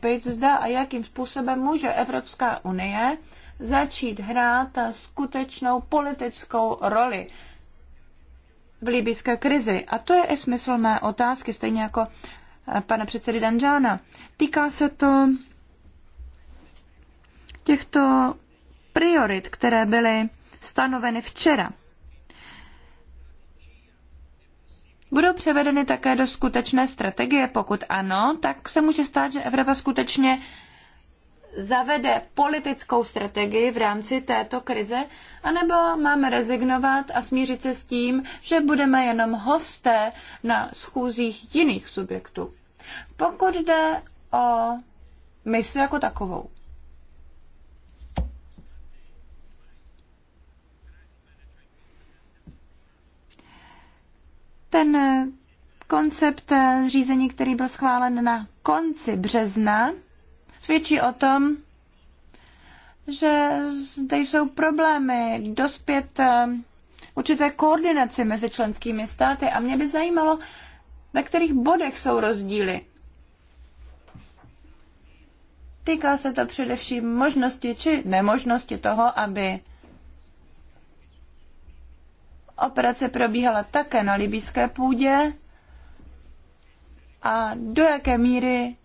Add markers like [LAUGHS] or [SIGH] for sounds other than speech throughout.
pochopit, zda a jakým způsobem může Evropská unie začít hrát skutečnou politickou roli v libyské krizi. A to je i smysl mé otázky, stejně jako eh, pana předsedy Danžána. Týká se to těchto priorit, které byly stanoveny včera. budou převedeny také do skutečné strategie? Pokud ano, tak se může stát, že Evropa skutečně zavede politickou strategii v rámci této krize, anebo máme rezignovat a smířit se s tím, že budeme jenom hosté na schůzích jiných subjektů. Pokud jde o misi jako takovou, Ten koncept zřízení, který byl schválen na konci března, svědčí o tom, že zde jsou problémy dospět eh, určité koordinaci mezi členskými státy a mě by zajímalo, ve kterých bodech jsou rozdíly. Týká se to především možnosti či nemožnosti toho, aby Operace probíhala také na libýské půdě a do jaké míry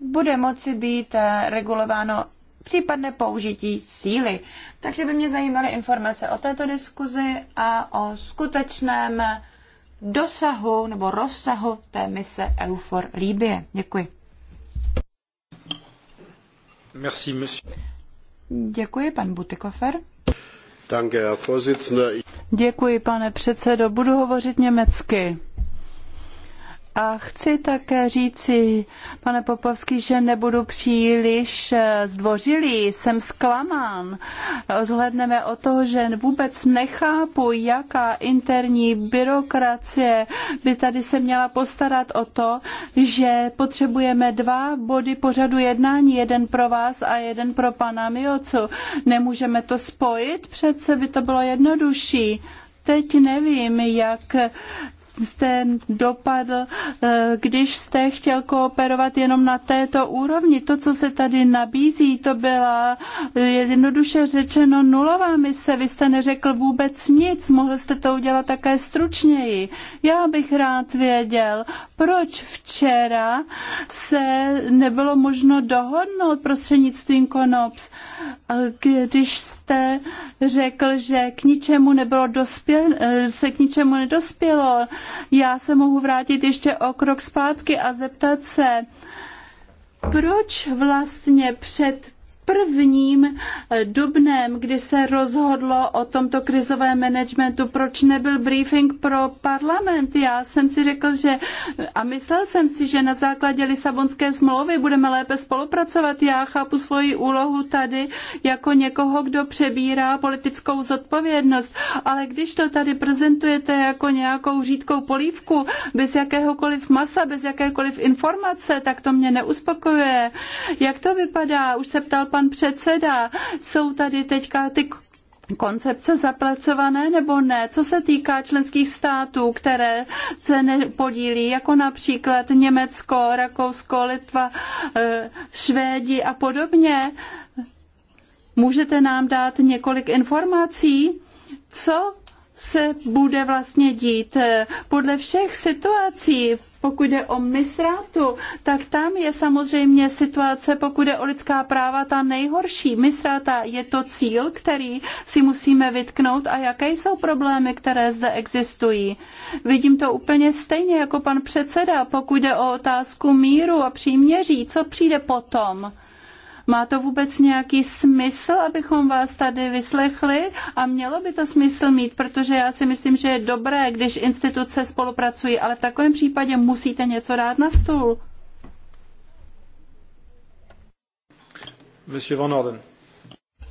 bude moci být eh, regulováno případné použití síly. Takže by mě zajímaly informace o této diskuzi a o skutečném dosahu nebo rozsahu té mise EUFOR Líbie. Děkuji. Merci, monsieur. Děkuji, pan Butikofer. Děkuji, pane předsedo. Budu hovořit německy. A chci také říci, pane Popovský, že nebudu příliš eh, zdvořilý, jsem zklamán. Odhledneme o to, že vůbec nechápu, jaká interní byrokracie by tady se měla postarat o to, že potřebujeme dva body pořadu jednání, jeden pro vás a jeden pro pana Miocu. Nemůžeme to spojit, přece by to bylo jednodušší teď nevím, jak jste dopadl, eh, když jste chtěl kooperovat jenom na této úrovni. To, co se tady nabízí, to byla eh, jednoduše řečeno nulová mise. Vy jste neřekl vůbec nic, mohl jste to udělat také stručněji. Já bych rád věděl, proč včera se nebylo možno dohodnout prostřednictvím Konops, eh, když jste řekl, že k ničemu nebylo dospěl, se k ničemu nedospělo já se mohu vrátit ještě o krok zpátky a zeptat se, proč vlastně před prvním eh, dubnem, kdy se rozhodlo o tomto krizovém managementu, proč nebyl briefing pro parlament. Já jsem si řekl, že a myslel jsem si, že na základě Lisabonské smlouvy budeme lépe spolupracovat. Já chápu svoji úlohu tady jako někoho, kdo přebírá politickou zodpovědnost, ale když to tady prezentujete jako nějakou řídkou polívku, bez jakéhokoliv masa, bez jakékoliv informace, tak to mě neuspokojuje. Jak to vypadá? Už se ptal pan pan předseda. Jsou tady teďka ty koncepce zapracované nebo ne, co se týká členských států, které se nepodílí, jako například Německo, Rakousko, Litva, eh, Švédi a podobně. Můžete nám dát několik informací, co se bude vlastně dít eh, podle všech situací, pokud jde o misrátu, tak tam je samozřejmě situace, pokud jde o lidská práva, ta nejhorší. Misráta je to cíl, který si musíme vytknout a jaké jsou problémy, které zde existují. Vidím to úplně stejně jako pan předseda, pokud jde o otázku míru a příměří, co přijde potom má to vůbec nějaký smysl, abychom vás tady vyslechli? A mělo by to smysl mít, protože já si myslím, že je dobré, když instituce spolupracují, ale v takovém případě musíte něco dát na stůl. Monsieur Van Orden.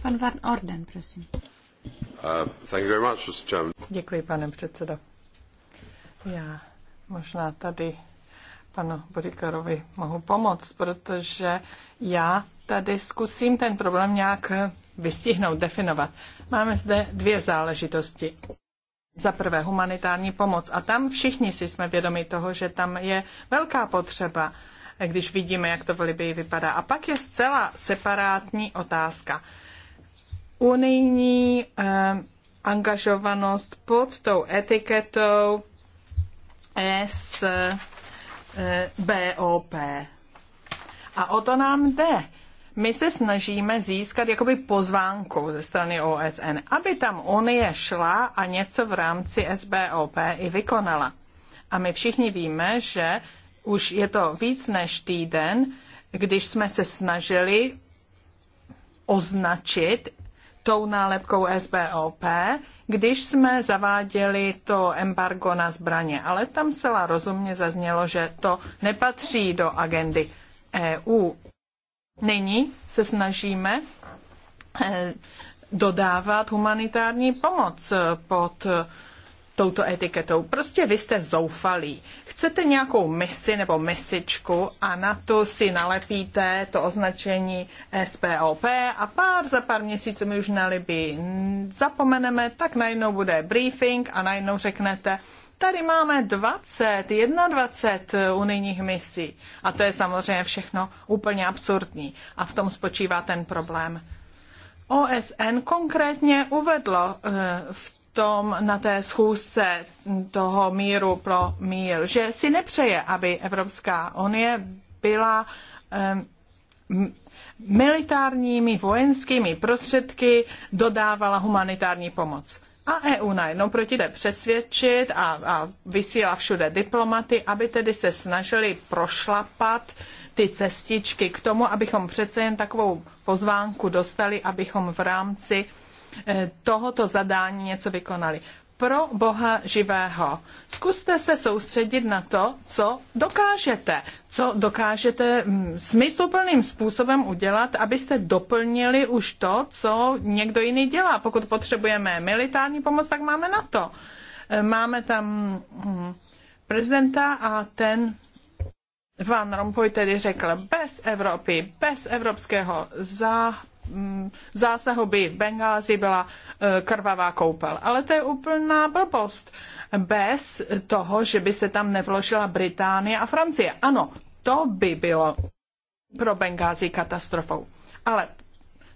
Pan Van Orden, prosím. Uh, thank you very much, Mr. Chairman. Děkuji, pane předsedo. Já možná tady panu Boříkarovi mohu pomoct, protože já tady zkusím ten problém nějak vystihnout, definovat. Máme zde dvě záležitosti. Za prvé humanitární pomoc. A tam všichni si jsme vědomi toho, že tam je velká potřeba, když vidíme, jak to v Libii vypadá. A pak je zcela separátní otázka. Unijní eh, angažovanost pod tou etiketou SBOP. Eh, A o to nám jde. My se snažíme získat jakoby pozvánku ze strany OSN, aby tam Unie šla a něco v rámci SBOP i vykonala. A my všichni víme, že už je to víc než týden, když jsme se snažili označit tou nálepkou SBOP, když jsme zaváděli to embargo na zbraně. Ale tam celá rozumně zaznělo, že to nepatří do agendy EU. Nyní se snažíme eh, dodávat humanitární pomoc eh, pod eh, touto etiketou. Prostě vy jste zoufalí. Chcete nějakou misi nebo misičku a na to si nalepíte to označení SPOP a pár za pár měsíců my už na Libii zapomeneme, tak najednou bude briefing a najednou řeknete, Tady máme 20, 21 unijních misí a to je samozřejmě všechno úplně absurdní a v tom spočívá ten problém. OSN konkrétně uvedlo eh, v tom na té schůzce toho míru pro mír, že si nepřeje, aby Evropská unie byla eh, militárními vojenskými prostředky dodávala humanitární pomoc. A EU najednou proti té přesvědčit a, a vysílá všude diplomaty, aby tedy se snažili prošlapat ty cestičky k tomu, abychom přece jen takovou pozvánku dostali, abychom v rámci eh, tohoto zadání něco vykonali pro Boha živého. Zkuste se soustředit na to, co dokážete. Co dokážete mm, smysluplným způsobem udělat, abyste doplnili už to, co někdo jiný dělá. Pokud potřebujeme militární pomoc, tak máme na to. E, máme tam mm, prezidenta a ten Van Rompuy tedy řekl, bez Evropy, bez evropského za. Mm, zásahoby v Bengázi byla e, krvavá koupel. Ale to je úplná blbost. Bez toho, že by se tam nevložila Británie a Francie. Ano, to by bylo pro Bengázi katastrofou. Ale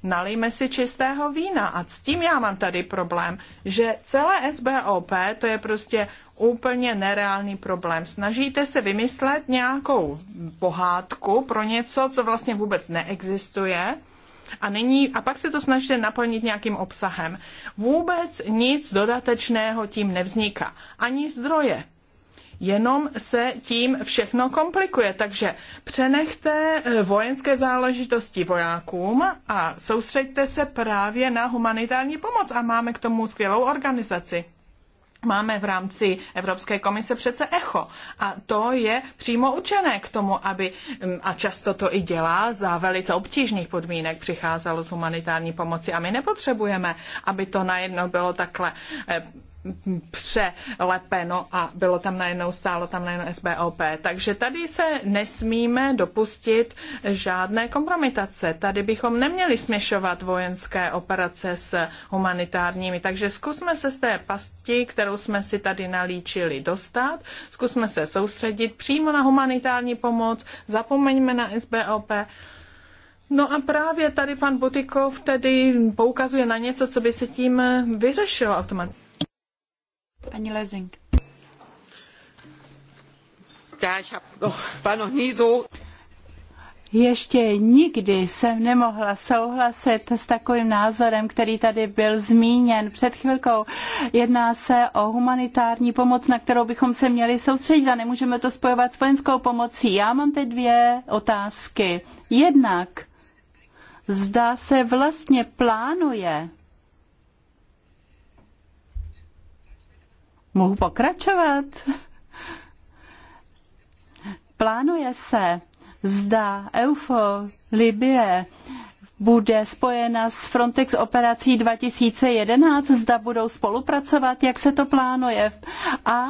nalijme si čistého vína. A s tím já mám tady problém, že celé SBOP to je prostě úplně nereálný problém. Snažíte se vymyslet nějakou pohádku pro něco, co vlastně vůbec neexistuje a, není, a pak se to snažíte naplnit nějakým obsahem. Vůbec nic dodatečného tím nevzniká. Ani zdroje jenom se tím všechno komplikuje. Takže přenechte eh, vojenské záležitosti vojákům a soustřeďte se právě na humanitární pomoc a máme k tomu skvělou organizaci máme v rámci Evropské komise přece echo. A to je přímo učené k tomu, aby, mm, a často to i dělá, za velice obtížných podmínek přicházelo z humanitární pomoci. A my nepotřebujeme, aby to najednou bylo takhle eh, přelepeno a bylo tam najednou, stálo tam najednou SBOP. Takže tady se nesmíme dopustit žádné kompromitace. Tady bychom neměli směšovat vojenské operace s humanitárními. Takže zkusme se z té pasti, kterou jsme si tady nalíčili, dostat. Zkusme se soustředit přímo na humanitární pomoc. Zapomeňme na SBOP. No a právě tady pan Butikov tedy poukazuje na něco, co by se tím vyřešilo automaticky. Paní Lezing. Oh, ještě nikdy jsem nemohla souhlasit s takovým názorem, který tady byl zmíněn před chvilkou. Jedná se o humanitární pomoc, na kterou bychom se měli soustředit a nemůžeme to spojovat s vojenskou pomocí. Já mám teď dvě otázky. Jednak, zda se vlastně plánuje Mohu pokračovat? Plánuje se, zda EUFO Libie bude spojena s Frontex operací 2011, zda budou spolupracovat, jak se to plánuje. A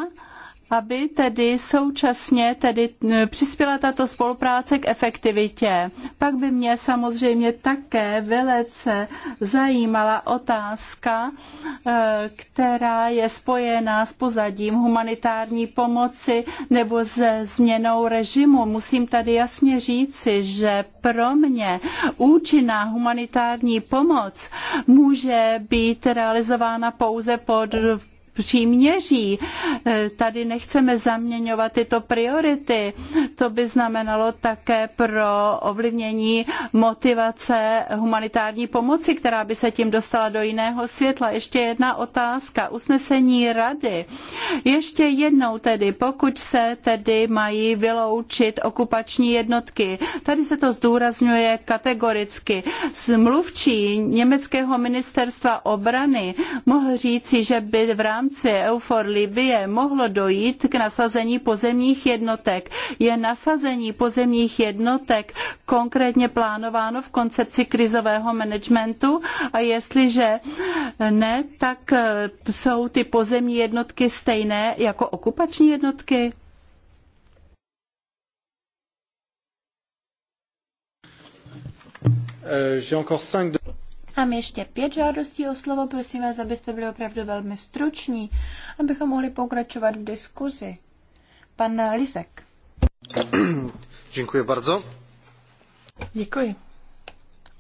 aby tedy současně tedy přispěla tato spolupráce k efektivitě. Pak by mě samozřejmě také velice zajímala otázka, e, která je spojená s pozadím humanitární pomoci nebo se změnou režimu. Musím tady jasně říci, že pro mě účinná humanitární pomoc může být realizována pouze pod příměří. Eh, tady nechceme zaměňovat tyto priority. To by znamenalo také pro ovlivnění motivace humanitární pomoci, která by se tím dostala do jiného světla. Ještě jedna otázka. Usnesení rady. Ještě jednou tedy, pokud se tedy mají vyloučit okupační jednotky. Tady se to zdůrazňuje kategoricky. Mluvčí německého ministerstva obrany mohl říci, že by v rámci rámci EUFOR Libye mohlo dojít k nasazení pozemních jednotek. Je nasazení pozemních jednotek konkrétně plánováno v koncepci krizového managementu a jestliže ne, tak eh, jsou ty pozemní jednotky stejné jako okupační jednotky? Euh, Mám ještě pět žádostí o slovo, prosím vás, abyste byli opravdu velmi struční, abychom mohli pokračovat v diskuzi. Pan Lisek. [CLEARS THROAT] Děkuji bardzo. Děkuji.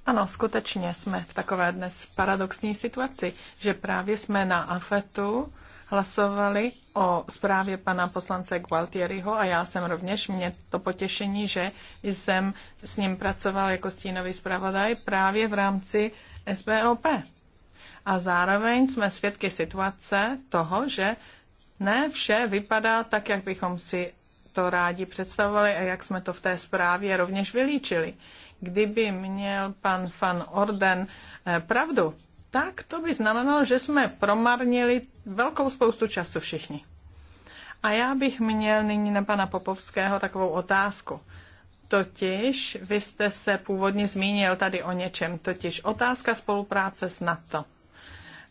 Ano, skutečně jsme v takové dnes paradoxní situaci, že právě jsme na AFETu hlasovali o zprávě pana poslance Gualtieriho a já jsem rovněž, mě to potěšení, že jsem s ním pracoval jako stínový zpravodaj právě v rámci SBOP. A zároveň jsme svědky situace toho, že ne vše vypadá tak, jak bychom si to rádi představovali a jak jsme to v té zprávě rovněž vylíčili. Kdyby měl pan Van Orden eh, pravdu, tak to by znamenalo, že jsme promarnili velkou spoustu času všichni. A já bych měl nyní na pana Popovského takovou otázku totiž, vy jste se původně zmínil tady o něčem, totiž otázka spolupráce s NATO.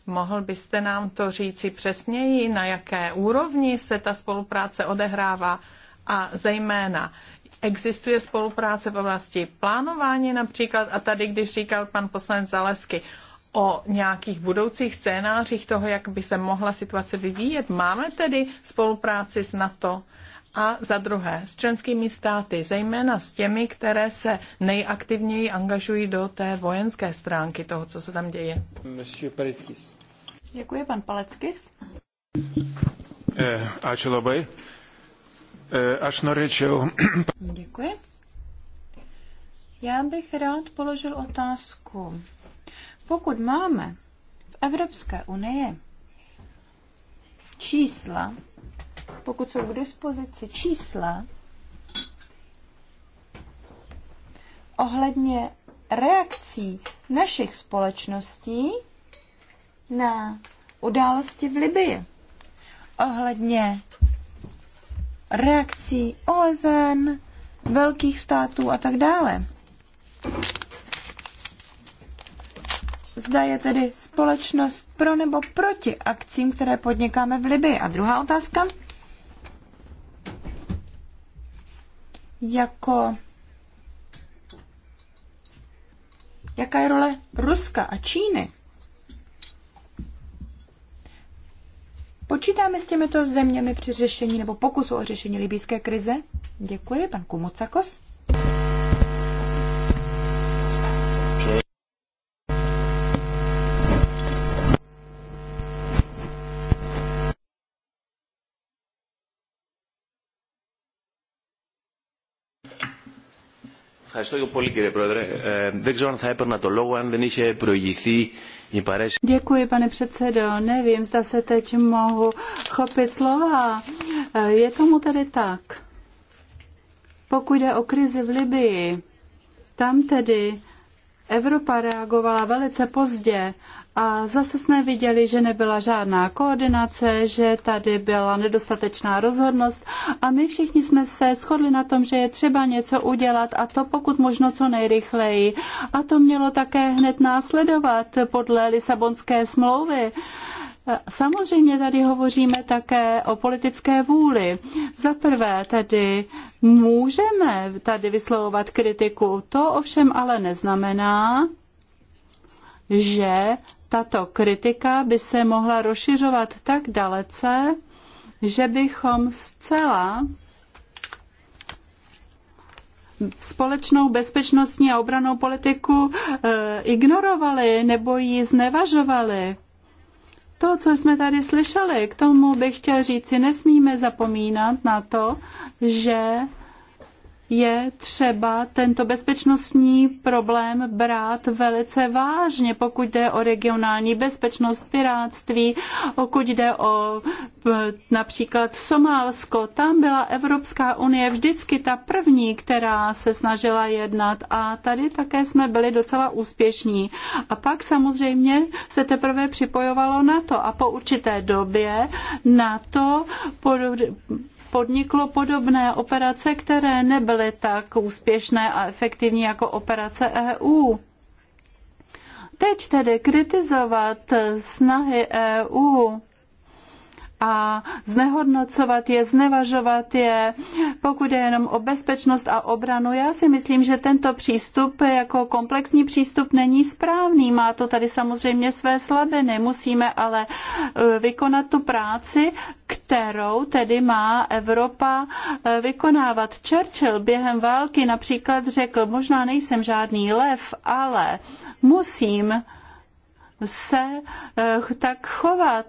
Mohl byste nám to říci přesněji, na jaké úrovni se ta spolupráce odehrává a zejména existuje spolupráce v oblasti plánování například a tady, když říkal pan poslanec Zalesky, o nějakých budoucích scénářích toho, jak by se mohla situace vyvíjet. Máme tedy spolupráci s NATO a za druhé s členskými státy, zejména s těmi, které se nejaktivněji angažují do té vojenské stránky toho, co se tam děje. Monsieur Paleckis. Děkuji, pan Paleckis. Ačiū labai. Aš norėčiau... Děkuji. Já bych rád položil otázku. Pokud máme v Evropské unii čísla, pokud jsou k dispozici čísla ohledně reakcí našich společností na události v Libii, ohledně reakcí OSN, velkých států a tak dále. Zda je tedy společnost pro nebo proti akcím, které podnikáme v Libii. A druhá otázka. jako jaká je role Ruska a Číny. Počítáme s těmito zeměmi při řešení nebo pokusu o řešení libijské krize? Děkuji, pan Kumucakos. Děkuji, pane předsedo. Nevím, zda se teď mohu chopit slova. E, je tomu tedy tak. Pokud jde o krizi v Libii, tam tedy Evropa reagovala velice pozdě a zase jsme viděli, že nebyla žádná koordinace, že tady byla nedostatečná rozhodnost a my všichni jsme se shodli na tom, že je třeba něco udělat a to pokud možno co nejrychleji. A to mělo také hned následovat podle Lisabonské smlouvy. Samozřejmě tady hovoříme také o politické vůli. Za prvé tedy můžeme tady vyslovovat kritiku, to ovšem ale neznamená, že tato kritika by se mohla rozšiřovat tak dalece, že bychom zcela společnou bezpečnostní a obranou politiku eh, ignorovali nebo ji znevažovali. To, co jsme tady slyšeli, k tomu bych chtěl říci, nesmíme zapomínat na to, že je třeba tento bezpečnostní problém brát velice vážně, pokud jde o regionální bezpečnost, piráctví, pokud jde o například Somálsko. Tam byla Evropská unie vždycky ta první, která se snažila jednat a tady také jsme byli docela úspěšní. A pak samozřejmě se teprve připojovalo na to a po určité době na to podniklo podobné operace, které nebyly tak úspěšné a efektivní jako operace EU. Teď tedy kritizovat snahy EU a znehodnocovat je, znevažovat je, pokud je jenom o bezpečnost a obranu. Já si myslím, že tento přístup jako komplexní přístup není správný. Má to tady samozřejmě své slabiny. Musíme ale eh, vykonat tu práci, kterou tedy má Evropa eh, vykonávat. Churchill během války například řekl, možná nejsem žádný lev, ale musím se eh, tak chovat.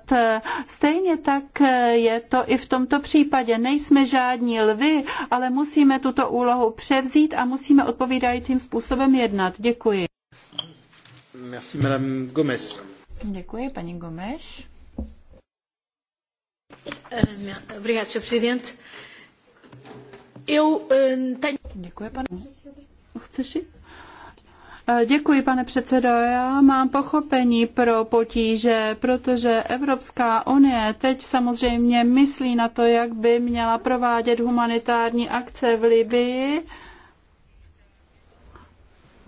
Stejně tak eh, je to i v tomto případě. Nejsme žádní lvy, ale musíme tuto úlohu převzít a musíme odpovídajícím způsobem jednat. Děkuji. Merci, Madame Gomez. Děkuji, paní Gomes. Eh, Děkuji, pane. Chceš jít? Eh, děkuji, pane předsedo. Já mám pochopení pro potíže, protože Evropská unie teď samozřejmě myslí na to, jak by měla provádět humanitární akce v Libyi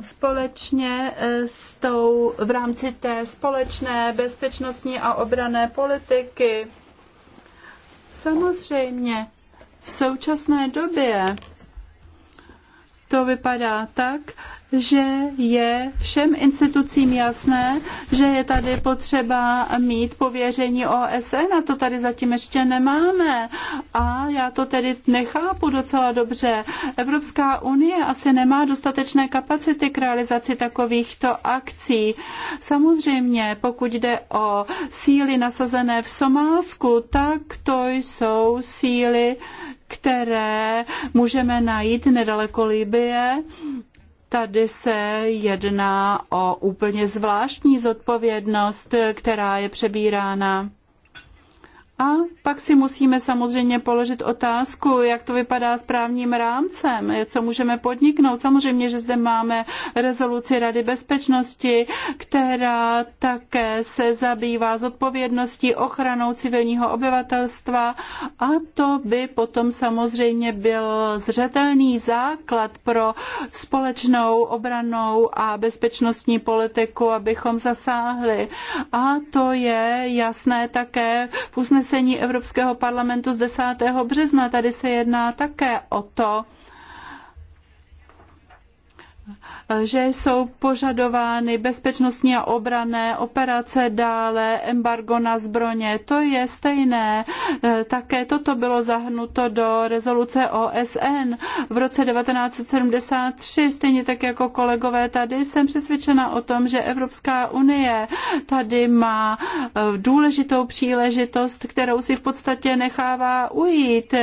společně eh, s tou, v rámci té společné bezpečnostní a obrané politiky. Samozřejmě v současné době to vypadá tak, že je všem institucím jasné, že je tady potřeba mít pověření OSN a to tady zatím ještě nemáme. A já to tedy nechápu docela dobře. Evropská unie asi nemá dostatečné kapacity k realizaci takovýchto akcí. Samozřejmě, pokud jde o síly nasazené v Somálsku, tak to jsou síly, které můžeme najít nedaleko Libie. Tady se jedná o úplně zvláštní zodpovědnost, která je přebírána. A pak si musíme samozřejmě položit otázku, jak to vypadá s právním rámcem, co můžeme podniknout. Samozřejmě, že zde máme rezoluci Rady bezpečnosti, která také se zabývá zodpovědností ochranou civilního obyvatelstva a to by potom samozřejmě byl zřetelný základ pro společnou obranou a bezpečnostní politiku, abychom zasáhli. A to je jasné také v usnesení usnesení Evropského parlamentu z 10. března. Tady se jedná také o to, že jsou požadovány bezpečnostní a obrané operace dále, embargo na zbraně. To je stejné. E, také toto bylo zahnuto do rezoluce OSN v roce 1973, stejně tak jako kolegové tady. Jsem přesvědčena o tom, že Evropská unie tady má e, důležitou příležitost, kterou si v podstatě nechává ujít.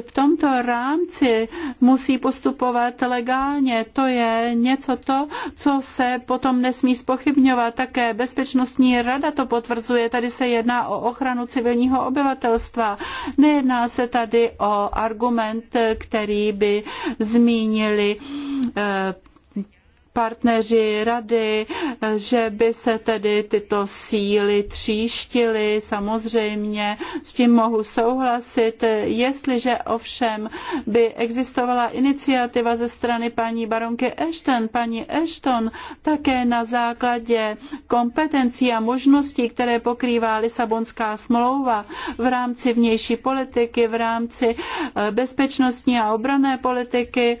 V tomto rámci musí postupovat legálně. To je ně něco to, co se potom nesmí spochybňovat. Také Bezpečnostní rada to potvrzuje. Tady se jedná o ochranu civilního obyvatelstva. Nejedná se tady o argument, který by zmínili eh, partneři rady, že by se tedy tyto síly tříštily, samozřejmě s tím mohu souhlasit, jestliže ovšem by existovala iniciativa ze strany paní baronky Ashton, paní Ashton také na základě kompetencí a možností, které pokrývá Lisabonská smlouva v rámci vnější politiky, v rámci eh, bezpečnostní a obranné politiky,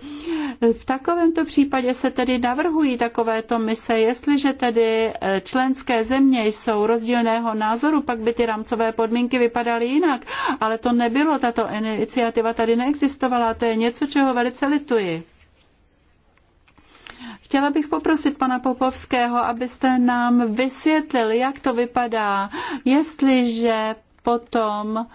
v takovémto případě se tedy navrhuje navrhují takovéto mise. Jestliže tedy e, členské země jsou rozdílného názoru, pak by ty rámcové podmínky vypadaly jinak. Ale to nebylo, tato iniciativa tady neexistovala. To je něco, čeho velice lituji. Chtěla bych poprosit pana Popovského, abyste nám vysvětlil, jak to vypadá, jestliže potom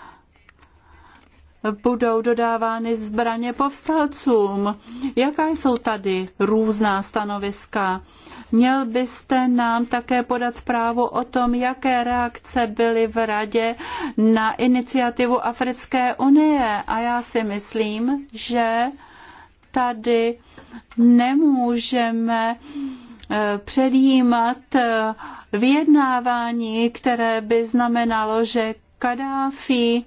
budou dodávány zbraně povstalcům. Jaká jsou tady různá stanoviska? Měl byste nám také podat zprávu o tom, jaké reakce byly v radě na iniciativu Africké unie. A já si myslím, že tady nemůžeme eh, předjímat eh, vyjednávání, které by znamenalo, že Kadáfi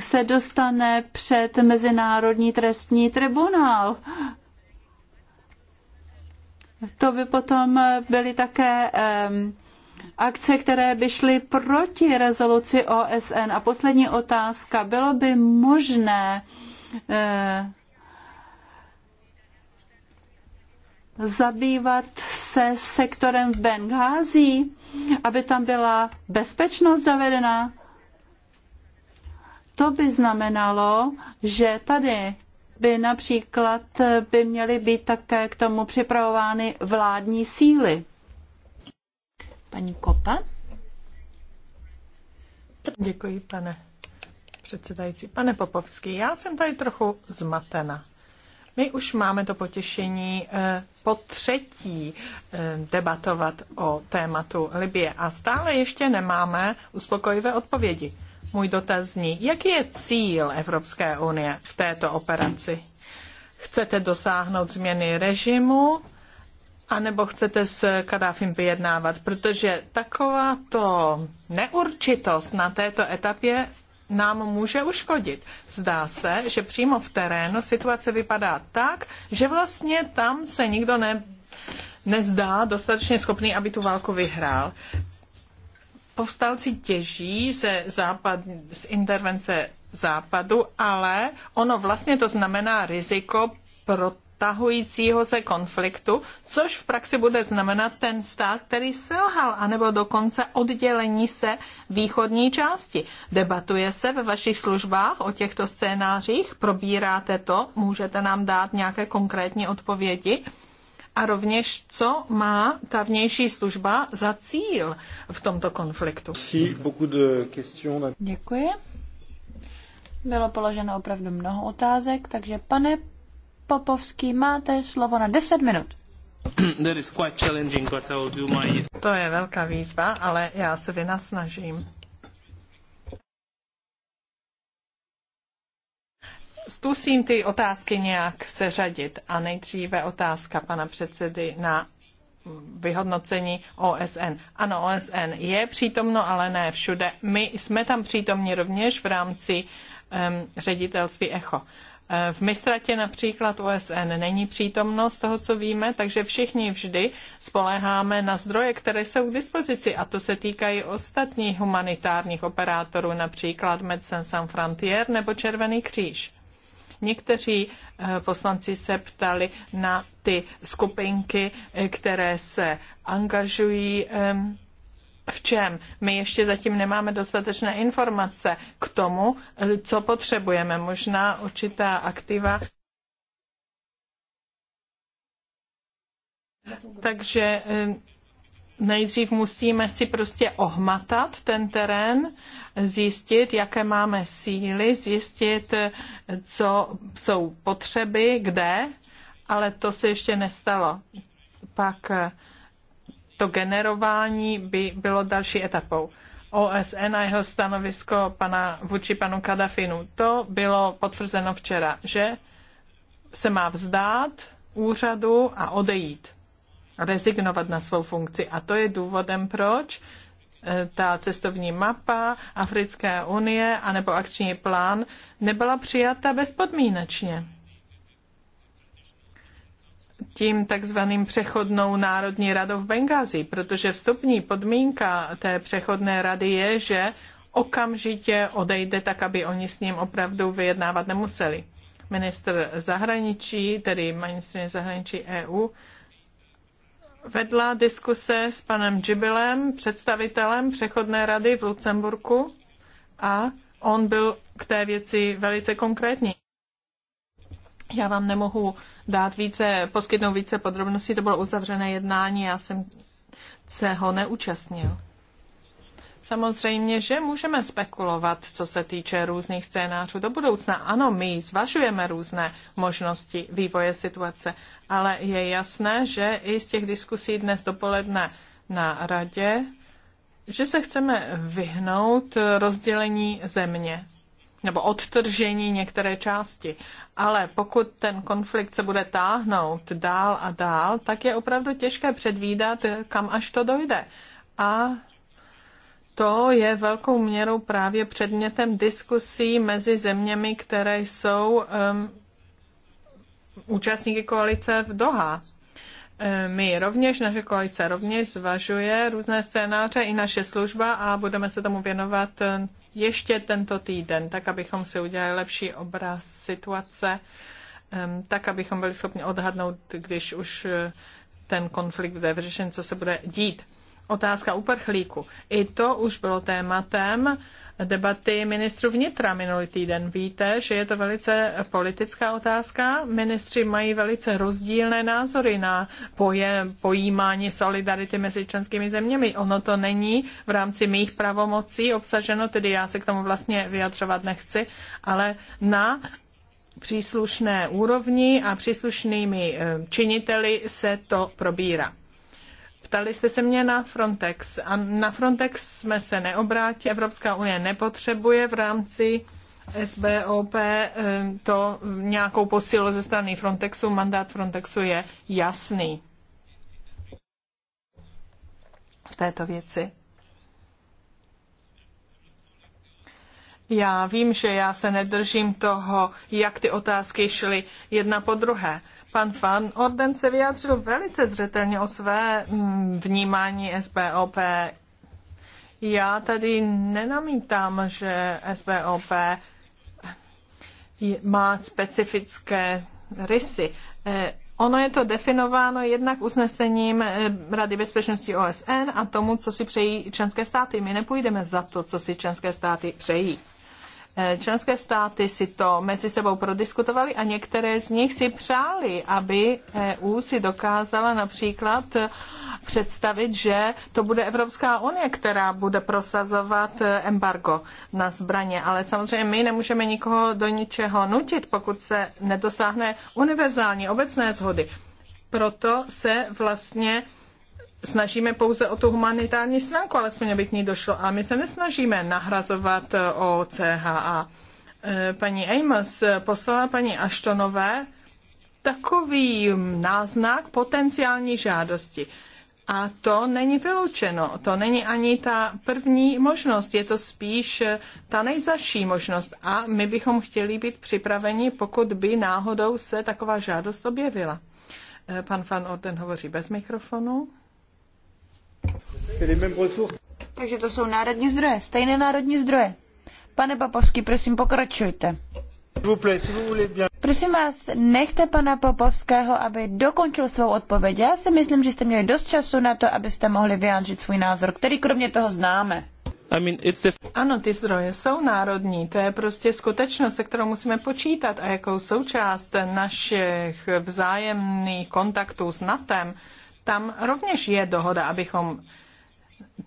se dostane před Mezinárodní trestní tribunál. To by potom byly také akce, které by šly proti rezoluci OSN. A poslední otázka. Bylo by možné eh, zabývat se sektorem v Benghází, aby tam byla bezpečnost zavedena? To by znamenalo, že tady by například eh, by měly být také k tomu připravovány vládní síly. Paní Kopa? Děkuji, pane předsedající. Pane Popovský, já jsem tady trochu zmatena. My už máme to potěšení eh, po třetí eh, debatovat o tématu Libie a stále ještě nemáme uspokojivé odpovědi. Můj dotaz zní, jaký je cíl Evropské unie v této operaci? Chcete dosáhnout změny režimu, anebo chcete s Kadáfim vyjednávat? Protože takováto neurčitost na této etapě nám může uškodit. Zdá se, že přímo v terénu situace vypadá tak, že vlastně tam se nikdo ne, nezdá dostatečně schopný, aby tu válku vyhrál povstalci těží ze západ, z intervence západu, ale ono vlastně to znamená riziko protahujícího se konfliktu, což v praxi bude znamenat ten stát, který selhal, anebo dokonce oddělení se východní části. Debatuje se ve vašich službách o těchto scénářích, probíráte to, můžete nám dát nějaké konkrétní odpovědi? a rovněž, co má ta vnější služba za cíl v tomto konfliktu. Děkuji. Bylo položeno opravdu mnoho otázek, takže pane Popovský, máte slovo na 10 minut. [CLEARS THROAT] To je velká výzva, ale já se vynasnažím. Zkusím ty otázky nějak seřadit a nejdříve otázka pana předsedy na vyhodnocení OSN. Ano, OSN je přítomno, ale ne všude. My jsme tam přítomni rovněž v rámci um, ředitelství ECHO. E, v Mistratě například OSN není přítomno z toho, co víme, takže všichni vždy spoléháme na zdroje, které jsou k dispozici a to se týká i ostatních humanitárních operátorů, například Medicine Sans Frontier nebo Červený kříž. Někteří eh, poslanci se ptali na ty skupinky, eh, které se angažují ehm, v čem? My ještě zatím nemáme dostatečné informace k tomu, eh, co potřebujeme. Možná určitá aktiva. Takže ehm, nejdřív musíme si prostě ohmatat ten terén, zjistit, jaké máme síly, zjistit, co jsou potřeby, kde, ale to se ještě nestalo. Pak eh, to generování by bylo další etapou. OSN a jeho stanovisko pana, vůči panu Kadafinu. To bylo potvrzeno včera, že se má vzdát úřadu a odejít rezignovat na svou funkci. A to je důvodem, proč eh, ta cestovní mapa Africké unie anebo akční plán nebyla přijata bezpodmínečně. Tím takzvaným přechodnou Národní radou v Bengázi, protože vstupní podmínka té přechodné rady je, že okamžitě odejde tak, aby oni s ním opravdu vyjednávat nemuseli. Ministr zahraničí, tedy ministr zahraničí EU, vedla diskuse s panem Džibilem, představitelem přechodné rady v Lucemburku a on byl k té věci velice konkrétní. Já vám nemohu dát více, poskytnout více podrobností, to bylo uzavřené jednání, já jsem se ho neúčastnil. Samozřejmě, že můžeme spekulovat, co se týče různých scénářů do budoucna. Ano, my zvažujeme různé možnosti vývoje situace, ale je jasné, že i z těch diskusí dnes dopoledne na radě, že se chceme vyhnout rozdělení země nebo odtržení některé části. Ale pokud ten konflikt se bude táhnout dál a dál, tak je opravdu těžké předvídat, kam až to dojde. A to je velkou měrou právě předmětem diskusí mezi zeměmi, které jsou um, účastníky koalice v Doha. Um, my rovněž, naše koalice rovněž zvažuje různé scénáře i naše služba a budeme se tomu věnovat um, ještě tento týden, tak abychom si udělali lepší obraz situace, um, tak abychom byli schopni odhadnout, když už uh, ten konflikt bude vyřešen, co se bude dít. Otázka uprchlíku. I to už bylo tématem debaty ministru vnitra minulý týden. Víte, že je to velice politická otázka. Ministři mají velice rozdílné názory na poje, pojímání solidarity mezi členskými zeměmi. Ono to není v rámci mých pravomocí obsaženo, tedy já se k tomu vlastně vyjadřovat nechci, ale na příslušné úrovni a příslušnými eh, činiteli se to probírá. Ptali jste se mě na Frontex. A na Frontex jsme se neobrátili. Evropská unie nepotřebuje v rámci SBOP eh, to nějakou posilu ze strany Frontexu. Mandát Frontexu je jasný v této věci. Já vím, že já se nedržím toho, jak ty otázky šly jedna po druhé. Pan Fan Orden se vyjádřil velice zřetelně o své mm, vnímání SBOP. Já tady nenamítám, že SBOP má specifické rysy. Eh, ono je to definováno jednak usnesením eh, Rady bezpečnosti OSN a tomu, co si přejí členské státy. My nepůjdeme za to, co si členské státy přejí. Eh, členské státy si to mezi sebou prodiskutovali a některé z nich si přáli, aby EU si dokázala například eh, představit, že to bude Evropská unie, která bude prosazovat eh, embargo na zbraně. Ale samozřejmě my nemůžeme nikoho do ničeho nutit, pokud se nedosáhne univerzální obecné zhody. Proto se vlastně snažíme pouze o tu humanitární stránku, alespoň aby k ní došlo. A my se nesnažíme nahrazovat eh, OCHA. Eh, paní Amos poslala paní Aštonové takový hm, náznak potenciální žádosti. A to není vyloučeno, to není ani ta první možnost, je to spíš eh, ta nejzaší možnost. A my bychom chtěli být připraveni, pokud by náhodou se taková žádost objevila. Pan Van Orden hovoří bez mikrofonu. Takže to jsou národní zdroje, stejné národní zdroje. Pane Papovský, prosím, pokračujte. Prosím vás, nechte pana Popovského, aby dokončil svou odpověď. Já si myslím, že jste měli dost času na to, abyste mohli vyjádřit svůj názor, který kromě toho známe. I mean, it's a... Ano, ty zdroje jsou národní, to je prostě skutečnost, se kterou musíme počítat a jakou součást našich vzájemných kontaktů s NATO tam rovněž je dohoda, abychom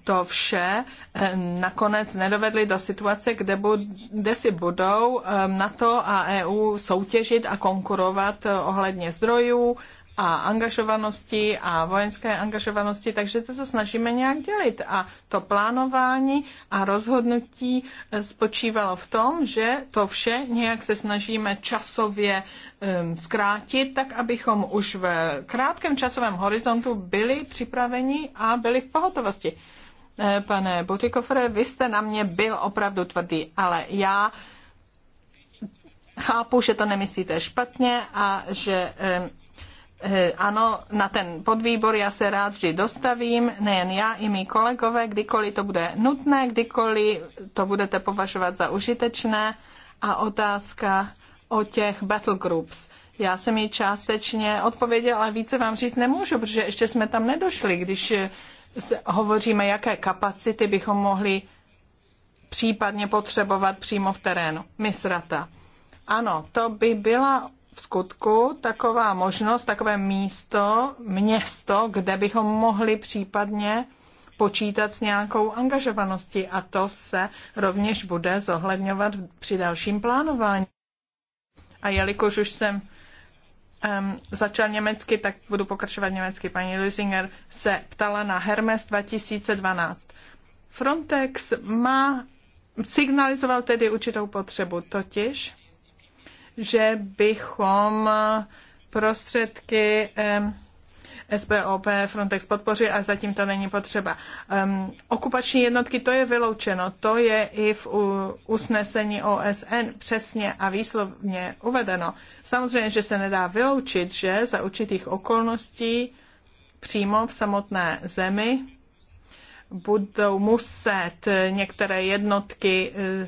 to vše eh, nakonec nedovedli do situace, kde, bud, kde si budou eh, NATO a EU soutěžit a konkurovat eh, ohledně zdrojů, a angažovanosti a vojenské angažovanosti, takže to, snažíme nějak dělit. A to plánování a rozhodnutí eh, spočívalo v tom, že to vše nějak se snažíme časově um, zkrátit, tak abychom už v krátkém časovém horizontu byli připraveni a byli v pohotovosti. Eh, pane Butikofere, vy jste na mě byl opravdu tvrdý, ale já chápu, že to nemyslíte špatně a že ehm, Eh, ano, na ten podvýbor já se rád vždy dostavím, nejen já, i mý kolegové, kdykoliv to bude nutné, kdykoliv to budete považovat za užitečné. A otázka o těch battle groups. Já jsem ji částečně odpověděla, ale více vám říct nemůžu, protože ještě jsme tam nedošli, když eh, hovoříme, jaké kapacity bychom mohli případně potřebovat přímo v terénu. Misrata. Ano, to by byla v skutku taková možnost, takové místo, město, kde bychom mohli případně počítat s nějakou angažovaností a to se rovněž bude zohledňovat při dalším plánování. A jelikož už jsem um, začal německy, tak budu pokračovat německy. Paní Lisinger se ptala na Hermes 2012. Frontex má signalizoval tedy určitou potřebu, totiž že bychom prostředky SBOP Frontex podpoří a zatím to není potřeba. Um, okupační jednotky, to je vyloučeno, to je i v usnesení OSN přesně a výslovně uvedeno. Samozřejmě, že se nedá vyloučit, že za určitých okolností přímo v samotné zemi budou muset některé jednotky uh,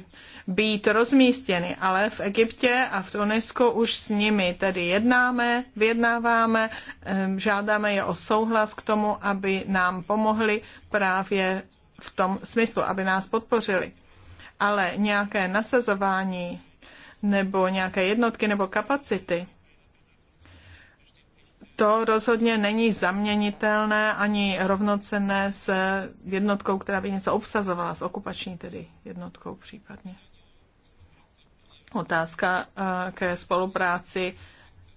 být rozmístěny, ale v Egyptě a v Tunisku už s nimi tedy jednáme, vyjednáváme, žádáme je o souhlas k tomu, aby nám pomohli právě v tom smyslu, aby nás podpořili. Ale nějaké nasazování nebo nějaké jednotky nebo kapacity, to rozhodně není zaměnitelné ani rovnocenné s jednotkou, která by něco obsazovala, s okupační tedy jednotkou případně otázka eh, ke spolupráci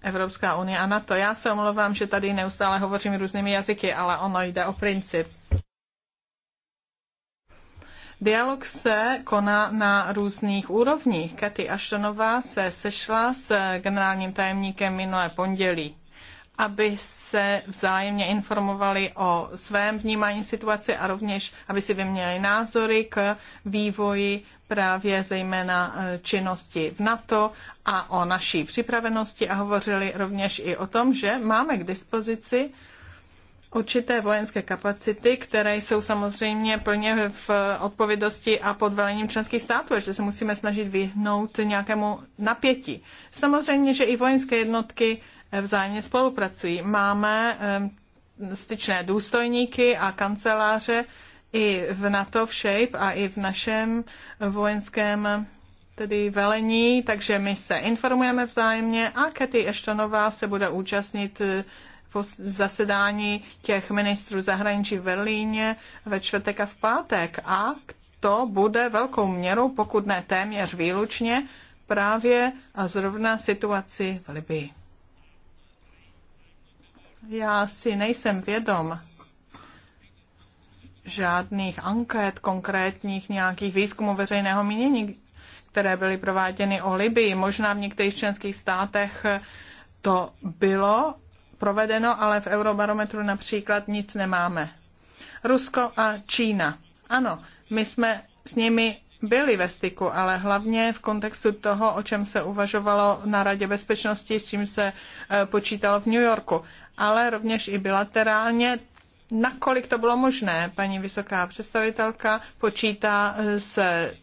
Evropská unie a NATO. Já se omlouvám, že tady neustále hovořím různými jazyky, ale ono jde o princip. Dialog se koná na různých úrovních. Katy Ashtonová se sešla s generálním tajemníkem minulé pondělí aby se vzájemně informovali o svém vnímání situace a rovněž, aby si vyměnili názory k vývoji právě zejména e, činnosti v NATO a o naší připravenosti a hovořili rovněž i o tom, že máme k dispozici určité vojenské kapacity, které jsou samozřejmě plně v odpovědnosti a pod velením členských států, že se musíme snažit vyhnout nějakému napětí. Samozřejmě, že i vojenské jednotky vzájemně spolupracují. Máme styčné důstojníky a kanceláře i v NATO v Shape a i v našem vojenském tedy velení, takže my se informujeme vzájemně a Katy Eštonová se bude účastnit eh, zasedání těch ministrů zahraničí v Berlíně ve čtvrtek a v pátek a to bude velkou měrou, pokud ne téměř výlučně, právě a zrovna situaci v Libii. Já si nejsem vědom žádných anket konkrétních, nějakých výzkumů veřejného mínění, které byly prováděny o Libii. Možná v některých členských státech to bylo provedeno, ale v Eurobarometru například nic nemáme. Rusko a Čína. Ano, my jsme s nimi byli ve styku, ale hlavně v kontextu toho, o čem se uvažovalo na Radě bezpečnosti, s čím se eh, počítalo v New Yorku ale rovněž i bilaterálně, nakolik to bylo možné. Paní vysoká představitelka počítá eh, s eh,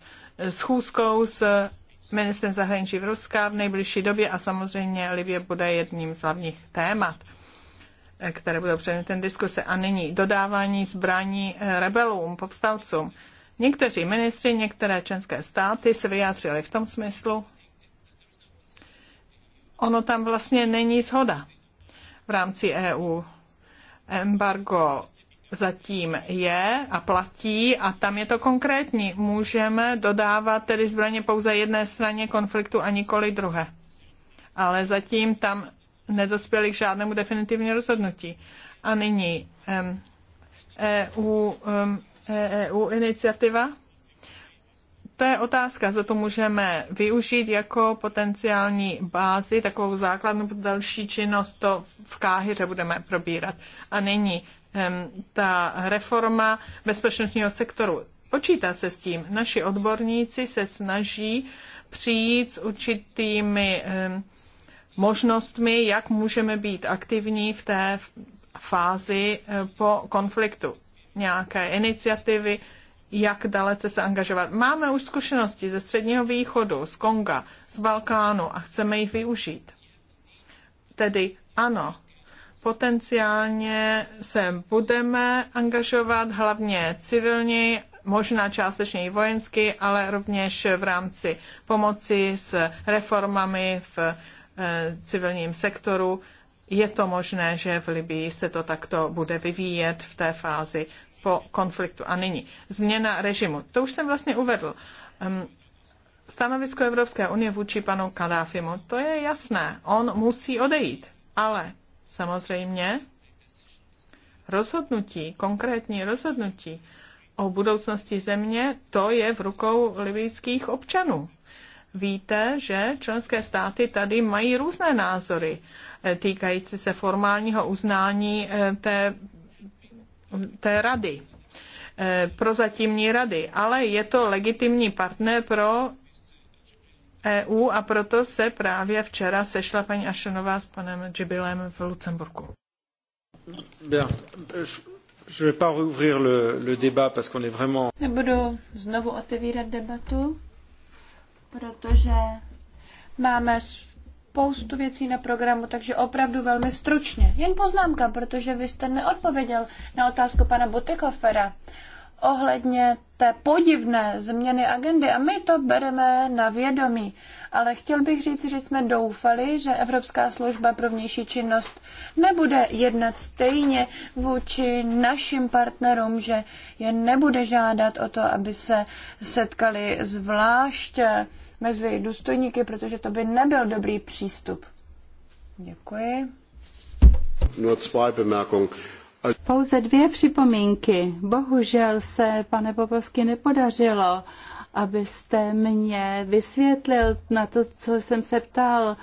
schůzkou s ministrem zahraničí v Ruska v nejbližší době a samozřejmě Libě bude jedním z hlavních témat eh, které budou předmětem diskuse. A nyní dodávání zbraní rebelům, povstalcům. Někteří ministři, některé členské státy se vyjádřili v tom smyslu, ono tam vlastně není shoda v rámci EU. Embargo zatím je a platí a tam je to konkrétní. Můžeme dodávat tedy zbraně pouze jedné straně konfliktu a nikoli druhé. Ale zatím tam nedospěli k žádnému definitivnímu rozhodnutí. A nyní um, EU, um, EU iniciativa to je otázka, zda to můžeme využít jako potenciální bázi, takovou základnu pro další činnost, to v Káhyře budeme probírat. A nyní ta reforma bezpečnostního sektoru. Počítá se s tím. Naši odborníci se snaží přijít s určitými možnostmi, jak můžeme být aktivní v té fázi e, po konfliktu. Nějaké iniciativy, jak dalece se angažovat. Máme už zkušenosti ze Středního východu, z Konga, z Balkánu a chceme jich využít. Tedy ano, potenciálně se budeme angažovat hlavně civilně, možná částečně i vojensky, ale rovněž v rámci pomoci s reformami v eh, civilním sektoru. Je to možné, že v Libii se to takto bude vyvíjet v té fázi po konfliktu. A nyní změna režimu. To už jsem vlastně uvedl. Stanovisko Evropské unie vůči panu Kadáfimu, to je jasné. On musí odejít. Ale samozřejmě rozhodnutí, konkrétní rozhodnutí o budoucnosti země, to je v rukou libijských občanů. Víte, že členské státy tady mají různé názory eh, týkající se formálního uznání eh, té té rady, eh, zatímní rady, ale je to legitimní partner pro EU a proto se právě včera sešla paní Ašenová s panem Džibilem v Lucemburku. Bien. Je vais pas rouvrir le, le débat parce qu'on est vraiment... Nebudu znovu otevírat debatu, protože máme spoustu věcí na programu, takže opravdu velmi stručně. Jen poznámka, protože vy jste neodpověděl na otázku pana Butikofera ohledně té podivné změny agendy a my to bereme na vědomí. Ale chtěl bych říct, že jsme doufali, že Evropská služba pro vnější činnost nebude jednat stejně vůči našim partnerům, že je nebude žádat o to, aby se setkali zvláště mezi důstojníky, protože to by nebyl dobrý přístup. Děkuji. Pouze dvě připomínky. Bohužel se, pane Popovský, nepodařilo abyste mě vysvětlil na to, co jsem se ptal.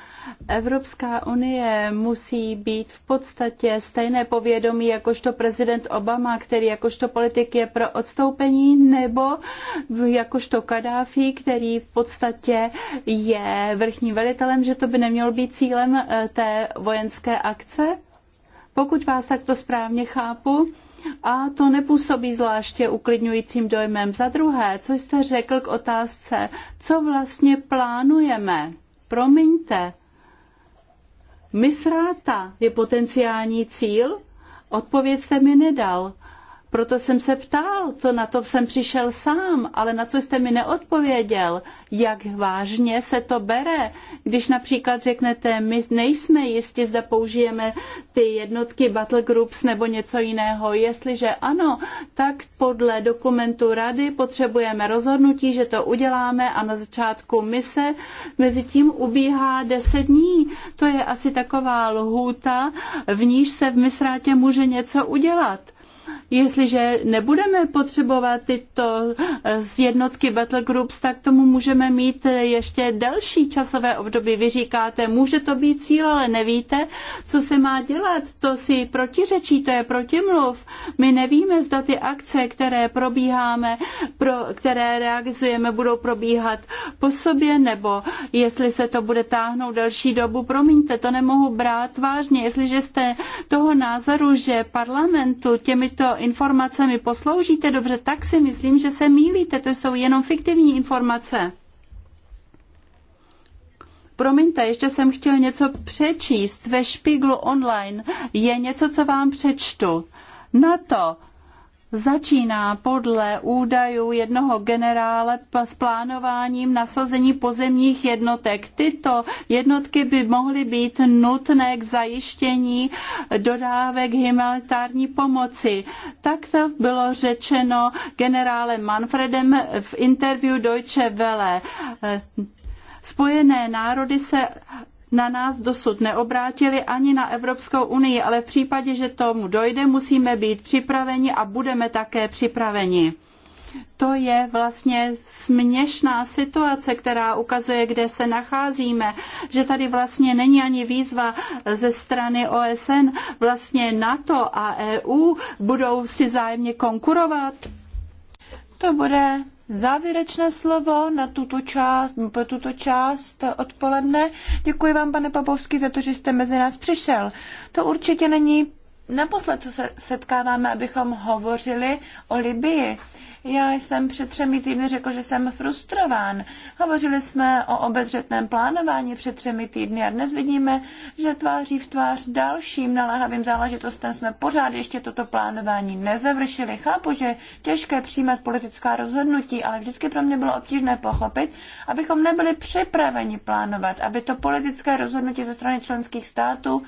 Evropská unie musí být v podstatě stejné povědomí jakožto prezident Obama, který jakožto politik je pro odstoupení, nebo jakožto Kadáfi, který v podstatě je vrchním velitelem, že to by nemělo být cílem eh, té vojenské akce? Pokud vás takto správně chápu, a to nepůsobí zvláště uklidňujícím dojmem. Za druhé, co jste řekl k otázce, co vlastně plánujeme? Promiňte, misráta je potenciální cíl? Odpověď se mi nedal. Proto jsem se ptal, co na to jsem přišel sám, ale na co jste mi neodpověděl, jak vážně se to bere, když například řeknete, my nejsme jistí, zda použijeme ty jednotky battle groups nebo něco jiného. Jestliže ano, tak podle dokumentu rady potřebujeme rozhodnutí, že to uděláme a na začátku mise mezi tím ubíhá 10 dní. To je asi taková lhůta, v níž se v misrátě může něco udělat Jestliže nebudeme potřebovat tyto eh, jednotky battle groups, tak tomu můžeme mít eh, ještě delší časové období. Vy říkáte, může to být cíl, ale nevíte, co se má dělat. To si protiřečí, to je protimluv. My nevíme, zda ty akce, které probíháme, pro, které realizujeme, budou probíhat po sobě, nebo jestli se to bude táhnout delší dobu. Promiňte, to nemohu brát vážně. Jestliže jste toho názoru, že parlamentu těmi těmito informacemi posloužíte dobře, tak si myslím, že se mílíte. To jsou jenom fiktivní informace. Promiňte, ještě jsem chtěl něco přečíst. Ve Špiglu online je něco, co vám přečtu. Na to začíná podle údajů jednoho generále s plánováním nasazení pozemních jednotek. Tyto jednotky by mohly být nutné k zajištění dodávek humanitární pomoci. Tak to bylo řečeno generálem Manfredem v interview Deutsche Welle. Spojené národy se na nás dosud neobrátili ani na Evropskou unii, ale v případě, že tomu dojde, musíme být připraveni a budeme také připraveni. To je vlastně směšná situace, která ukazuje, kde se nacházíme, že tady vlastně není ani výzva ze strany OSN, vlastně NATO a EU budou si zájemně konkurovat. To bude závěrečné slovo na tuto část, po tuto část odpoledne. Děkuji vám, pane Papovský, za to, že jste mezi nás přišel. To určitě není naposled, co se setkáváme, abychom hovořili o Libii. Já jsem před třemi týdny řekl, že jsem frustrován. Hovořili jsme o obezřetném plánování před třemi týdny a dnes vidíme, že tváří v tvář dalším naléhavým záležitostem jsme pořád ještě toto plánování nezavršili. Chápu, že těžké přijímat politická rozhodnutí, ale vždycky pro mě bylo obtížné pochopit, abychom nebyli připraveni plánovat, aby to politické rozhodnutí ze strany členských států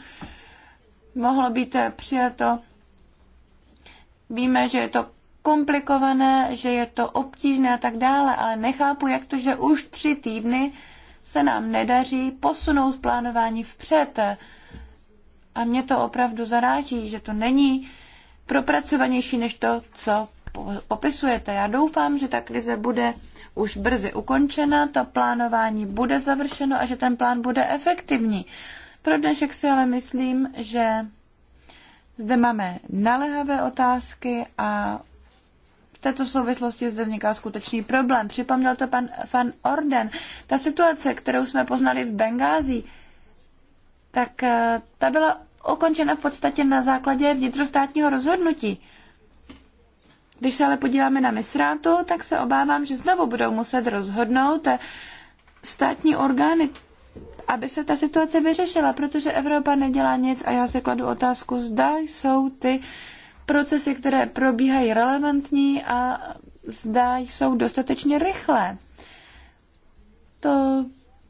mohlo být přijato Víme, že je to komplikované, že je to obtížné a tak dále, ale nechápu, jak to, že už tři týdny se nám nedaří posunout plánování vpřed. A mě to opravdu zaráží, že to není propracovanější než to, co popisujete. Já doufám, že ta krize bude už brzy ukončena, to plánování bude završeno a že ten plán bude efektivní. Pro dnešek si ale myslím, že zde máme naléhavé otázky a této souvislosti zde vzniká skutečný problém. Připomněl to pan Van Orden. Ta situace, kterou jsme poznali v Bengázi, tak eh, ta byla ukončena v podstatě na základě vnitrostátního rozhodnutí. Když se ale podíváme na misrátu, tak se obávám, že znovu budou muset rozhodnout eh, státní orgány, aby se ta situace vyřešila, protože Evropa nedělá nic a já se kladu otázku, zda jsou ty uh, procesy, které probíhají relevantní a zdá jsou dostatečně rychlé. To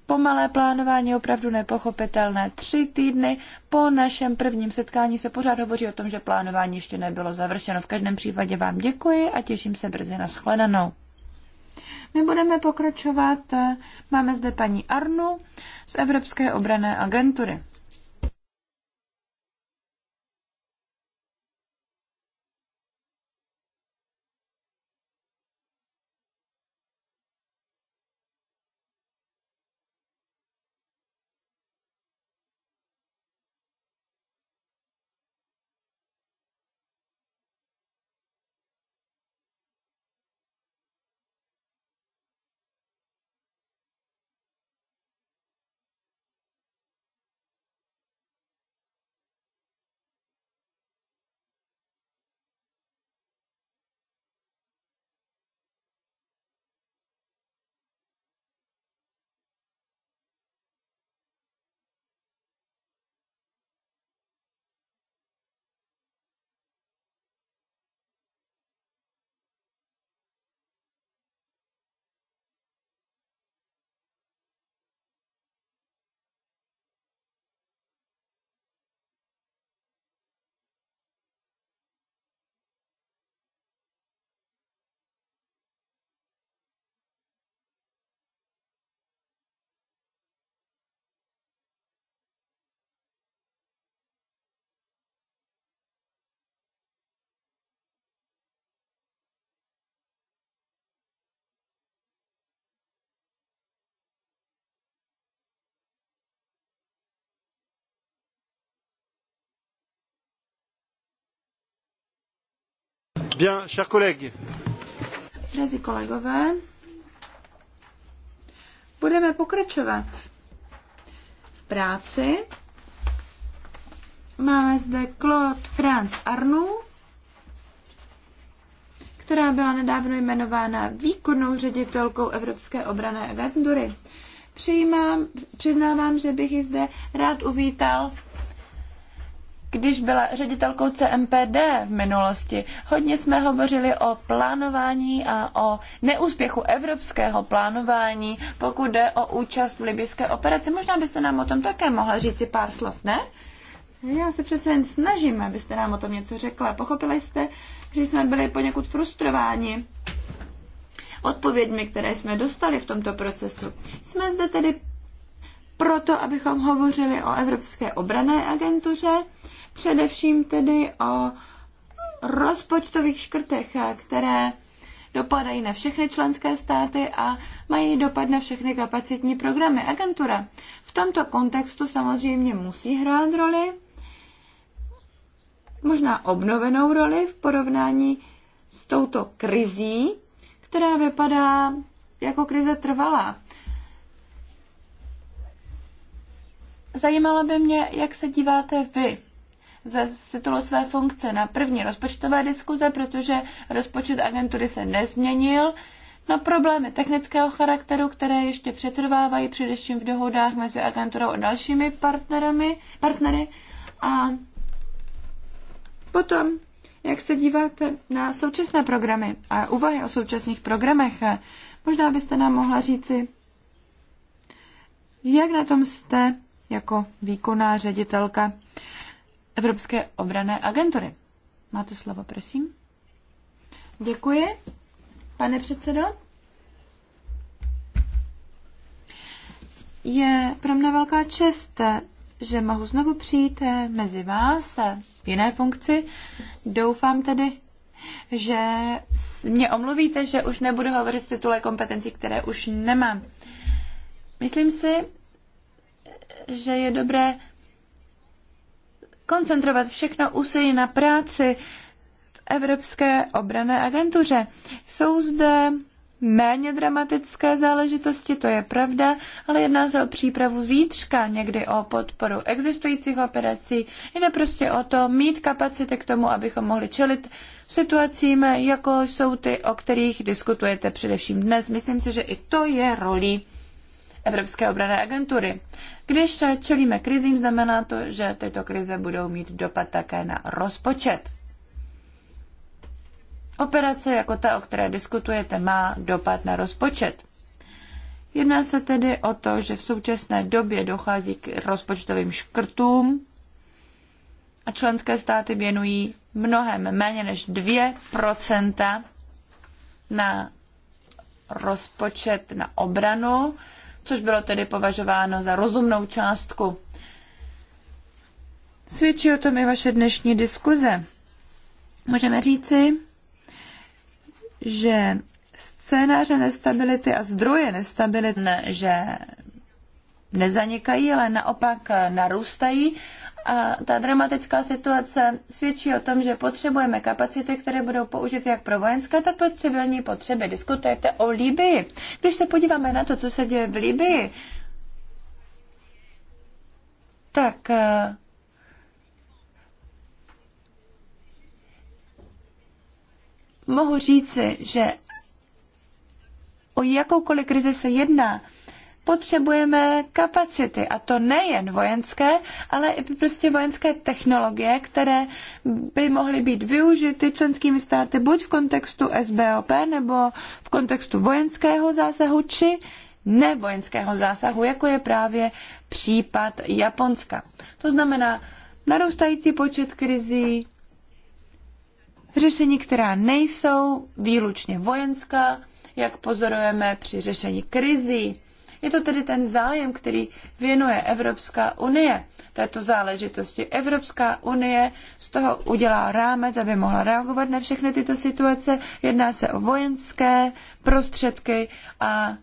pomalé plánování je opravdu nepochopitelné. Tři týdny po našem prvním setkání se pořád hovoří o tom, že plánování ještě nebylo završeno. V každém případě vám děkuji a těším se brzy na shledanou. My budeme pokračovat. Máme zde paní Arnu z Evropské obrané agentury. Bien, chers collègues. Drazí kolegové, budeme pokračovat v práci. Máme zde Claude Franz Arnou, která byla nedávno jmenována výkonnou ředitelkou Evropské obrané agentury. Přijímám, přiznávám, že bych ji zde rád uvítal když byla ředitelkou CMPD v minulosti, hodně jsme hovořili o plánování a o neúspěchu evropského plánování, pokud jde o účast v libyské operaci. Možná byste nám o tom také mohla si pár slov, ne? Já se přece jen snažím, abyste nám o tom něco řekla. Pochopili jste, že jsme byli poněkud frustrováni odpověďmi, které jsme dostali v tomto procesu. Jsme zde tedy proto, abychom hovořili o Evropské obrané agentuře, Především tedy o rozpočtových škrtech, které dopadají na všechny členské státy a mají dopad na všechny kapacitní programy agentura. V tomto kontextu samozřejmě musí hrát roli, možná obnovenou roli v porovnání s touto krizí, která vypadá jako krize trvalá. Zajímalo by mě, jak se díváte vy ze titulu své funkce na první rozpočtové diskuze, protože rozpočet agentury se nezměnil. Na problémy technického charakteru, které ještě přetrvávají především v dohodách mezi agenturou a dalšími partnerami, partnery. A potom, jak se díváte na současné programy a úvahy o současných programech, možná byste nám mohla říci, jak na tom jste jako výkonná ředitelka Evropské obrané agentury. Máte slovo, prosím. Děkuji, pane předsedo. Je pro mě velká čest, že mohu znovu přijít mezi vás v jiné funkci. Doufám tedy, že mě omluvíte, že už nebudu hovořit v titule kompetencí, které už nemám. Myslím si, že je dobré koncentrovat všechno úsilí na práci v Evropské obrané agentuře. Jsou zde méně dramatické záležitosti, to je pravda, ale jedná se o přípravu zítřka, někdy o podporu existujících operací, jde prostě o to mít kapacity k tomu, abychom mohli čelit situacím, jako jsou ty, o kterých diskutujete především dnes. Myslím si, že i to je rolí Evropské obrané agentury. Když čelíme krizím, znamená to, že tyto krize budou mít dopad také na rozpočet. Operace jako ta, o které diskutujete, má dopad na rozpočet. Jedná se tedy o to, že v současné době dochází k rozpočtovým škrtům a členské státy věnují mnohem méně než 2% na rozpočet na obranu což bylo tedy považováno za rozumnou částku. Svědčí o tom i vaše dnešní diskuze. Můžeme říci, že scénáře nestability a zdroje nestability, že nezanikají, ale naopak narůstají a ta dramatická situace svědčí o tom, že potřebujeme kapacity, které budou použity jak pro vojenské, tak pro civilní potřeby. Diskutujete o Libii. Když se podíváme na to, co se děje v Libii, tak eh, mohu říci, že o jakoukoliv krizi se jedná, potřebujeme kapacity, a to nejen vojenské, ale i prostě vojenské technologie, které by mohly být využity členskými státy buď v kontextu SBOP nebo v kontextu vojenského zásahu či nevojenského zásahu, jako je právě případ Japonska. To znamená narůstající počet krizí, řešení, která nejsou výlučně vojenská, jak pozorujeme při řešení krizí je to tedy ten zájem, který věnuje Evropská unie této záležitosti. Evropská unie z toho udělá rámec, aby mohla reagovat na všechny tyto situace. Jedná se o vojenské prostředky a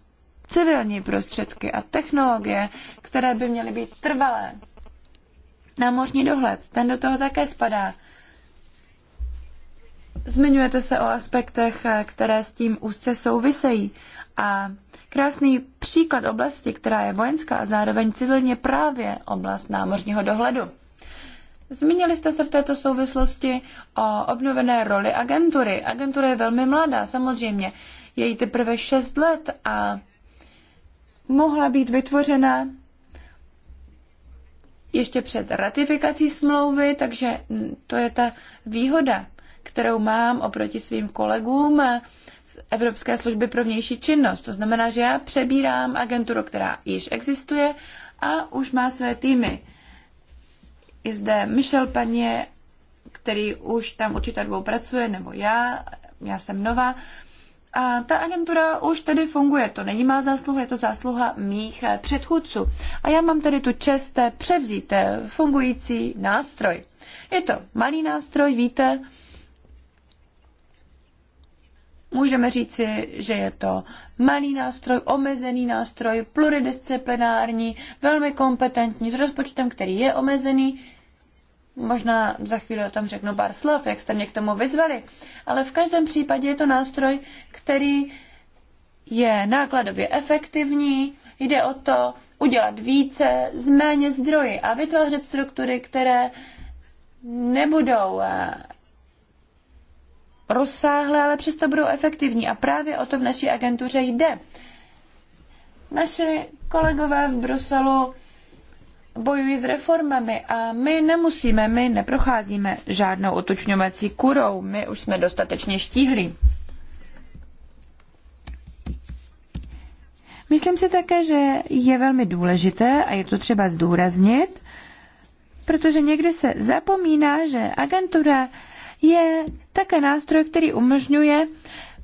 civilní prostředky a technologie, které by měly být trvalé. Námořní dohled, ten do toho také spadá. Zmiňujete se o aspektech, které s tím úzce souvisejí a krásný příklad oblasti, která je vojenská a zároveň civilně právě oblast námořního dohledu. Zmínili jste se v této souvislosti o obnovené roli agentury. Agentura je velmi mladá, samozřejmě. Je jí teprve 6 let a mohla být vytvořena ještě před ratifikací smlouvy, takže to je ta výhoda, kterou mám oproti svým kolegům Evropské služby pro vnější činnost. To znamená, že já přebírám agenturu, která již existuje a už má své týmy. Je zde Michel Paně, který už tam určitě dvou pracuje, nebo já, já jsem nová. A ta agentura už tedy funguje. To není má zásluha, je to zásluha mých předchůdců. A já mám tedy tu čest převzít eh, fungující nástroj. Je to malý nástroj, víte, Můžeme říci, že je to malý nástroj, omezený nástroj, pluridisciplinární, velmi kompetentní, s rozpočtem, který je omezený. Možná za chvíli o tom řeknu pár slov, jak jste mě k tomu vyzvali, ale v každém případě je to nástroj, který je nákladově efektivní, jde o to udělat více z méně zdroji a vytvářet struktury, které nebudou eh, rozsáhlé, ale přesto budou efektivní. A právě o to v naší agentuře jde. Naše kolegové v Bruselu bojují s reformami a my nemusíme, my neprocházíme žádnou otučňovací kurou, my už jsme dostatečně štíhlí. Myslím si také, že je velmi důležité a je to třeba zdůraznit, protože někdy se zapomíná, že agentura je také nástroj, který umožňuje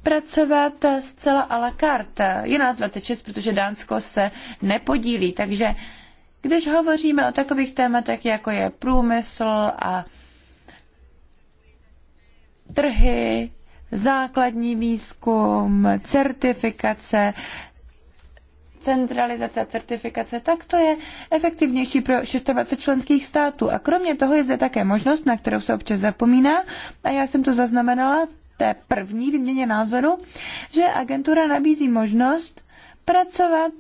pracovat zcela a la carte. Je nás 26, protože Dánsko se nepodílí, takže když hovoříme o takových tématech, jako je průmysl a trhy, základní výzkum, certifikace, centralizace a certifikace, tak to je efektivnější pro 26 členských států. A kromě toho je zde také možnost, na kterou se občas zapomíná, a já jsem to zaznamenala v té první výměně názoru, že agentura nabízí možnost pracovat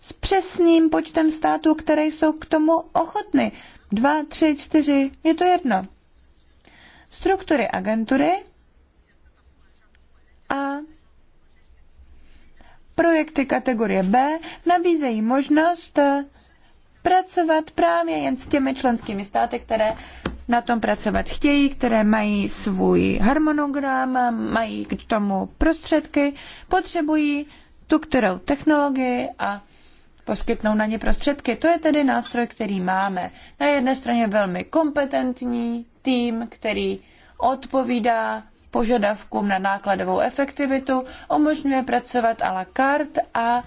s přesným počtem států, které jsou k tomu ochotny. Dva, tři, čtyři, je to jedno. Struktury agentury a Projekty kategorie B nabízejí možnost eh, pracovat právě jen s těmi členskými státy, které na tom pracovat chtějí, které mají svůj harmonogram, mají k tomu prostředky, potřebují tu kterou technologii a poskytnou na ně prostředky. To je tedy nástroj, který máme. Na jedné straně velmi kompetentní tým, který odpovídá požadavkům na nákladovou efektivitu, umožňuje pracovat à la carte a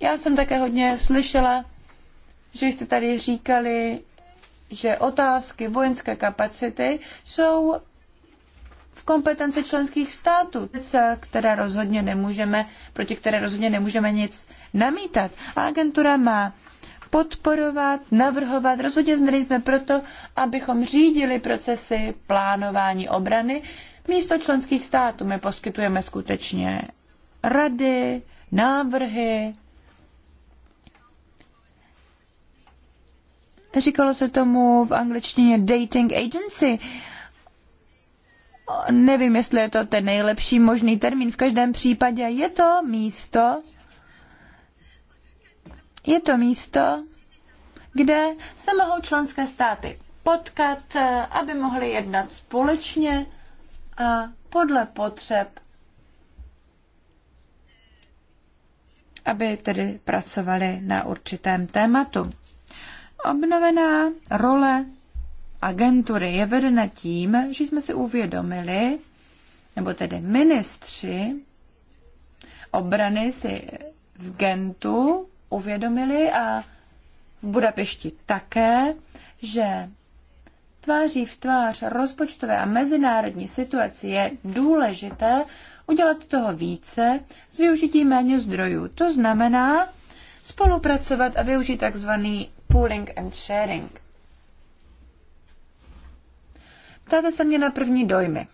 já jsem také hodně slyšela, že jste tady říkali, že otázky vojenské kapacity jsou v kompetenci členských států, které rozhodně nemůžeme, proti které rozhodně nemůžeme nic namítat. A agentura má podporovat, navrhovat. Rozhodně jsme proto, abychom řídili procesy plánování obrany. Místo členských států my poskytujeme skutečně rady, návrhy. Říkalo se tomu v angličtině dating agency. Nevím, jestli je to ten nejlepší možný termín. V každém případě je to místo, je to místo, kde se mohou členské státy potkat, eh, aby mohli jednat společně a podle potřeb, aby tedy pracovali na určitém tématu. Obnovená role agentury je vedena tím, že jsme si uvědomili, nebo tedy ministři obrany si v Gentu uvědomili a v Budapešti také, že tváří v tvář rozpočtové a mezinárodní situaci je důležité udělat toho více s využitím méně zdrojů. To znamená spolupracovat a využít takzvaný pooling and sharing. Ptáte se mě na první dojmy.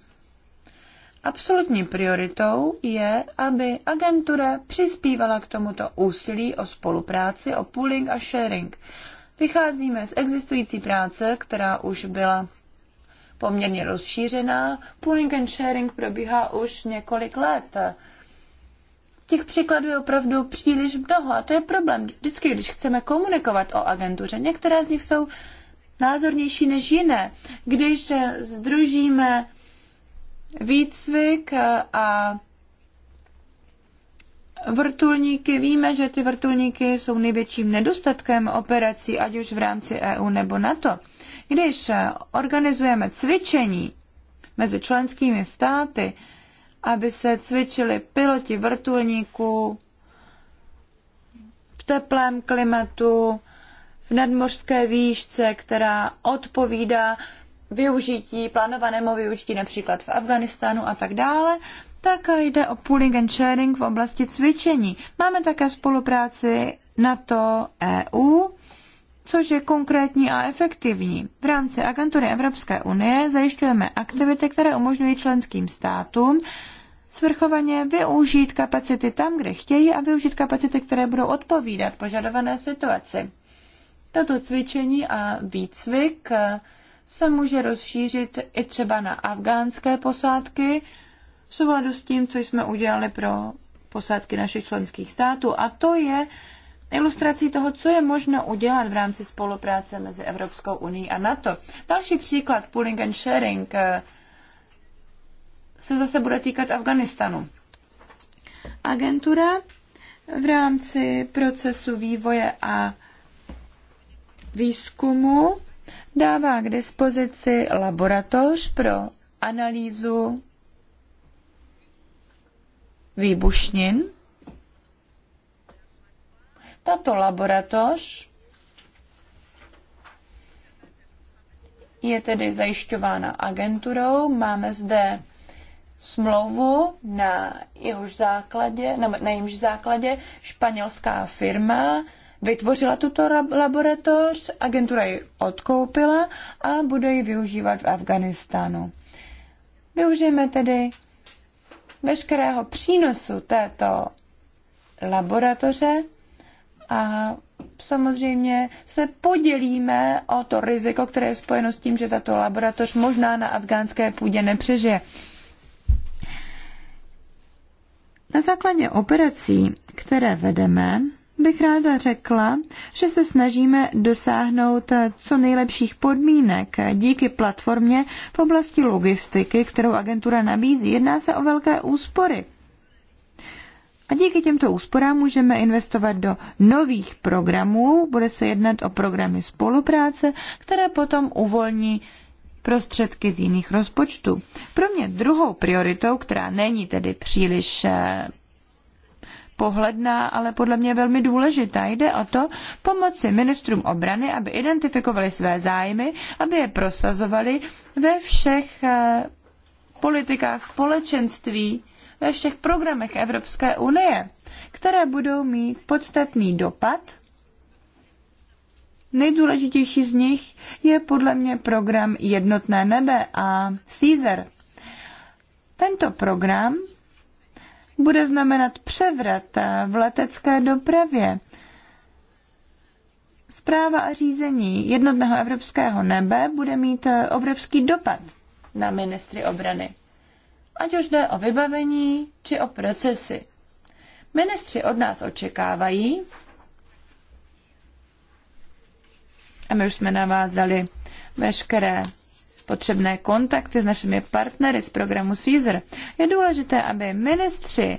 Absolutní prioritou je, aby agentura přispívala k tomuto úsilí o spolupráci, o pooling a sharing. Vycházíme z existující práce, která už byla poměrně rozšířená. Pooling and sharing probíhá už několik let. Těch příkladů je opravdu příliš mnoho a to je problém. Vždycky, když chceme komunikovat o agentuře, některé z nich jsou názornější než jiné. Když združíme výcvik a vrtulníky. Víme, že ty vrtulníky jsou největším nedostatkem operací, ať už v rámci EU nebo NATO. Když organizujeme cvičení mezi členskými státy, aby se cvičili piloti vrtulníků v teplém klimatu, v nadmořské výšce, která odpovídá využití, plánovanému využití například v Afganistánu a tak dále, tak jde o pooling and sharing v oblasti cvičení. Máme také spolupráci NATO EU, což je konkrétní a efektivní. V rámci agentury Evropské unie zajišťujeme aktivity, které umožňují členským státům svrchovaně využít kapacity tam, kde chtějí a využít kapacity, které budou odpovídat požadované situaci. Tato cvičení a výcvik se může rozšířit i třeba na afgánské posádky v souladu s tím, co jsme udělali pro posádky našich členských států. A to je ilustrací toho, co je možno udělat v rámci spolupráce mezi Evropskou unii a NATO. Další příklad, pooling and sharing, eh, se zase bude týkat Afganistanu. Agentura v rámci procesu vývoje a výzkumu dává k dispozici laboratoř pro analýzu výbušnin. Tato laboratoř je tedy zajišťována agenturou. Máme zde smlouvu, na jehož základě, na, na jejímž základě španělská firma vytvořila tuto laboratoř, agentura ji odkoupila a bude ji využívat v Afganistánu. Využijeme tedy veškerého přínosu této laboratoře a samozřejmě se podělíme o to riziko, které je spojeno s tím, že tato laboratoř možná na afgánské půdě nepřežije. Na základě operací, které vedeme, bych ráda řekla, že se snažíme dosáhnout co nejlepších podmínek díky platformě v oblasti logistiky, kterou agentura nabízí. Jedná se o velké úspory. A díky těmto úsporám můžeme investovat do nových programů. Bude se jednat o programy spolupráce, které potom uvolní prostředky z jiných rozpočtů. Pro mě druhou prioritou, která není tedy příliš eh, pohledná, ale podle mě velmi důležitá. Jde o to pomoci ministrům obrany, aby identifikovali své zájmy, aby je prosazovali ve všech eh, politikách společenství, ve všech programech Evropské unie, které budou mít podstatný dopad. Nejdůležitější z nich je podle mě program Jednotné nebe a Caesar. Tento program bude znamenat převrat eh, v letecké dopravě. Zpráva a řízení jednotného evropského nebe bude mít eh, obrovský dopad na ministry obrany. Ať už jde o vybavení či o procesy. Ministři od nás očekávají, a my už jsme navázali veškeré potřebné kontakty s našimi partnery z programu Caesar. Je důležité, aby ministři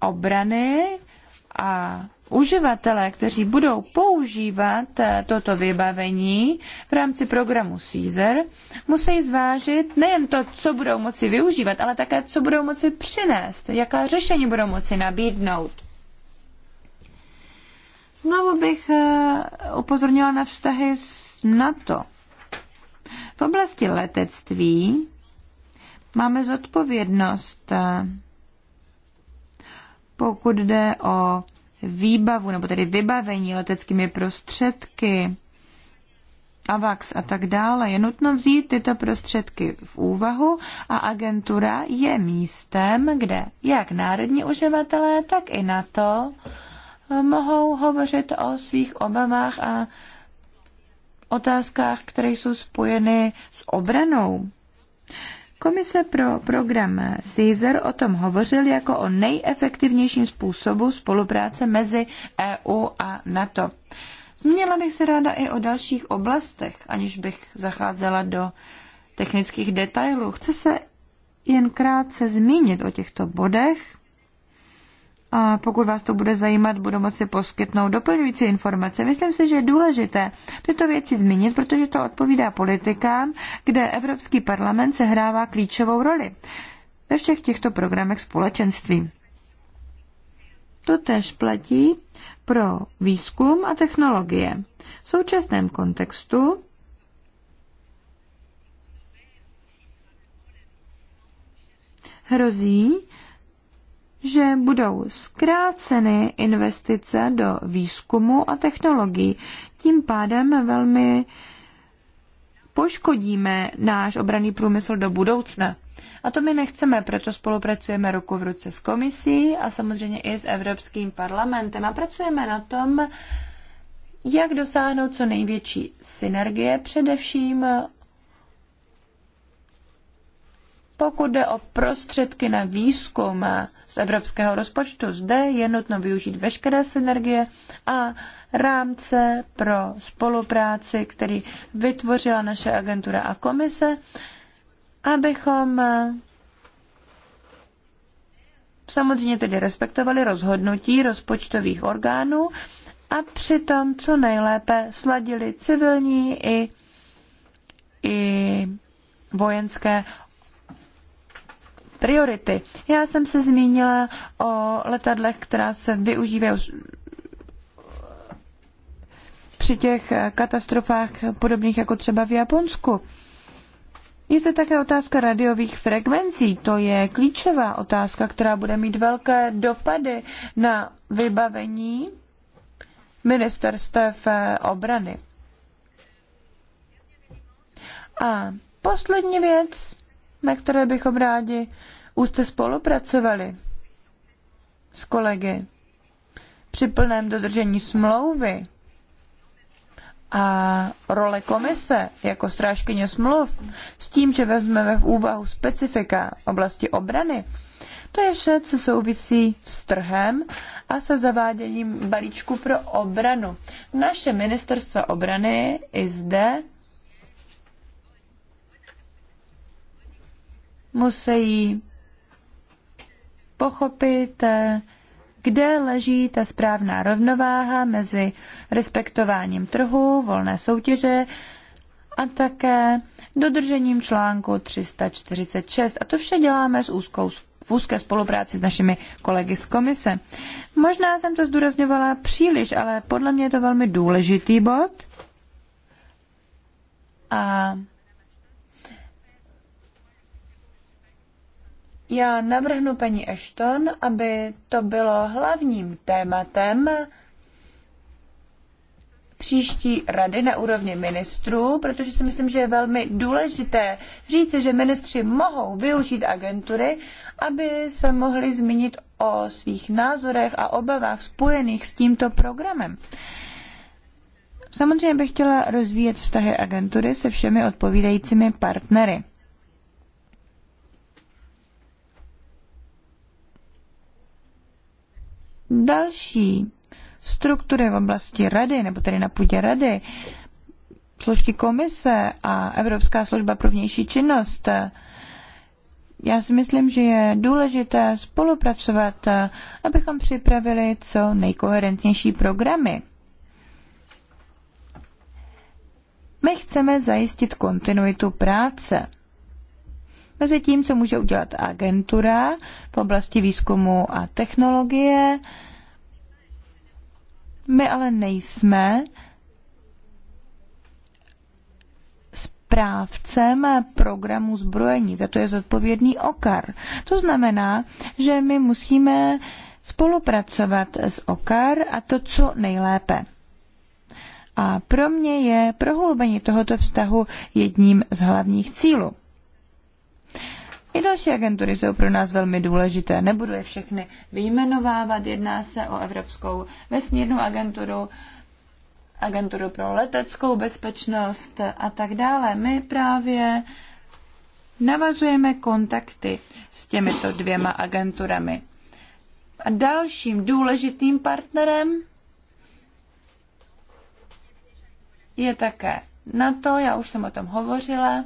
obrany a uživatelé, kteří budou používat eh, toto vybavení v rámci programu Caesar, musí zvážit nejen to, co budou moci využívat, ale také, co budou moci přinést, jaká řešení budou moci nabídnout. Znovu bych eh, upozornila na vztahy s NATO. V oblasti letectví máme zodpovědnost, eh, pokud jde o výbavu, nebo tedy vybavení leteckými prostředky, AVAX a tak dále, je nutno vzít tyto prostředky v úvahu a agentura je místem, kde jak národní uživatelé, tak i NATO to mohou hovořit o svých obavách a otázkách, které jsou spojeny s obranou. Komise pro program Caesar o tom hovořil jako o nejefektivnějším způsobu spolupráce mezi EU a NATO. Zmínila bych se ráda i o dalších oblastech, aniž bych zacházela do technických detailů. Chce se jen krátce zmínit o těchto bodech a pokud vás to bude zajímat, budu moci poskytnout doplňující informace. Myslím si, že je důležité tyto věci zmínit, protože to odpovídá politikám, kde Evropský parlament sehrává klíčovou roli ve všech těchto programech společenství. To tež platí pro výzkum a technologie. V současném kontextu hrozí, že budou zkráceny investice do výzkumu a technologií. Tím pádem velmi poškodíme náš obraný průmysl do budoucna. A to my nechceme, proto spolupracujeme ruku v ruce s komisí a samozřejmě i s Evropským parlamentem a pracujeme na tom, jak dosáhnout co největší synergie, především pokud jde o prostředky na výzkum z evropského rozpočtu, zde je nutno využít veškeré synergie a rámce pro spolupráci, který vytvořila naše agentura a komise, abychom samozřejmě tedy respektovali rozhodnutí rozpočtových orgánů a přitom co nejlépe sladili civilní i, i vojenské priority. Já jsem se zmínila o letadlech, která se využívají při těch katastrofách podobných jako třeba v Japonsku. Je to také otázka radiových frekvencí. To je klíčová otázka, která bude mít velké dopady na vybavení ministerstev obrany. A poslední věc, na které bychom rádi úzce spolupracovali s kolegy při plném dodržení smlouvy a role komise jako strážkyně smluv s tím, že vezmeme v úvahu specifika oblasti obrany, to je vše, co souvisí s trhem a se zaváděním balíčku pro obranu. Naše ministerstva obrany i zde musí pochopit, kde leží ta správná rovnováha mezi respektováním trhu, volné soutěže a také dodržením článku 346. A to vše děláme s úzkou, v úzké spolupráci s našimi kolegy z komise. Možná jsem to zdůrazňovala příliš, ale podle mě je to velmi důležitý bod. A Já navrhnu paní Ashton, aby to bylo hlavním tématem příští rady na úrovni ministrů, protože si myslím, že je velmi důležité říci, že ministři mohou využít agentury, aby se mohli zmínit o svých názorech a obavách spojených s tímto programem. Samozřejmě bych chtěla rozvíjet vztahy agentury se všemi odpovídajícími partnery. další struktury v oblasti rady, nebo tedy na půdě rady, složky komise a Evropská služba pro vnější činnost. Já si myslím, že je důležité spolupracovat, abychom připravili co nejkoherentnější programy. My chceme zajistit kontinuitu práce mezi tím, co může udělat agentura v oblasti výzkumu a technologie. My ale nejsme správcem programu zbrojení, za to je zodpovědný OKAR. To znamená, že my musíme spolupracovat s OKAR a to co nejlépe. A pro mě je prohloubení tohoto vztahu jedním z hlavních cílů. I další agentury jsou pro nás velmi důležité. Nebudu je všechny vyjmenovávat. Jedná se o Evropskou vesmírnou agenturu, agenturu pro leteckou bezpečnost a tak dále. My právě navazujeme kontakty s těmito dvěma agenturami. A dalším důležitým partnerem je také NATO, já už jsem o tom hovořila.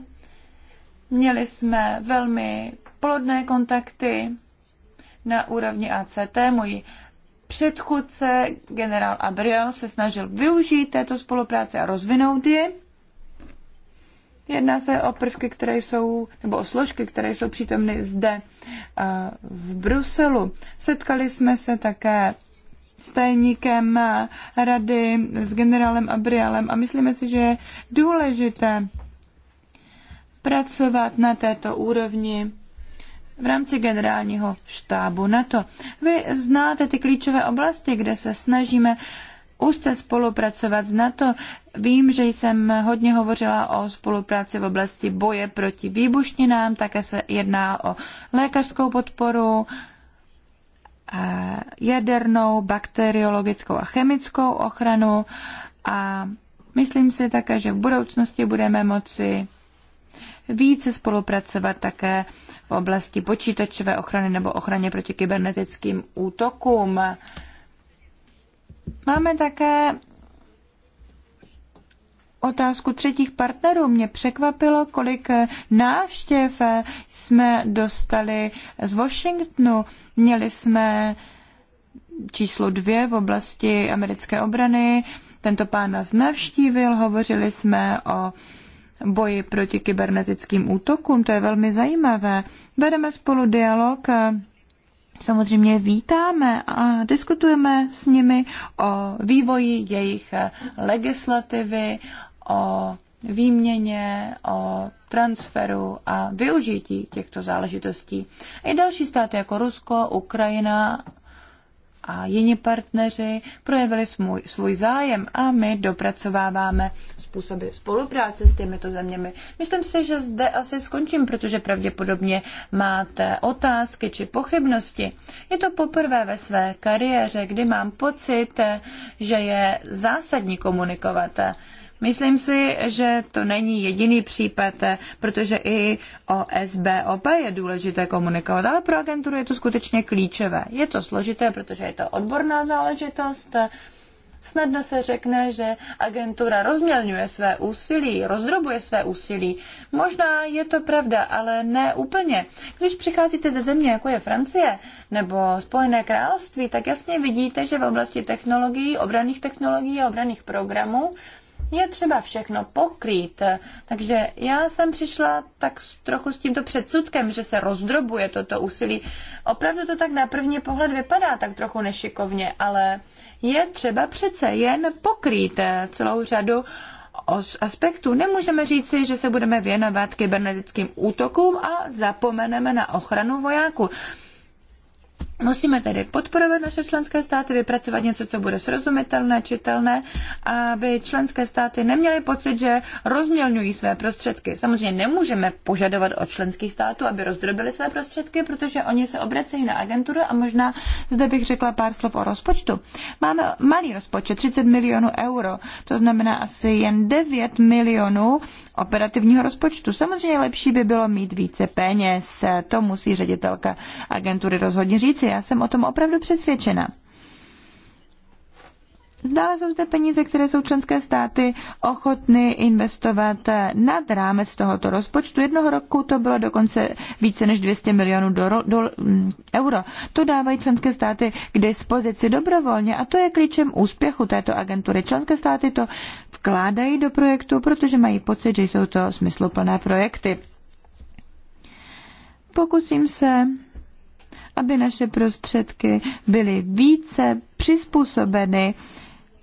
Měli jsme velmi plodné kontakty na úrovni ACT. Můj předchůdce, generál Abriel, se snažil využít této spolupráce a rozvinout je. Jedná se o prvky, které jsou, nebo o složky, které jsou přítomny zde eh, v Bruselu. Setkali jsme se také s tajemníkem rady, s generálem Abrialem a myslíme si, že je důležité pracovat na této úrovni v rámci generálního štábu NATO. Vy znáte ty klíčové oblasti, kde se snažíme úzce spolupracovat s NATO. Vím, že jsem hodně hovořila o spolupráci v oblasti boje proti výbušninám, také se jedná o lékařskou podporu, jadernou, bakteriologickou a chemickou ochranu a myslím si také, že v budoucnosti budeme moci více spolupracovat také v oblasti počítačové ochrany nebo ochraně proti kybernetickým útokům. Máme také otázku třetích partnerů. Mě překvapilo, kolik návštěv jsme dostali z Washingtonu. Měli jsme číslo dvě v oblasti americké obrany. Tento pán nás navštívil, hovořili jsme o boji proti kybernetickým útokům, to je velmi zajímavé. Vedeme spolu dialog, eh, samozřejmě vítáme a diskutujeme s nimi o vývoji jejich eh, legislativy, o výměně, o transferu a využití těchto záležitostí. I další státy jako Rusko, Ukrajina a jiní partneři projevili svůj, svůj zájem a my dopracováváme způsoby spolupráce s těmito zeměmi. Myslím si, že zde asi skončím, protože pravděpodobně máte otázky či pochybnosti. Je to poprvé ve své kariéře, kdy mám pocit, že je zásadní komunikovat. Myslím si, že to není jediný případ, protože i o SBOP je důležité komunikovat, ale pro agenturu je to skutečně klíčové. Je to složité, protože je to odborná záležitost. Snadno se řekne, že agentura rozmělňuje své úsilí, rozdrobuje své úsilí. Možná je to pravda, ale ne úplně. Když přicházíte ze země, jako je Francie nebo Spojené království, tak jasně vidíte, že v oblasti technologií, obraných technologií a obraných programů je třeba všechno pokrýt. Takže já jsem přišla tak s trochu s tímto předsudkem, že se rozdrobuje toto úsilí. Opravdu to tak na první pohled vypadá tak trochu nešikovně, ale je třeba přece jen pokrýt eh, celou řadu aspektů. Nemůžeme říci, že se budeme věnovat kybernetickým útokům a zapomeneme na ochranu vojáků. Musíme tedy podporovat naše členské státy, vypracovat něco, co bude srozumitelné, čitelné, aby členské státy neměly pocit, že rozmělňují své prostředky. Samozřejmě nemůžeme požadovat od členských států, aby rozdrobili své prostředky, protože oni se obracejí na agenturu a možná zde bych řekla pár slov o rozpočtu. Máme malý rozpočet, 30 milionů euro, to znamená asi jen 9 milionů operativního rozpočtu. Samozřejmě lepší by bylo mít více peněz, to musí ředitelka agentury rozhodně říci já jsem o tom opravdu přesvědčena. Zdále jsou zde peníze, které jsou členské státy ochotny investovat nad rámec tohoto rozpočtu. Jednoho roku to bylo dokonce více než 200 milionů do, do, mm, euro. To dávají členské státy k dispozici dobrovolně a to je klíčem úspěchu této agentury. Členské státy to vkládají do projektu, protože mají pocit, že jsou to smysluplné projekty. Pokusím se aby naše prostředky byly více přizpůsobeny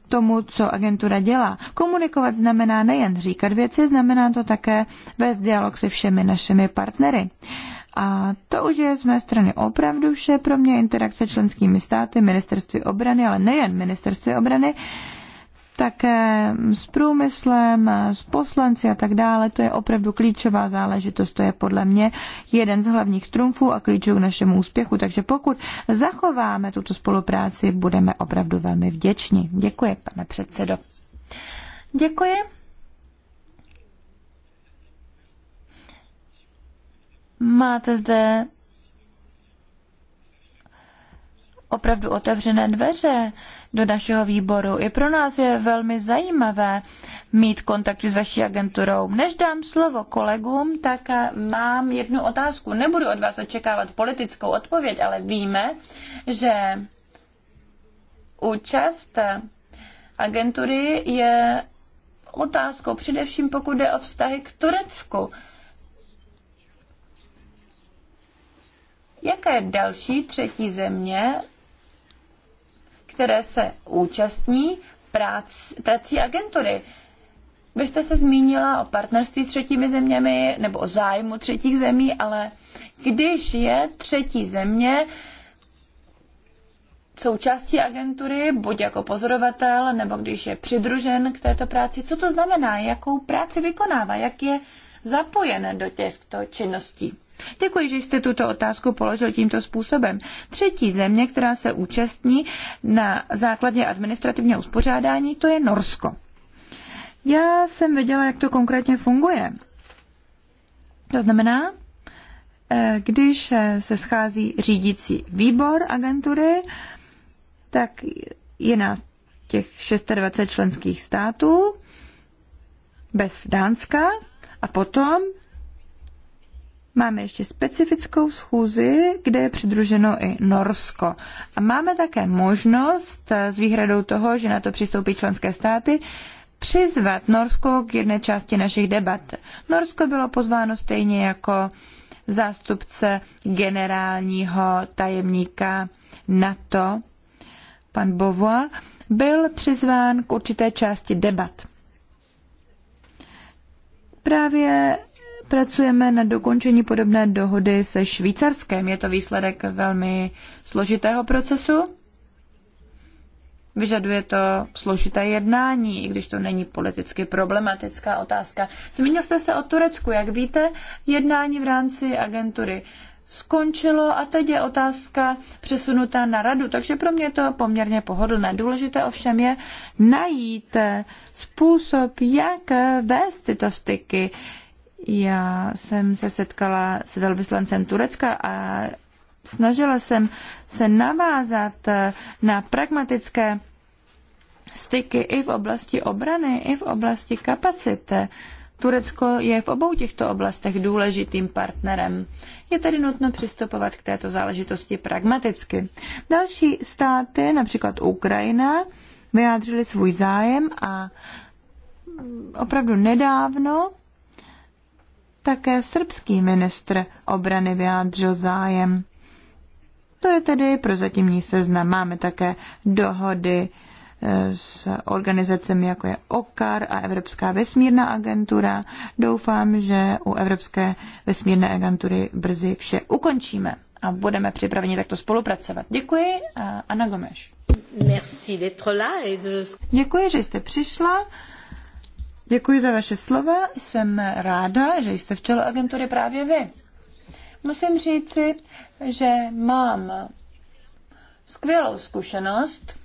tomu, co agentura dělá. Komunikovat znamená nejen říkat věci, znamená to také vést dialog se všemi našimi partnery. A to už je z mé strany opravdu vše. Pro mě interakce členskými státy, ministerství obrany, ale nejen ministerství obrany, také s průmyslem, s poslanci a tak dále. To je opravdu klíčová záležitost. To je podle mě jeden z hlavních trumfů a klíčů k našemu úspěchu. Takže pokud zachováme tuto spolupráci, budeme opravdu velmi vděční. Děkuji, pane předsedo. Děkuji. Máte zde opravdu otevřené dveře do našeho výboru. I pro nás je velmi zajímavé mít kontakt s vaší agenturou. Než dám slovo kolegům, tak eh, mám jednu otázku. Nebudu od vás očekávat politickou odpověď, ale víme, že účast agentury je otázkou, především pokud jde o vztahy k Turecku. Jaké další třetí země které se účastní prác, prací agentury. Vy jste se zmínila o partnerství s třetími zeměmi nebo o zájmu třetích zemí, ale když je třetí země součástí agentury, buď jako pozorovatel, nebo když je přidružen k této práci, co to znamená, jakou práci vykonává, jak je zapojen do těchto činností? Děkuji, že jste tuto otázku položil tímto způsobem. Třetí země, která se účastní na základě administrativního uspořádání, to je Norsko. Já jsem věděla, jak to konkrétně funguje. To znamená, eh, když eh, se schází řídící výbor agentury, tak je nás těch 26 členských států bez Dánska a potom Máme ještě specifickou schůzi, kde je přidruženo i Norsko. A máme také možnost eh, s výhradou toho, že na to přistoupí členské státy, přizvat Norsko k jedné části našich debat. Norsko bylo pozváno stejně jako zástupce generálního tajemníka NATO, pan Bovoa, byl přizván k určité části debat. Právě Pracujeme na dokončení podobné dohody se Švýcarskem. Je to výsledek velmi složitého procesu. Vyžaduje to složité jednání, i když to není politicky problematická otázka. Zmínil jste se o Turecku. Jak víte, jednání v rámci agentury skončilo a teď je otázka přesunutá na radu. Takže pro mě je to poměrně pohodlné. Důležité ovšem je najít způsob, jak vést tyto styky, já jsem se setkala s velvyslancem Turecka a snažila jsem se navázat eh, na pragmatické styky i v oblasti obrany, i v oblasti kapacity. Turecko je v obou těchto oblastech důležitým partnerem. Je tedy nutno přistupovat k této záležitosti pragmaticky. Další státy, například Ukrajina, vyjádřili svůj zájem a mm, opravdu nedávno také srbský ministr obrany vyjádřil zájem. To je tedy prozatímní seznam. Máme také dohody e, s organizacemi jako je OKAR a Evropská vesmírná agentura. Doufám, že u Evropské vesmírné agentury brzy vše ukončíme a budeme připraveni takto spolupracovat. Děkuji, Ana Gomeš. Děkuji, že jste přišla Děkuji za vaše slova. Jsem ráda, že jste v čele agentury právě vy. Musím říci, že mám skvělou zkušenost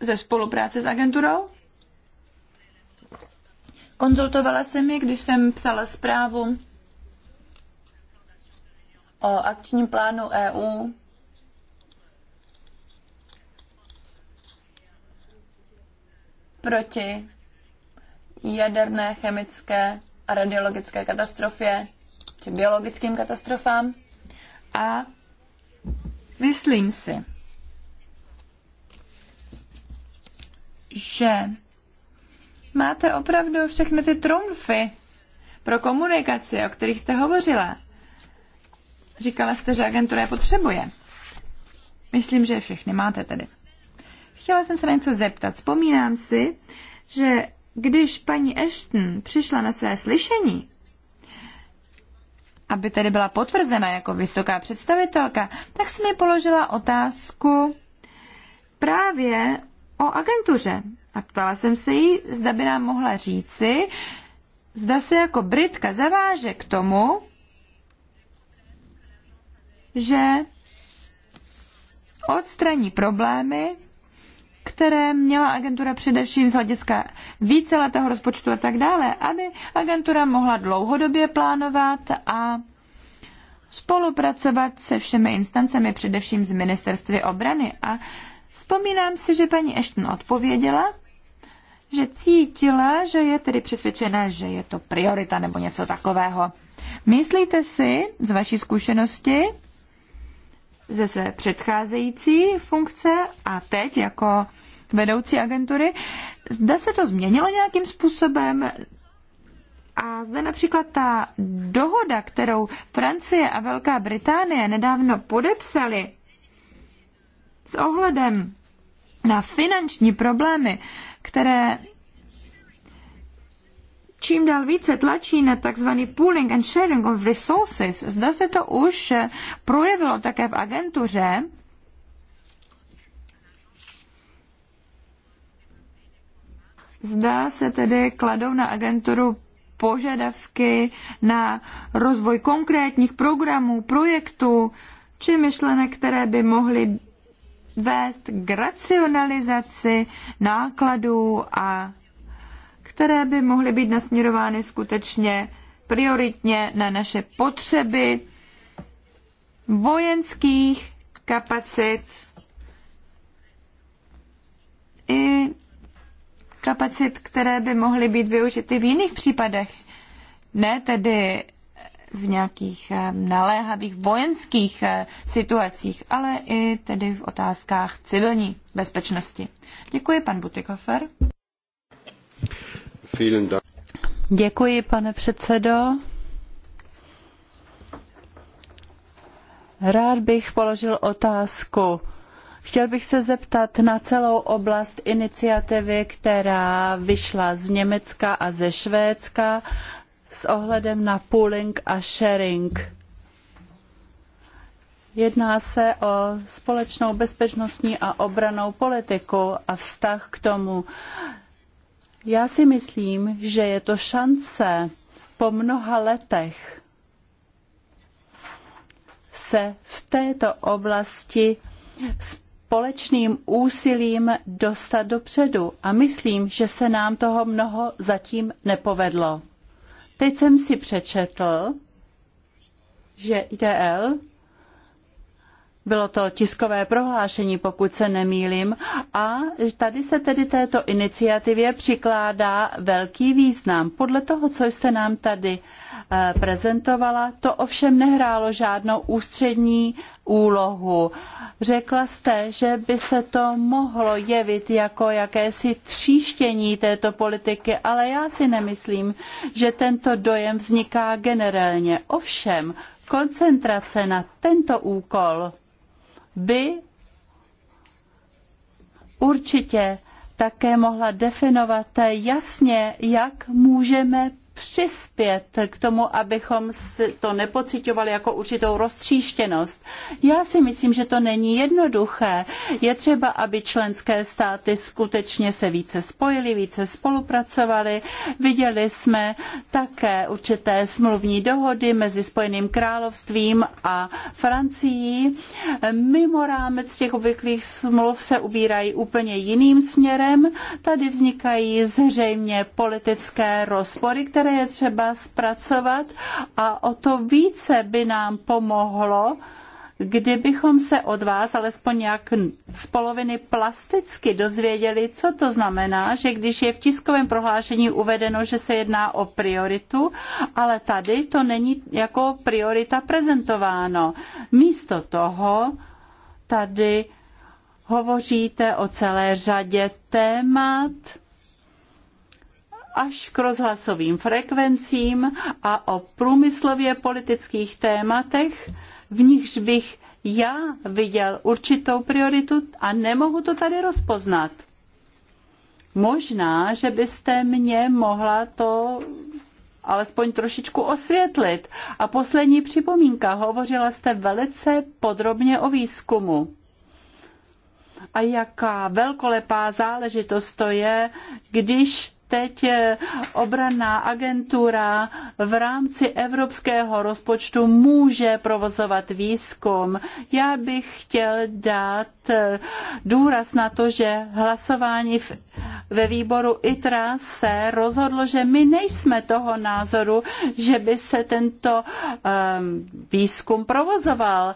ze spolupráce s agenturou. Konzultovala jsem ji, když jsem psala zprávu o akčním plánu EU proti jaderné, chemické a radiologické katastrofě či biologickým katastrofám. A myslím si, že máte opravdu všechny ty trumfy pro komunikaci, o kterých jste hovořila. Říkala jste, že agentura je potřebuje. Myslím, že všechny máte tedy. Chtěla jsem se na něco zeptat. Vzpomínám si, že když paní Ashton přišla na své slyšení, aby tedy byla potvrzena jako vysoká představitelka, tak jsem mi položila otázku právě o agentuře. A ptala jsem se jí, zda by nám mohla říci, zda se jako Britka zaváže k tomu, že odstraní problémy, které měla agentura především z hlediska víceletého rozpočtu a tak dále, aby agentura mohla dlouhodobě plánovat a spolupracovat se všemi instancemi, především z ministerství obrany. A vzpomínám si, že paní Ashton odpověděla, že cítila, že je tedy přesvědčena, že je to priorita nebo něco takového. Myslíte si z vaší zkušenosti, ze své předcházející funkce a teď jako vedoucí agentury. Zda se to změnilo nějakým způsobem? A zde například ta dohoda, kterou Francie a Velká Británie nedávno podepsali s ohledem na finanční problémy, které čím dál více tlačí na tzv. pooling and sharing of resources. Zda se to už eh, projevilo také v agentuře. Zda se tedy kladou na agenturu požadavky na rozvoj konkrétních programů, projektů či myšlenek, které by mohly vést k racionalizaci nákladů a které by mohly být nasměrovány skutečně prioritně na naše potřeby vojenských kapacit i kapacit, které by mohly být využity v jiných případech. Ne tedy v nějakých eh, naléhavých vojenských eh, situacích, ale i tedy v otázkách civilní bezpečnosti. Děkuji, pan Butikofer. Děkuji, pane předsedo. Rád bych položil otázku. Chtěl bych se zeptat na celou oblast iniciativy, která vyšla z Německa a ze Švédska s ohledem na pooling a sharing. Jedná se o společnou bezpečnostní a obrannou politiku a vztah k tomu. Já si myslím, že je to šance po mnoha letech se v této oblasti společným úsilím dostat dopředu a myslím, že se nám toho mnoho zatím nepovedlo. Teď jsem si přečetl, že IDL bylo to tiskové prohlášení, pokud se nemýlim, a tady se tedy této iniciativě přikládá velký význam. Podle toho, co jste nám tady eh, prezentovala, to ovšem nehrálo žádnou ústřední úlohu. Řekla jste, že by se to mohlo jevit jako jakési tříštění této politiky, ale já si nemyslím, že tento dojem vzniká generálně. Ovšem, koncentrace na tento úkol by určitě také mohla definovat jasně, jak můžeme přispět k tomu, abychom to nepocitovali jako určitou roztříštěnost. Já si myslím, že to není jednoduché. Je třeba, aby členské státy skutečně se více spojily, více spolupracovaly. Viděli jsme také určité smluvní dohody mezi Spojeným královstvím a Francií. Mimo rámec těch obvyklých smluv se ubírají úplně jiným směrem. Tady vznikají zřejmě politické rozpory, které které je třeba zpracovat a o to více by nám pomohlo, kdybychom se od vás alespoň nějak z poloviny plasticky dozvěděli, co to znamená, že když je v tiskovém prohlášení uvedeno, že se jedná o prioritu, ale tady to není jako priorita prezentováno. Místo toho tady hovoříte o celé řadě témat, až k rozhlasovým frekvencím a o průmyslově politických tématech, v nichž bych já viděl určitou prioritu a nemohu to tady rozpoznat. Možná, že byste mě mohla to alespoň trošičku osvětlit. A poslední připomínka, hovořila jste velice podrobně o výzkumu. A jaká velkolepá záležitost to je, když teď eh, obranná agentura v rámci evropského rozpočtu může provozovat výzkum. Já bych chtěl dát eh, důraz na to, že hlasování v ve výboru ITRA se rozhodlo, že my nejsme toho názoru, že by se tento um, výzkum provozoval.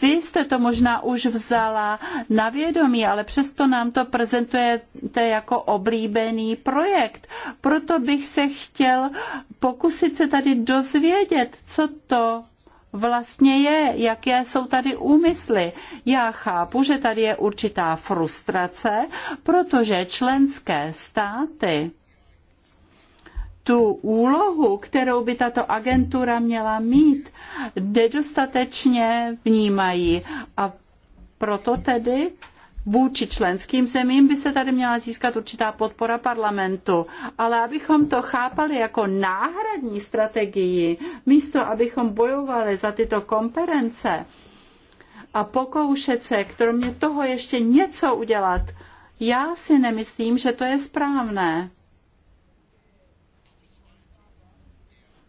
Vy jste to možná už vzala na vědomí, ale přesto nám to prezentujete jako oblíbený projekt. Proto bych se chtěl pokusit se tady dozvědět, co to vlastně je, jaké jsou tady úmysly. Já chápu, že tady je určitá frustrace, protože členské státy tu úlohu, kterou by tato agentura měla mít, nedostatečně vnímají. A proto tedy vůči členským zemím by se tady měla získat určitá podpora parlamentu. Ale abychom to chápali jako náhradní strategii, místo abychom bojovali za tyto konference a pokoušet se kromě toho ještě něco udělat, já si nemyslím, že to je správné.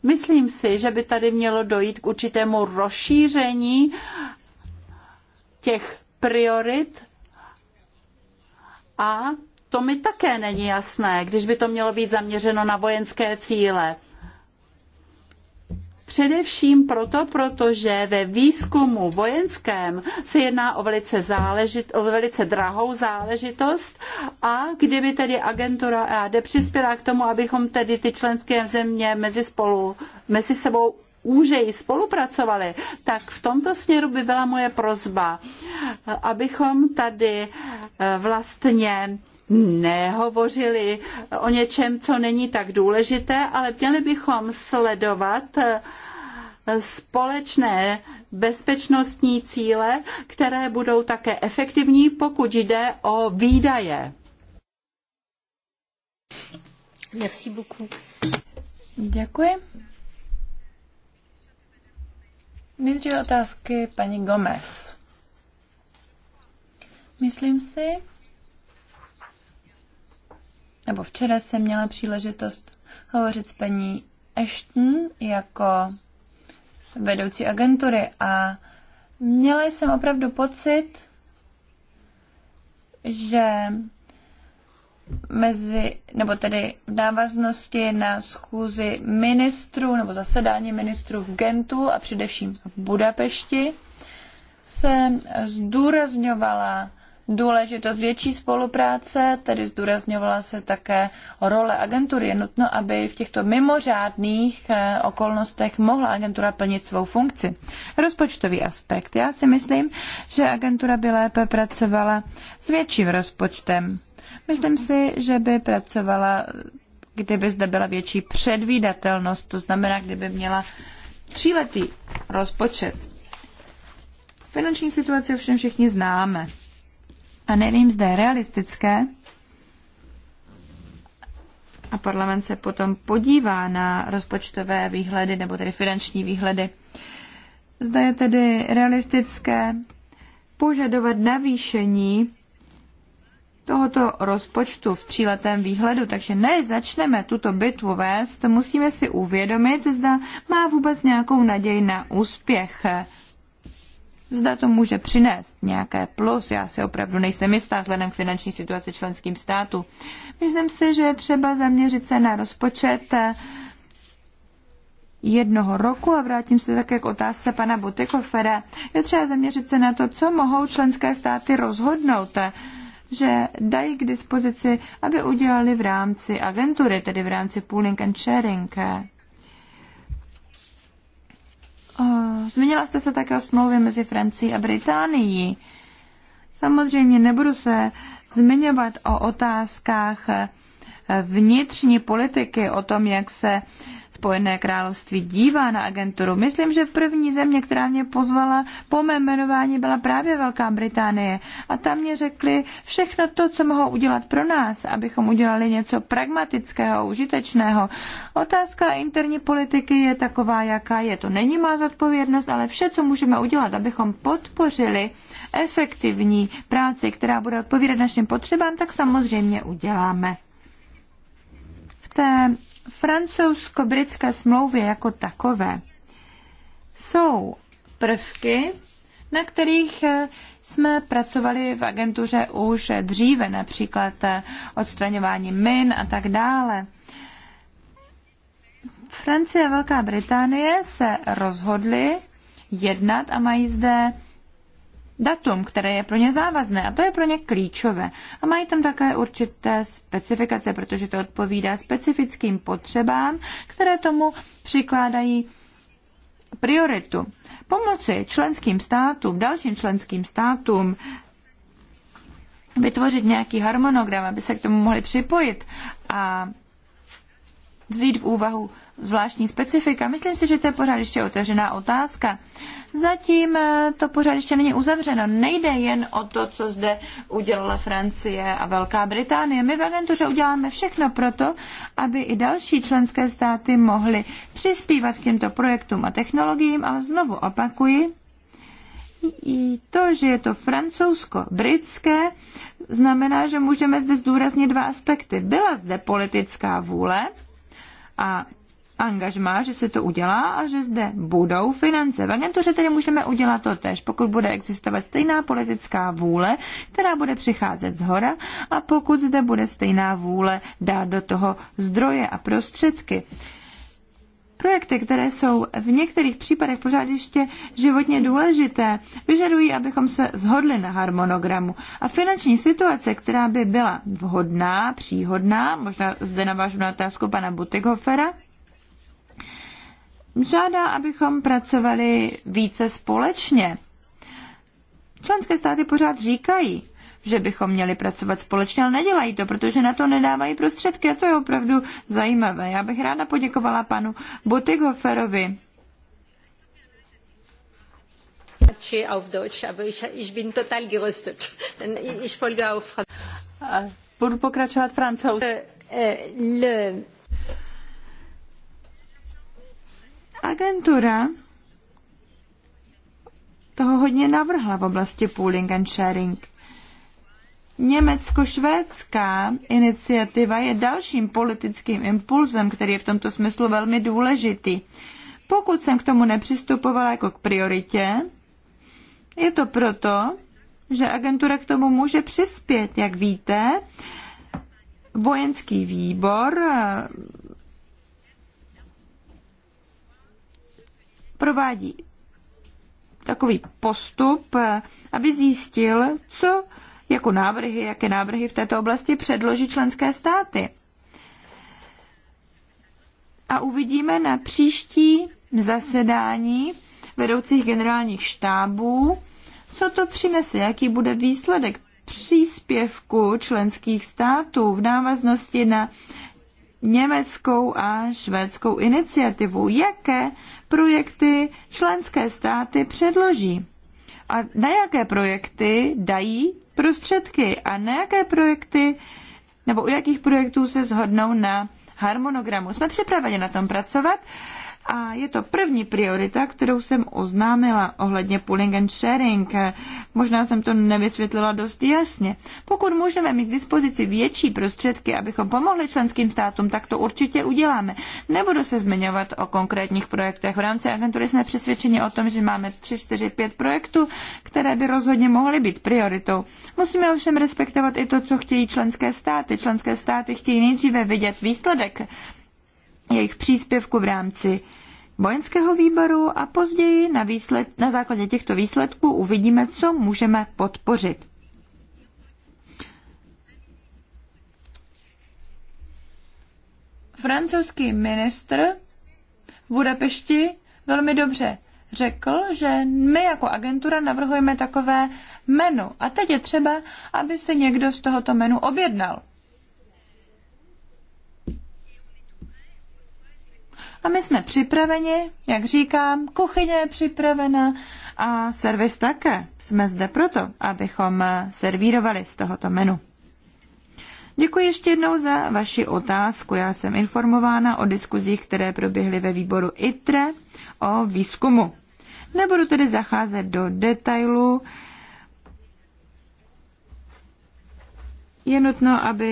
Myslím si, že by tady mělo dojít k určitému rozšíření těch priorit a to mi také není jasné, když by to mělo být zaměřeno na vojenské cíle. Především proto, protože ve výzkumu vojenském se jedná o velice, záležit, o velice drahou záležitost a kdyby tedy agentura EAD přispěla k tomu, abychom tedy ty členské země mezi, spolu, mezi sebou úžeji spolupracovali, tak v tomto směru by byla moje prozba, abychom tady eh, vlastně nehovořili o něčem, co není tak důležité, ale měli bychom sledovat eh, společné bezpečnostní cíle, které budou také efektivní, pokud jde o výdaje. Merci beaucoup. Děkuji. Nejdříve otázky paní Gomez. Myslím si, nebo včera jsem měla příležitost hovořit s paní Ashton jako vedoucí agentury a měla jsem opravdu pocit, že mezi, nebo tedy v návaznosti na schůzi ministrů nebo zasedání ministrů v Gentu a především v Budapešti se zdůrazňovala důležitost větší spolupráce, tedy zdůrazňovala se také role agentury. Je nutno, aby v těchto mimořádných eh, okolnostech mohla agentura plnit svou funkci. Rozpočtový aspekt. Já si myslím, že agentura by lépe pracovala s větším rozpočtem. Myslím si, že by pracovala, kdyby zde byla větší předvídatelnost, to znamená, kdyby měla tříletý rozpočet. Finanční situaci ovšem všichni známe. A nevím, zde je realistické, a parlament se potom podívá na rozpočtové výhledy nebo tedy finanční výhledy. Zda je tedy realistické požadovat navýšení tohoto rozpočtu v tříletém výhledu. Takže než začneme tuto bitvu vést, musíme si uvědomit, zda má vůbec nějakou naději na úspěch. Zda to může přinést nějaké plus, já si opravdu nejsem jistá vzhledem k finanční situaci členským státu. Myslím si, že je třeba zaměřit se na rozpočet jednoho roku a vrátím se také k otázce pana Butikofera. Je třeba zaměřit se na to, co mohou členské státy rozhodnout že dají k dispozici, aby udělali v rámci agentury, tedy v rámci pooling and sharing. Eh, Zmínila jste se také o smlouvě mezi Francií a Británií. Samozřejmě nebudu se zmiňovat o otázkách eh, vnitřní politiky, o tom, jak se uh, Spojené království dívá na agenturu. Myslím, že první země, která mě pozvala po mém jmenování, byla právě Velká Británie. A tam mě řekli všechno to, co mohou udělat pro nás, abychom udělali něco pragmatického, užitečného. Otázka interní politiky je taková, jaká je. To není má zodpovědnost, ale vše, co můžeme udělat, abychom podpořili efektivní práci, která bude odpovídat našim potřebám, tak samozřejmě uděláme v té francouzsko-britské smlouvě jako takové jsou prvky, na kterých eh, jsme pracovali v agentuře už dříve, například eh, odstraňování min a tak dále. Francie a Velká Británie se rozhodly jednat a mají zde datum, které je pro ně závazné a to je pro ně klíčové. A mají tam také určité specifikace, protože to odpovídá specifickým potřebám, které tomu přikládají prioritu. Pomoci členským státům, dalším členským státům vytvořit nějaký harmonogram, aby se k tomu mohli připojit a vzít v úvahu zvláštní specifika. Myslím si, že to je pořád ještě otevřená otázka. Zatím eh, to pořád ještě není uzavřeno. Nejde jen o to, co zde udělala Francie a Velká Británie. My v agentuře uděláme všechno proto, aby i další členské státy mohly přispívat k těmto projektům a technologiím, ale znovu opakuji, i to, že je to francouzsko-britské, znamená, že můžeme zde zdůraznit dva aspekty. Byla zde politická vůle a angažmá, že se to udělá a že zde budou finance. V agentuře tedy můžeme udělat to tež, pokud bude existovat stejná politická vůle, která bude přicházet z hora a pokud zde bude stejná vůle dát do toho zdroje a prostředky. Projekty, které jsou v některých případech pořád ještě životně důležité, vyžadují, abychom se zhodli na harmonogramu. A finanční situace, která by byla vhodná, příhodná, možná zde navážu na otázku pana Butikofera, žádá, abychom pracovali více společně. Členské státy pořád říkají, že bychom měli pracovat společně, ale nedělají to, protože na to nedávají prostředky a to je opravdu zajímavé. Já bych ráda poděkovala panu Botigoferovi. Budu pokračovat francouzsky. Äh, äh, Agentura toho hodně navrhla v oblasti pooling and sharing. Německo-švédská iniciativa je dalším politickým impulzem, který je v tomto smyslu velmi důležitý. Pokud jsem k tomu nepřistupovala jako k prioritě, je to proto, že agentura k tomu může přispět, jak víte. Vojenský výbor provádí takový postup, eh, aby zjistil, co jako návrhy, jaké návrhy v této oblasti předloží členské státy. A uvidíme na příští zasedání vedoucích generálních štábů, co to přinese, jaký bude výsledek příspěvku členských států v návaznosti na německou a švédskou iniciativu, jaké projekty členské státy předloží a na jaké projekty dají prostředky a na jaké projekty nebo u jakých projektů se zhodnou na harmonogramu. Jsme připraveni na tom pracovat a je to první priorita, kterou jsem oznámila ohledně pooling and sharing. Možná jsem to nevysvětlila dost jasně. Pokud můžeme mít k dispozici větší prostředky, abychom pomohli členským státům, tak to určitě uděláme. Nebudu se zmiňovat o konkrétních projektech. V rámci agentury jsme přesvědčeni o tom, že máme 3, 4, 5 projektů, které by rozhodně mohly být prioritou. Musíme ovšem respektovat i to, co chtějí členské státy. Členské státy chtějí nejdříve vidět výsledek jejich příspěvku v rámci vojenského výboru a později na, výsled, na základě těchto výsledků uvidíme, co můžeme podpořit. Francouzský ministr v Budapešti velmi dobře řekl, že my jako agentura navrhujeme takové menu a teď je třeba, aby se někdo z tohoto menu objednal. A my jsme připraveni, jak říkám, kuchyně je připravena a servis také. Jsme zde proto, abychom servírovali z tohoto menu. Děkuji ještě jednou za vaši otázku. Já jsem informována o diskuzích, které proběhly ve výboru ITRE o výzkumu. Nebudu tedy zacházet do detailů, je nutno, aby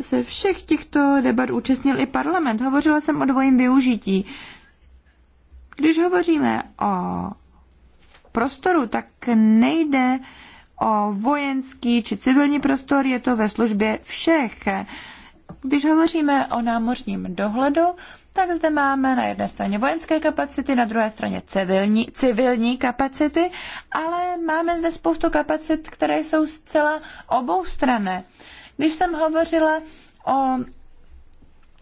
se všech těchto debat účastnil i parlament. Hovořila jsem o dvojím využití. Když hovoříme o prostoru, tak nejde o vojenský či civilní prostor, je to ve službě všech. Když hovoříme o námořním dohledu, tak zde máme na jedné straně vojenské kapacity, na druhé straně civilní, civilní kapacity, ale máme zde spoustu kapacit, které jsou zcela oboustranné. Když jsem hovořila o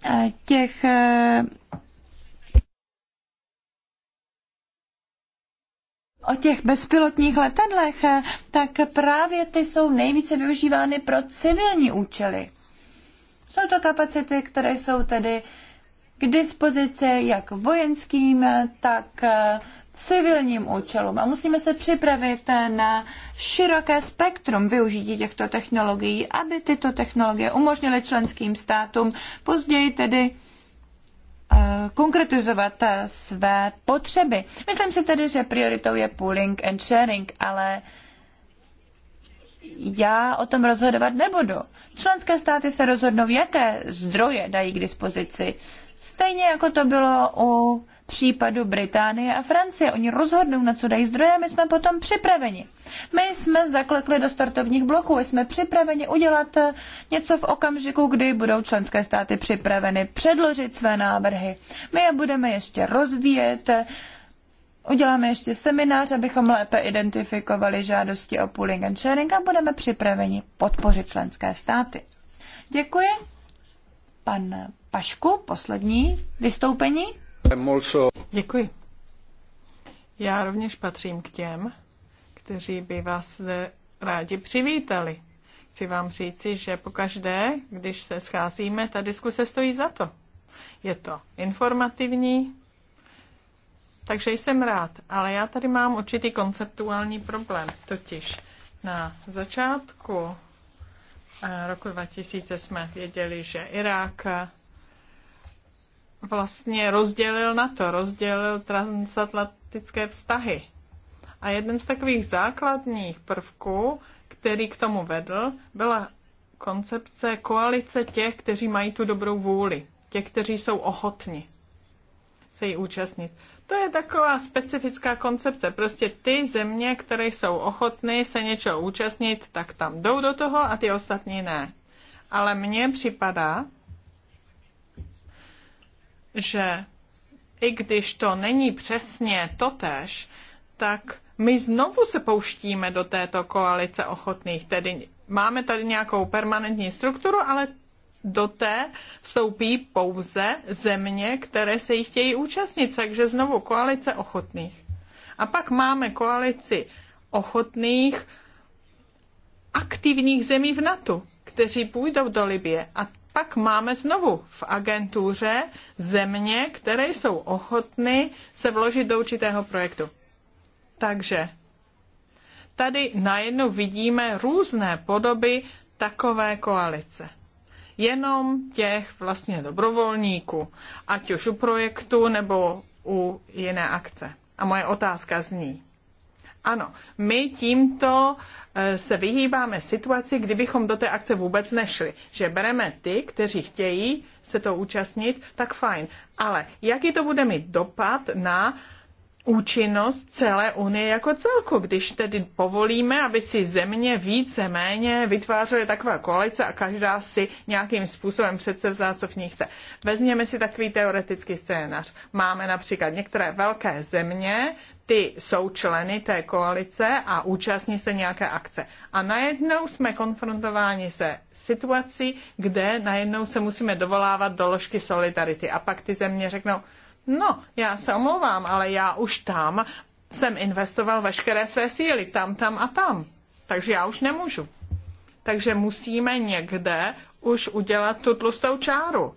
eh, těch eh, o těch bezpilotních letadlech, eh, tak právě ty jsou nejvíce využívány pro civilní účely. Jsou to kapacity, které jsou tedy uh, k dispozici jak vojenským, tak eh, civilním účelům a musíme se připravit na široké spektrum využití těchto technologií, aby tyto technologie umožnily členským státům později tedy eh, konkretizovat eh, své potřeby. Myslím si tedy, že prioritou je pooling and sharing, ale já o tom rozhodovat nebudu. Členské státy se rozhodnou, jaké zdroje dají k dispozici Stejně jako to bylo u případu Británie a Francie. Oni rozhodnou, na co dají zdroje, my jsme potom připraveni. My jsme zaklekli do startovních bloků, jsme připraveni udělat eh, něco v okamžiku, kdy budou členské státy připraveny předložit své návrhy. My je budeme ještě rozvíjet, eh, Uděláme ještě seminář, abychom lépe identifikovali žádosti o pooling and sharing a budeme připraveni podpořit členské státy. Děkuji. Pan Pašku, poslední vystoupení. Děkuji. Já rovněž patřím k těm, kteří by vás zde rádi přivítali. Chci vám říci, že pokaždé, když se scházíme, ta diskuse stojí za to. Je to informativní, takže jsem rád, ale já tady mám určitý konceptuální problém. Totiž na začátku roku 2000 jsme věděli, že Irák vlastně rozdělil na to, rozdělil transatlantické vztahy. A jeden z takových základních prvků, který k tomu vedl, byla koncepce koalice těch, kteří mají tu dobrou vůli, těch, kteří jsou ochotni se jí účastnit. To je taková specifická koncepce. Prostě ty země, které jsou ochotné se něčeho účastnit, tak tam jdou do toho a ty ostatní ne. Ale mně připadá, že i když to není přesně totéž, tak my znovu se pouštíme do této koalice ochotných. Tedy máme tady nějakou permanentní strukturu, ale do té vstoupí pouze země, které se jich chtějí účastnit. Takže znovu koalice ochotných. A pak máme koalici ochotných aktivních zemí v NATO, kteří půjdou do Libie. A pak máme znovu v agentuře země, které jsou ochotny se vložit do určitého projektu. Takže tady najednou vidíme různé podoby takové koalice jenom těch vlastně dobrovolníků, ať už u projektu nebo u jiné akce. A moje otázka zní, ano, my tímto eh, se vyhýbáme situaci, kdybychom do té akce vůbec nešli. Že bereme ty, kteří chtějí se to účastnit, tak fajn. Ale jaký to bude mít dopad na uh, účinnost celé Unie jako celku. Když tedy povolíme, aby si země více méně vytvářely takové koalice a každá si nějakým způsobem přece vzá, co v ní chce. Vezměme si takový teoretický scénář. Máme například některé velké země, ty jsou členy té koalice a účastní se nějaké akce. A najednou jsme konfrontováni se situací, kde najednou se musíme dovolávat doložky solidarity. A pak ty země řeknou, No, já se omlouvám, ale já už tam jsem investoval veškeré své síly, tam, tam a tam. Takže já už nemůžu. Takže musíme někde už udělat tu tlustou čáru.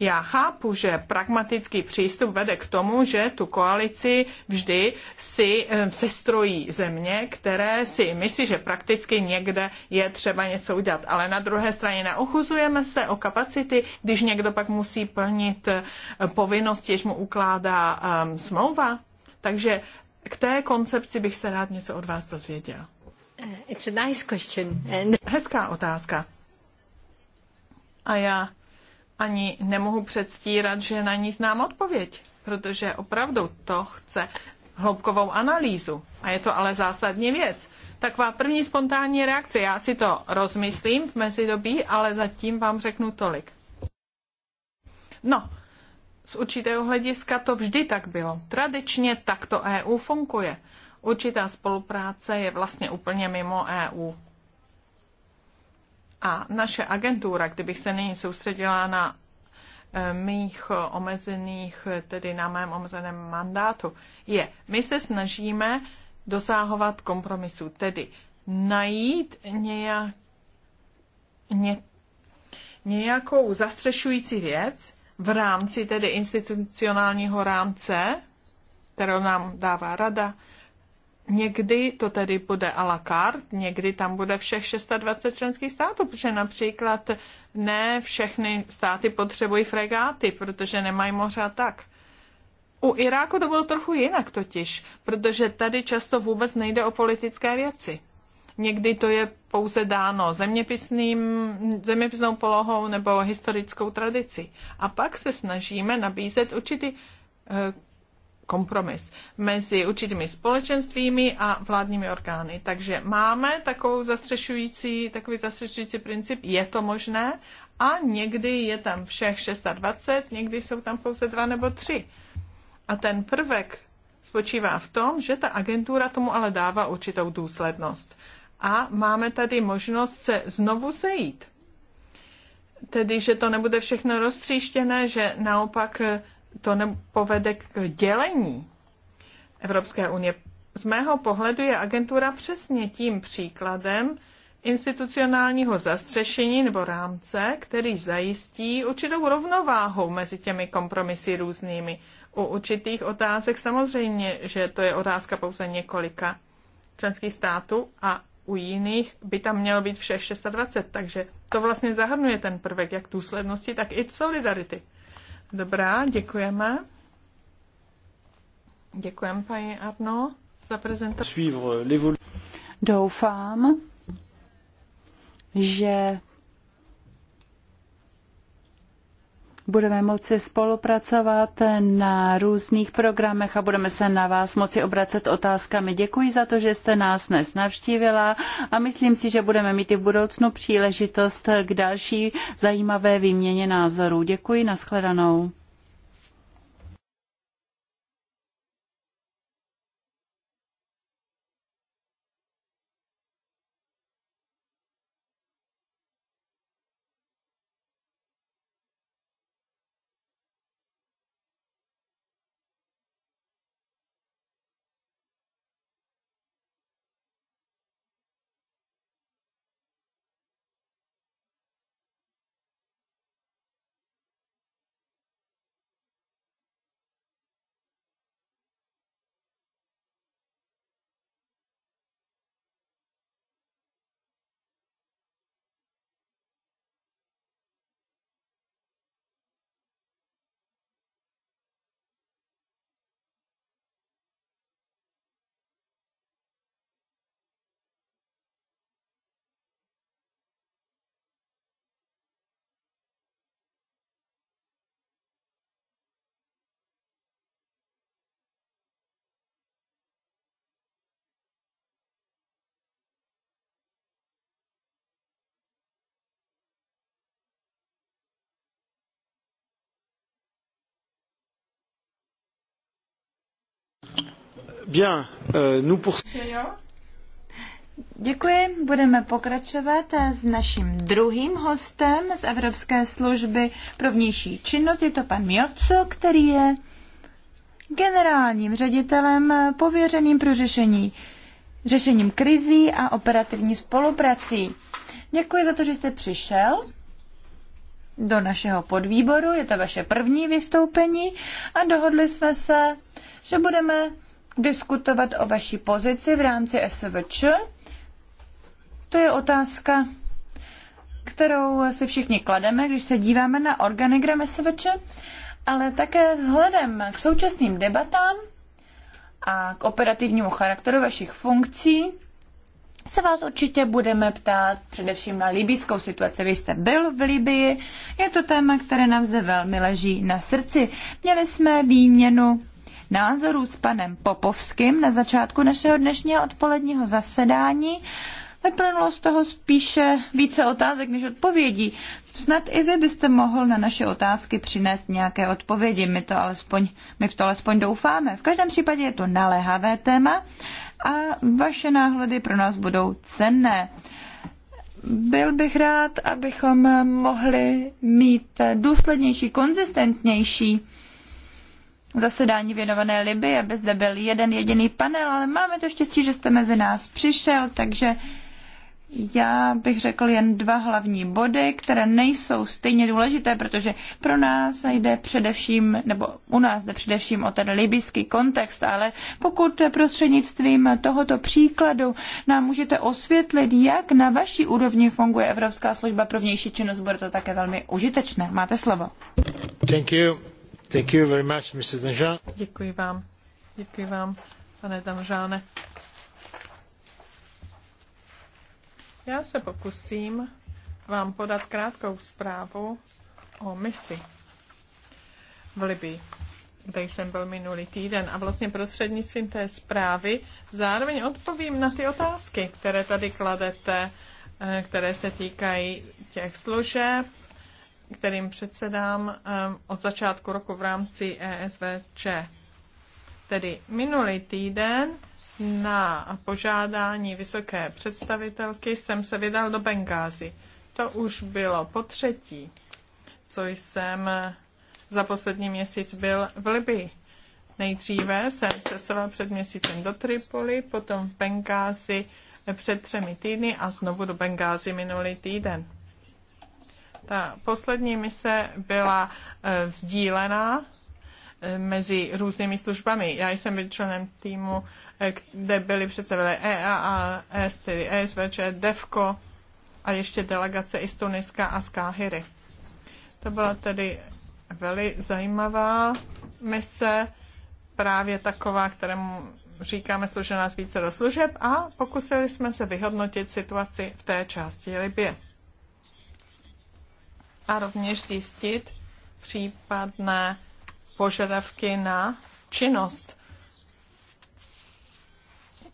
Já chápu, že pragmatický přístup vede k tomu, že tu koalici vždy si eh, sestrojí země, které si myslí, že prakticky někde je třeba něco udělat. Ale na druhé straně neochuzujeme se o kapacity, když někdo pak musí plnit eh, povinnosti, jež mu ukládá um, smlouva. Takže k té koncepci bych se rád něco od vás dozvěděl. Eh, it's a nice question. And... Hezká otázka. A já ani nemohu předstírat, že na ní znám odpověď, protože opravdu to chce hloubkovou analýzu. A je to ale zásadní věc. Taková první spontánní reakce. Já si to rozmyslím v mezidobí, ale zatím vám řeknu tolik. No, z určitého hlediska to vždy tak bylo. Tradičně takto EU funguje. Určitá spolupráce je vlastně úplně mimo EU. A naše agentura, kdybych se nyní soustředila na eh, mých omezených, tedy na mém omezeném mandátu, je, my se snažíme dosáhovat kompromisu, tedy najít nějak, ně, nějakou zastřešující věc v rámci tedy institucionálního rámce, kterou nám dává rada, Někdy to tedy bude à la carte, někdy tam bude všech 26 členských států, protože například ne všechny státy potřebují fregáty, protože nemají moře a tak. U Iráku to bylo trochu jinak totiž, protože tady často vůbec nejde o politické věci. Někdy to je pouze dáno zeměpisným, zeměpisnou polohou nebo historickou tradicí. A pak se snažíme nabízet určitý eh, kompromis mezi určitými společenstvími a vládními orgány. Takže máme takovou zastřešující, takový zastřešující princip, je to možné a někdy je tam všech 620, někdy jsou tam pouze dva nebo tři. A ten prvek spočívá v tom, že ta agentura tomu ale dává určitou důslednost. A máme tady možnost se znovu sejít. Tedy, že to nebude všechno roztříštěné, že naopak eh, to nepovede k dělení Evropské unie. Z mého pohledu je agentura přesně tím příkladem institucionálního zastřešení nebo rámce, který zajistí určitou rovnováhu mezi těmi kompromisy různými. U určitých otázek samozřejmě, že to je otázka pouze několika členských států a u jiných by tam mělo být všech 26, takže to vlastně zahrnuje ten prvek jak důslednosti, tak i solidarity. Dobrá, děkujeme. Děkujeme, paní Arno, za prezentaci. Doufám, že budeme moci spolupracovat na různých programech a budeme se na vás moci obracet otázkami. Děkuji za to, že jste nás dnes navštívila a myslím si, že budeme mít i v budoucnu příležitost k další zajímavé výměně názorů. Děkuji, nashledanou. Bien, euh, nous pour... Děkuji, budeme pokračovat s naším druhým hostem z Evropské služby pro vnější činnost. Je to pan Mioco, který je generálním ředitelem pověřeným pro řešení, řešením krizí a operativní spoluprací. Děkuji za to, že jste přišel do našeho podvýboru. Je to vaše první vystoupení a dohodli jsme se, že budeme diskutovat o vaší pozici v rámci SVČ. To je otázka, kterou si všichni klademe, když se díváme na organigram SVČ, ale také vzhledem k současným debatám a k operativnímu charakteru vašich funkcí se vás určitě budeme ptát především na libijskou situaci. Vy jste byl v Libii, je to téma, které nám zde velmi leží na srdci. Měli jsme výměnu názorů s panem Popovským na začátku našeho dnešního odpoledního zasedání. Vyplnulo z toho spíše více otázek než odpovědí. Snad i vy byste mohl na naše otázky přinést nějaké odpovědi, my, to alespoň, my v to alespoň doufáme. V každém případě je to naléhavé téma a vaše náhledy pro nás budou cenné. Byl bych rád, abychom mohli mít důslednější, konzistentnější zasedání věnované Libii, aby zde byl jeden jediný panel, ale máme to štěstí, že jste mezi nás přišel, takže já bych řekl jen dva hlavní body, které nejsou stejně důležité, protože pro nás jde především, nebo u nás jde především o ten libyský kontext, ale pokud prostřednictvím tohoto příkladu nám můžete osvětlit, jak na vaší úrovni funguje Evropská služba pro vnější činnost, bude to také velmi užitečné. Máte slovo. Thank you. Děkuji vám. Děkuji vám, pane Danžáne. Já se pokusím vám podat krátkou zprávu o misi v Libii, kde jsem byl minulý týden. A vlastně prostřednictvím té zprávy zároveň odpovím na ty otázky, které tady kladete, eh, které se týkají těch služeb, kterým předsedám ehm, od začátku roku v rámci ESVČ. Tedy minulý týden na požádání vysoké představitelky jsem se vydal do Bengázy. To už bylo po třetí, co jsem za poslední měsíc byl v Libii. Nejdříve jsem cestoval před měsícem do Tripoli, potom v Bengázi před třemi týdny a znovu do Bengázy minulý týden. Ta poslední mise byla vzdílená e, e, mezi různými službami. Já jsem byl členem týmu, e, kde byli představili EAS, tedy ESVČ, DEVKO a ještě delegace i z Tuniska a z Káhyry. To byla tedy velmi zajímavá mise, právě taková, kterému říkáme složená z více do služeb a pokusili jsme se vyhodnotit situaci v té části Libie a rovněž zjistit případné požadavky na činnost,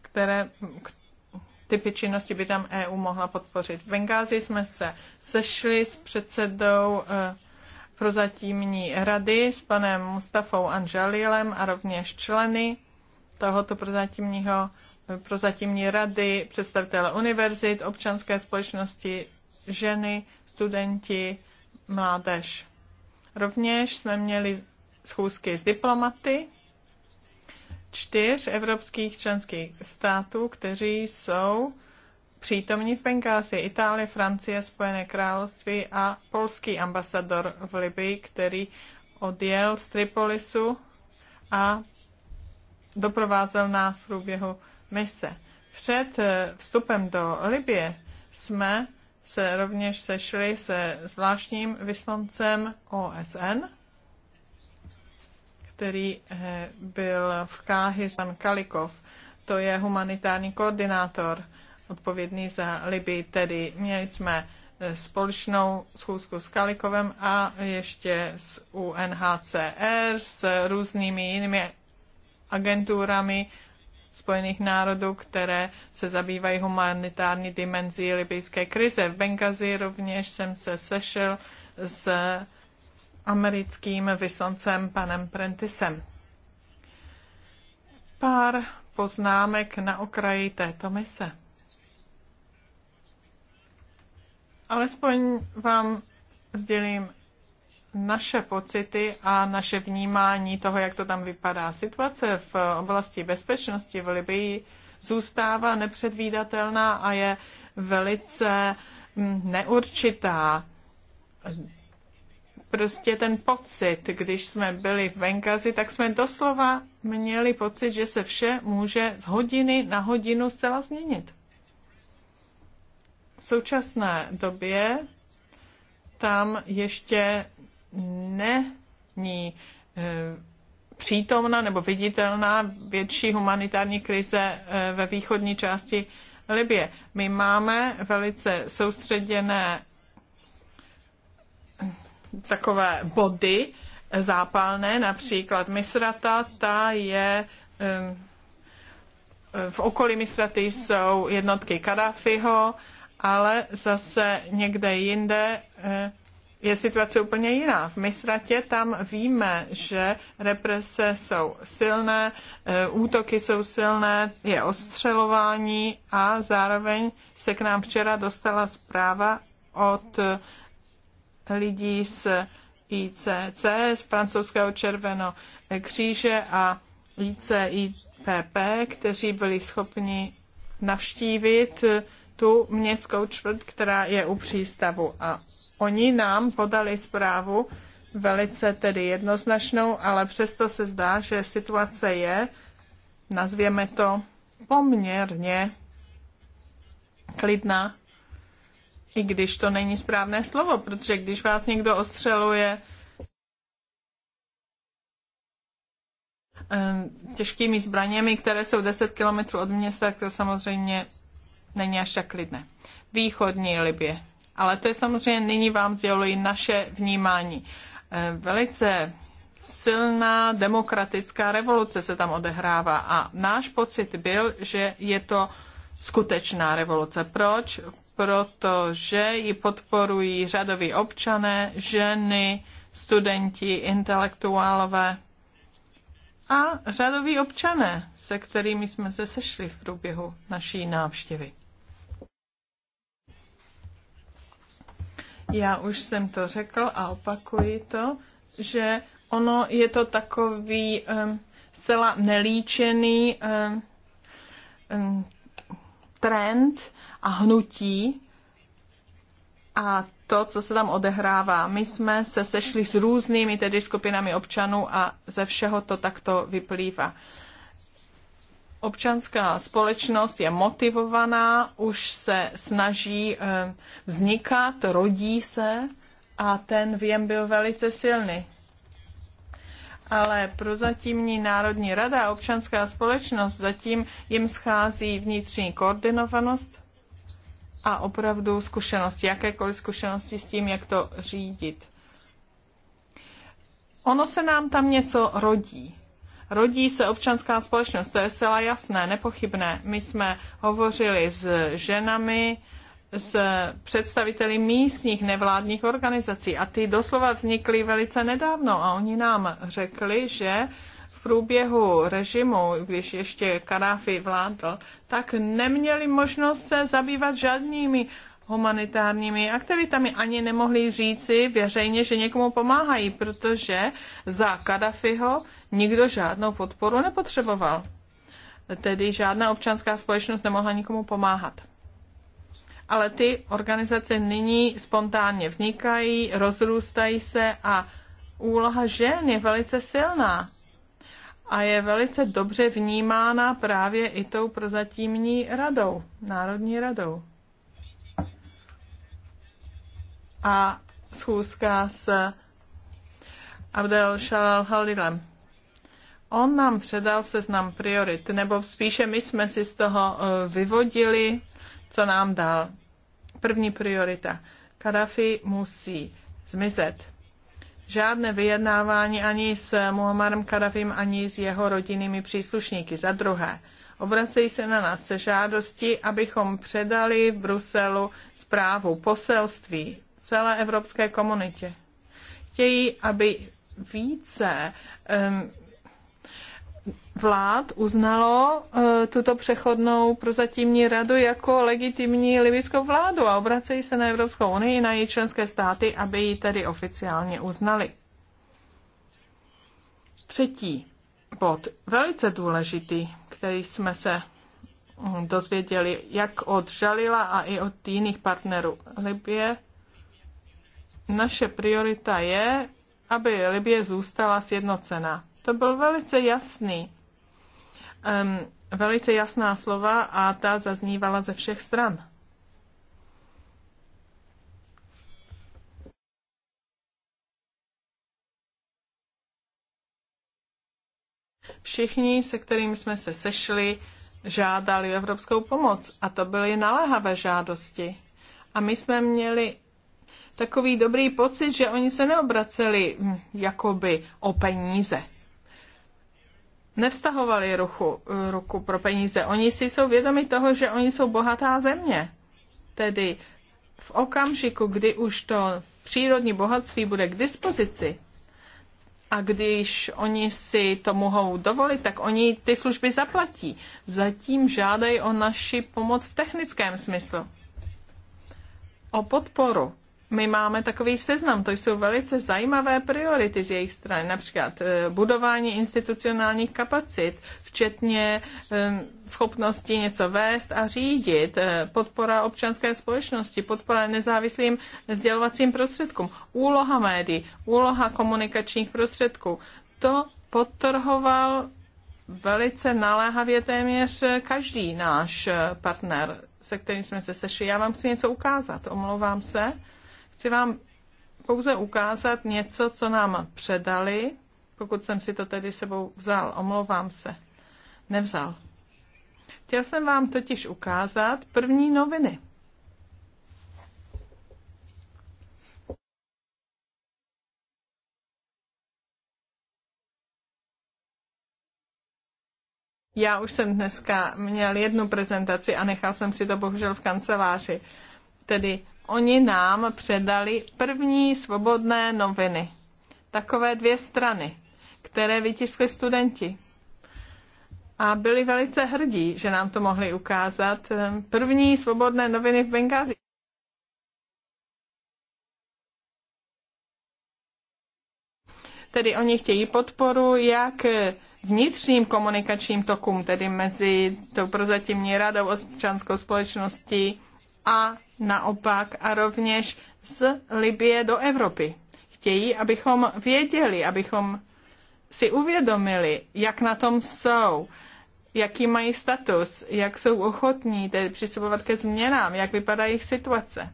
které typy činnosti by tam EU mohla podpořit. V Bengázi jsme se sešli s předsedou eh, prozatímní rady s panem Mustafou Anžalilem a rovněž členy tohoto prozatímního eh, prozatímní rady, představitele univerzit, občanské společnosti, ženy, studenti, mládež. Rovněž jsme měli schůzky s diplomaty čtyř evropských členských států, kteří jsou přítomní v Bengázi, Itálie, Francie, Spojené království a polský ambasador v Libii, který odjel z Tripolisu a doprovázel nás v průběhu mise. Před eh, vstupem do Libie jsme se rovněž sešli se zvláštním vyslancem OSN, který eh, byl v Káhyře, pan Kalikov. To je humanitární koordinátor odpovědný za Liby. Tedy měli jsme eh, společnou schůzku s Kalikovem a ještě s UNHCR, s různými jinými agenturami Spojených národů, které se zabývají humanitární dimenzí libijské krize. V Bengazi rovněž jsem se sešel s americkým vysoncem panem Prentisem. Pár poznámek na okraji této mise. Alespoň vám sdělím naše pocity a naše vnímání toho, jak to tam vypadá. Situace v oblasti bezpečnosti v Libii zůstává nepředvídatelná a je velice mm, neurčitá. Prostě ten pocit, když jsme byli v Benghazi, tak jsme doslova měli pocit, že se vše může z hodiny na hodinu zcela změnit. V současné době tam ještě není eh, přítomna nebo viditelná větší humanitární krize eh, ve východní části Libie. My máme velice soustředěné takové body zápalné, například Misrata, ta je eh, v okolí Misraty jsou jednotky Kadáfiho, ale zase někde jinde je situace úplně jiná. V Misratě tam víme, že represe jsou silné, eh, útoky jsou silné, je ostřelování a zároveň se k nám včera dostala zpráva od eh, lidí z ICC, z francouzského červeno eh, kříže a ICIPP, kteří byli schopni navštívit tu městskou čtvrt, která je u přístavu a Oni nám podali zprávu, velice tedy jednoznačnou, ale přesto se zdá, že situace je, nazvěme to, poměrně klidná. I když to není správné slovo, protože když vás někdo ostřeluje eh, těžkými zbraněmi, které jsou 10 kilometrů od města, tak to samozřejmě není až tak klidné. Východní Libie. Ale to je samozřejmě, nyní vám sděluji naše vnímání. Eh, velice silná demokratická revoluce se tam odehrává a náš pocit byl, že je to skutečná revoluce. Proč? Protože ji podporují řadoví občané, ženy, studenti, intelektuálové a řadoví občané, se kterými jsme se sešli v průběhu naší návštěvy. Já už jsem to řekl a opakuji to, že ono je to takový um, zcela nelíčený um, um, trend a hnutí a to, co se tam odehrává. My jsme se sešli s různými tedy skupinami občanů a ze všeho to takto vyplývá občanská společnost je motivovaná, už se snaží eh, vznikat, rodí se a ten věm byl velice silný. Ale prozatímní Národní rada a občanská společnost zatím jim schází vnitřní koordinovanost a opravdu zkušenosti, jakékoliv zkušenosti s tím, jak to řídit. Ono se nám tam něco rodí Rodí se občanská společnost, to je zcela jasné, nepochybné. My jsme hovořili s ženami, s představiteli místních nevládních organizací a ty doslova vznikly velice nedávno a oni nám řekli, že v průběhu režimu, když ještě Karáfi vládl, tak neměli možnost se zabývat žádnými humanitárními aktivitami. Ani nemohli říci veřejně, že někomu pomáhají, protože za Kadafiho nikdo žádnou podporu nepotřeboval. Tedy žádná občanská společnost nemohla nikomu pomáhat. Ale ty organizace nyní spontánně vznikají, rozrůstají se a úloha žen je velice silná a je velice dobře vnímána právě i tou prozatímní radou, Národní radou. A schůzka s Abdel Shalal Halilem. On nám předal seznam priorit, nebo spíše my jsme si z toho e, vyvodili, co nám dal. První priorita. Kadafi musí zmizet. Žádné vyjednávání ani s Muammarem Kadafim, ani s jeho rodinnými příslušníky. Za druhé, obracejí se na nás se žádosti, abychom předali v Bruselu zprávu poselství celé evropské komunitě. Chtějí, aby více um, vlád uznalo e, tuto přechodnou prozatímní radu jako legitimní libyskou vládu a obracejí se na Evropskou unii i na její členské státy, aby ji tedy oficiálně uznali. Třetí bod, velice důležitý, který jsme se dozvěděli jak od Žalila a i od jiných partnerů Libie. Naše priorita je, aby Libie zůstala sjednocená. To byl velice jasný. Um, velice jasná slova a ta zaznívala ze všech stran. Všichni, se kterými jsme se sešli, žádali evropskou pomoc a to byly naléhavé žádosti. A my jsme měli takový dobrý pocit, že oni se neobraceli hm, jakoby o peníze nevztahovali ruchu, ruku pro peníze. Oni si jsou vědomi toho, že oni jsou bohatá země. Tedy v okamžiku, kdy už to přírodní bohatství bude k dispozici, a když oni si to mohou dovolit, tak oni ty služby zaplatí. Zatím žádají o naši pomoc v technickém smyslu. O podporu my máme takový seznam, to jsou velice zajímavé priority z jejich strany, například eh, budování institucionálních kapacit, včetně eh, schopnosti něco vést a řídit, eh, podpora občanské společnosti, podpora nezávislým sdělovacím prostředkům, úloha médií, úloha komunikačních prostředků. To podtrhoval velice naléhavě téměř každý náš partner, se kterým jsme se sešli. Já vám chci něco ukázat, omlouvám se. Chci vám pouze ukázat něco, co nám předali, pokud jsem si to tedy sebou vzal, omlouvám se. Nevzal. Chtěl jsem vám totiž ukázat první noviny. Já už jsem dneska měl jednu prezentaci a nechal jsem si to bohužel v kanceláři. Tedy Oni nám předali první svobodné noviny. Takové dvě strany, které vytiskli studenti. A byli velice hrdí, že nám to mohli ukázat. Eh, první svobodné noviny v Bengázi. Tedy oni chtějí podporu jak vnitřním komunikačním tokům, tedy mezi tou prozatímní radou občanskou společností, a naopak a rovněž z Libie do Evropy. Chtějí, abychom věděli, abychom si uvědomili, jak na tom jsou, jaký mají status, jak jsou ochotní tedy přistupovat ke změnám, jak vypadá jejich situace.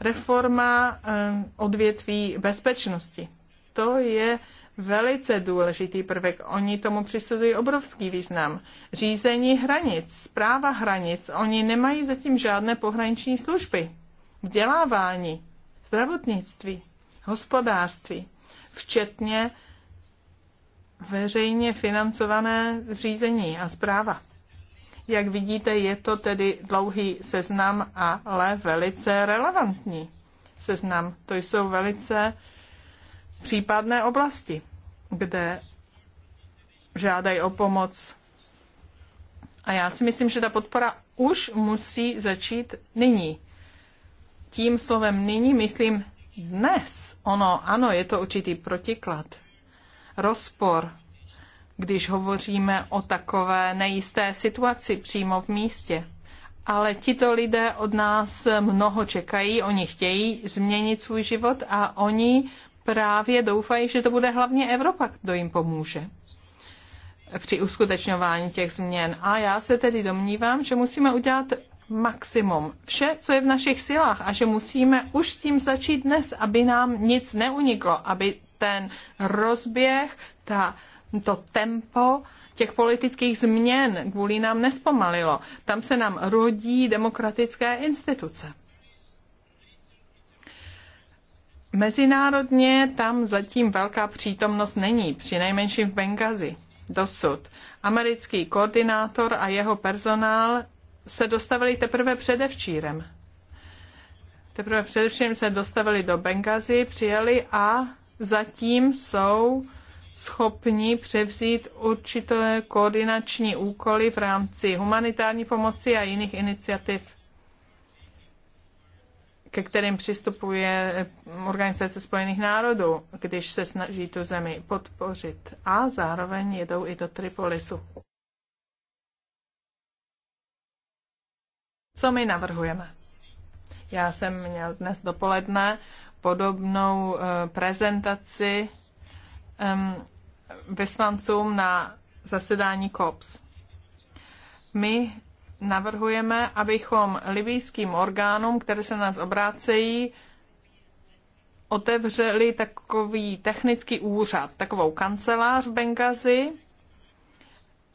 Reforma eh, odvětví bezpečnosti. To je velice důležitý prvek. Oni tomu přisuzují obrovský význam. Řízení hranic, zpráva hranic, oni nemají zatím žádné pohraniční služby. Vdělávání, zdravotnictví, hospodářství, včetně veřejně financované řízení a zpráva. Jak vidíte, je to tedy dlouhý seznam, ale velice relevantní seznam. To jsou velice případné oblasti, kde žádají o pomoc. A já si myslím, že ta podpora už musí začít nyní. Tím slovem nyní myslím dnes. Ono, ano, je to určitý protiklad, rozpor, když hovoříme o takové nejisté situaci přímo v místě. Ale tito lidé od nás mnoho čekají, oni chtějí změnit svůj život a oni právě doufají, že to bude hlavně Evropa, kdo jim pomůže při uskutečňování těch změn. A já se tedy domnívám, že musíme udělat maximum. Vše, co je v našich silách a že musíme už s tím začít dnes, aby nám nic neuniklo, aby ten rozběh, ta, to tempo těch politických změn kvůli nám nespomalilo. Tam se nám rodí demokratické instituce. Mezinárodně tam zatím velká přítomnost není, přinejmenším v Bengazi dosud. Americký koordinátor a jeho personál se dostavili teprve předevčírem. Teprve především se dostavili do Bengazi, přijeli a zatím jsou schopni převzít určité koordinační úkoly v rámci humanitární pomoci a jiných iniciativ ke kterým přistupuje eh, Organizace spojených národů, když se snaží tu zemi podpořit. A zároveň jedou i do Tripolisu. Co my navrhujeme? Já jsem měl dnes dopoledne podobnou eh, prezentaci vyslancům na zasedání COPS. My navrhujeme, abychom libijským orgánům, které se nás obrácejí, otevřeli takový technický úřad, takovou kancelář v Bengazi,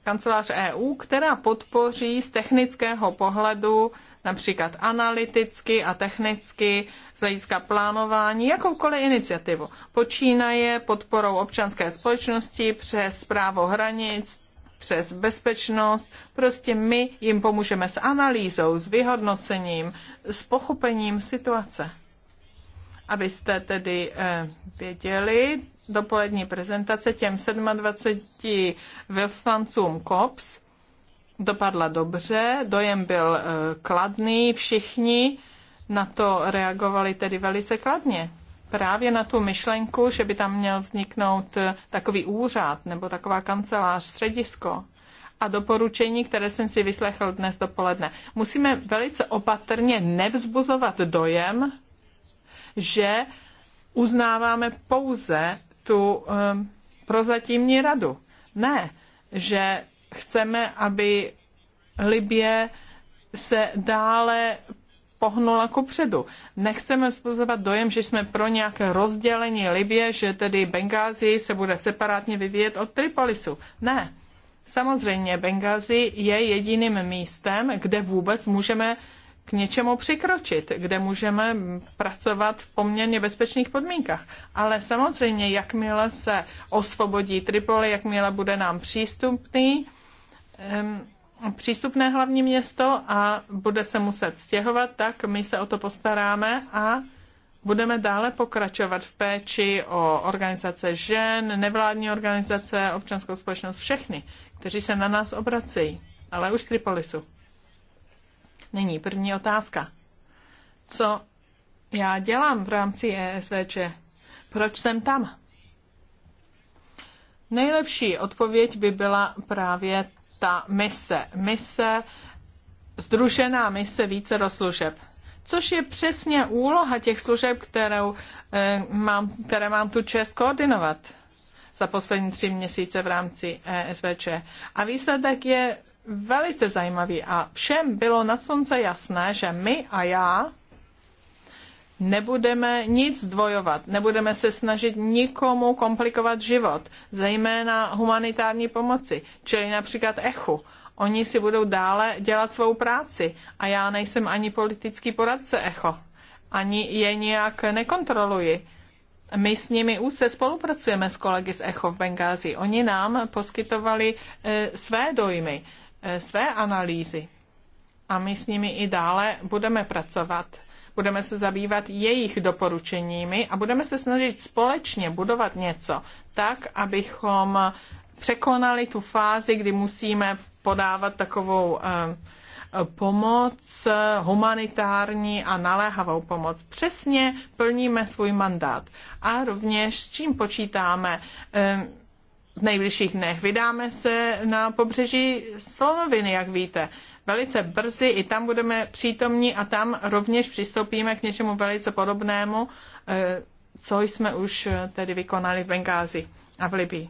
kancelář EU, která podpoří z technického pohledu například analyticky a technicky z hlediska plánování jakoukoliv iniciativu. Počínaje podporou občanské společnosti přes právo hranic, přes bezpečnost. Prostě my jim pomůžeme s analýzou, s vyhodnocením, s pochopením situace. Abyste tedy eh, věděli, dopolední prezentace těm 27 vyslancům COPS dopadla dobře, dojem byl eh, kladný, všichni na to reagovali tedy velice kladně právě na tu myšlenku, že by tam měl vzniknout eh, takový úřad nebo taková kancelář, středisko a doporučení, které jsem si vyslechl dnes dopoledne. Musíme velice opatrně nevzbuzovat dojem, že uznáváme pouze tu um, prozatímní radu. Ne, že chceme, aby Libě se dále pohnula ku předu. Nechceme způsobat dojem, že jsme pro nějaké rozdělení Libie, že tedy Bengázi se bude separátně vyvíjet od Tripolisu. Ne. Samozřejmě Bengázi je jediným místem, kde vůbec můžeme k něčemu přikročit, kde můžeme pracovat v poměrně bezpečných podmínkách. Ale samozřejmě, jakmile se osvobodí Tripoli, jakmile bude nám přístupný, um, přístupné hlavní město a bude se muset stěhovat, tak my se o to postaráme a budeme dále pokračovat v péči o organizace žen, nevládní organizace, občanskou společnost, všechny, kteří se na nás obracejí, ale už z Tripolisu. Nyní první otázka. Co já dělám v rámci ESVČ? Proč jsem tam? Nejlepší odpověď by byla právě ta mise. Mise, združená mise více do služeb. Což je přesně úloha těch služeb, kterou, eh, mám, které mám tu čest koordinovat za poslední tři měsíce v rámci ESVČ. A výsledek je velice zajímavý a všem bylo na slunce jasné, že my a já Nebudeme nic zdvojovat, nebudeme se snažit nikomu komplikovat život, zejména humanitární pomoci, čili například ECHU. Oni si budou dále dělat svou práci a já nejsem ani politický poradce ECHO, ani je nijak nekontroluji. My s nimi už se spolupracujeme s kolegy z ECHO v Bengázi. Oni nám poskytovali e, své dojmy, e, své analýzy a my s nimi i dále budeme pracovat budeme se zabývat jejich doporučeními a budeme se snažit společně budovat něco tak, abychom překonali tu fázi, kdy musíme podávat takovou eh, pomoc, eh, humanitární a naléhavou pomoc. Přesně plníme svůj mandát. A rovněž s čím počítáme? Eh, v nejbližších dnech vydáme se na pobřeží Slonoviny, jak víte velice brzy i tam budeme přítomní a tam rovněž přistoupíme k něčemu velice podobnému, eh, co jsme už eh, tedy vykonali v Bengázi a v Libii.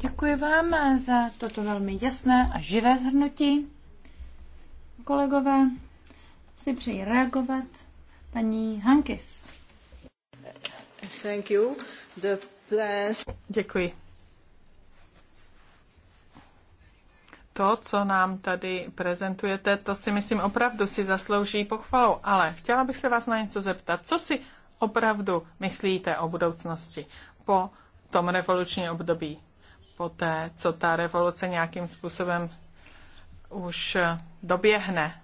Děkuji vám za toto velmi jasné a živé zhrnutí. Kolegové, si přeji reagovat. Paní Hankis. Thank you. The plans... Děkuji. to, co nám tady prezentujete, to si myslím opravdu si zaslouží pochvalu, ale chtěla bych se vás na něco zeptat. Co si opravdu myslíte o budoucnosti po tom revolučním období? Po té, co ta revoluce nějakým způsobem už doběhne?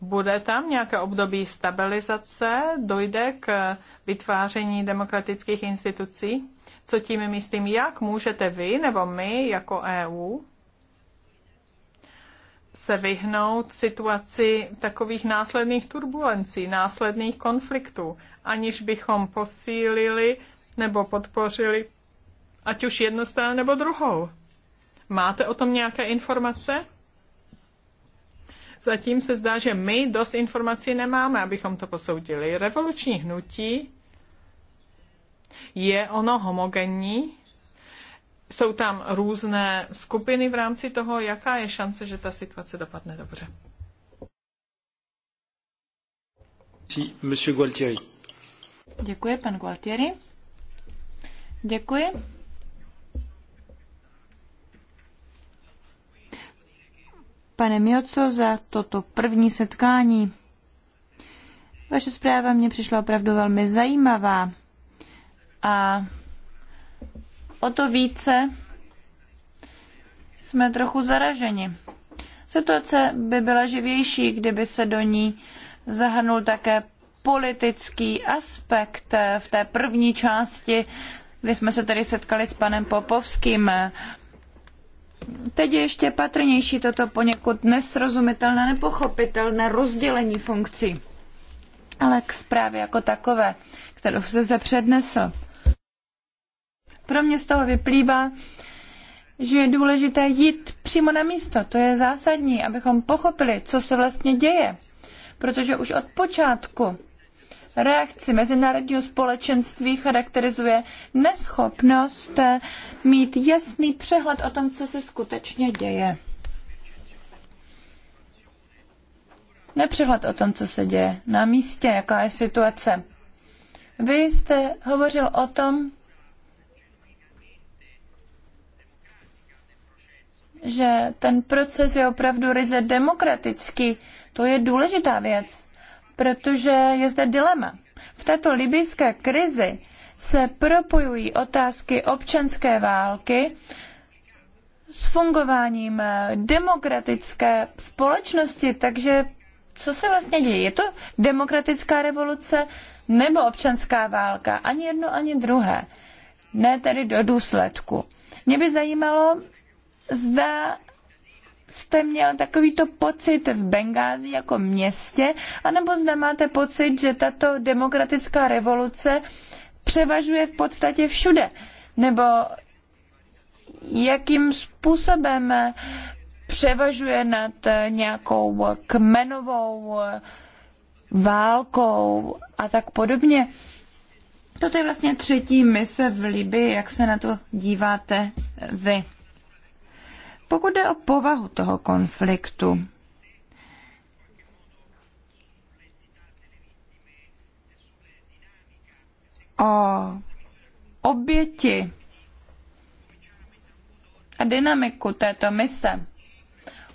Bude tam nějaké období stabilizace? Dojde k vytváření demokratických institucí? Co tím myslím? Jak můžete vy nebo my jako EU se vyhnout situaci takových následných turbulencí, následných konfliktů, aniž bychom posílili nebo podpořili ať už jednu stranu nebo druhou. Máte o tom nějaké informace? Zatím se zdá, že my dost informací nemáme, abychom to posoudili. Revoluční hnutí je ono homogenní, jsou tam různé skupiny v rámci toho, jaká je šance, že ta situace dopadne dobře. Monsieur Gualtieri. Děkuji, pan Gualtieri. Děkuji. Pane Mioco, za toto první setkání. Vaše zpráva mě přišla opravdu velmi zajímavá a o to více jsme trochu zaraženi. Situace by byla živější, kdyby se do ní zahrnul také politický aspekt v té první části, kdy jsme se tady setkali s panem Popovským. Teď je ještě patrnější toto poněkud nesrozumitelné, nepochopitelné rozdělení funkcí. Ale k zprávě jako takové, kterou se zde přednesl. Pro mě z toho vyplývá, že je důležité jít přímo na místo. To je zásadní, abychom pochopili, co se vlastně děje. Protože už od počátku reakci mezinárodního společenství charakterizuje neschopnost eh, mít jasný přehled o tom, co se skutečně děje. Nepřehled o tom, co se děje na místě, jaká je situace. Vy jste hovořil o tom, že ten proces je opravdu ryze demokratický. To je důležitá věc, protože je zde dilema. V této libijské krizi se propojují otázky občanské války s fungováním demokratické společnosti, takže co se vlastně děje? Je to demokratická revoluce nebo občanská válka? Ani jedno, ani druhé. Ne tedy do důsledku. Mě by zajímalo, zda jste měl takovýto pocit v Bengázi jako městě, anebo zda máte pocit, že tato demokratická revoluce převažuje v podstatě všude, nebo jakým způsobem převažuje nad nějakou kmenovou válkou a tak podobně. Toto je vlastně třetí mise v Libii, jak se na to díváte vy. Pokud jde o povahu toho konfliktu, o oběti a dynamiku této mise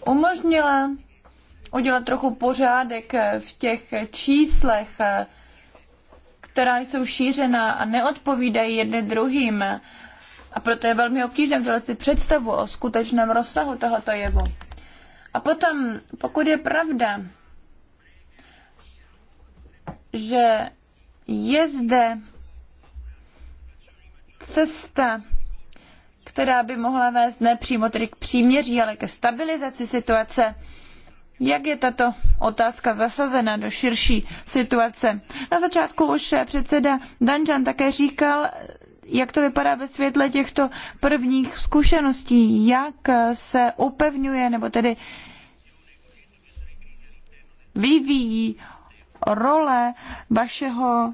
umožnila udělat trochu pořádek v těch číslech, která jsou šířena a neodpovídají jedny druhým. A proto je velmi obtížné udělat si představu o skutečném rozsahu tohoto jevu. A potom, pokud je pravda, že je zde cesta, která by mohla vést ne přímo tedy k příměří, ale ke stabilizaci situace, jak je tato otázka zasazena do širší situace? Na začátku už předseda Danjan také říkal, jak to vypadá ve světle těchto prvních zkušeností, jak se upevňuje nebo tedy vyvíjí role vašeho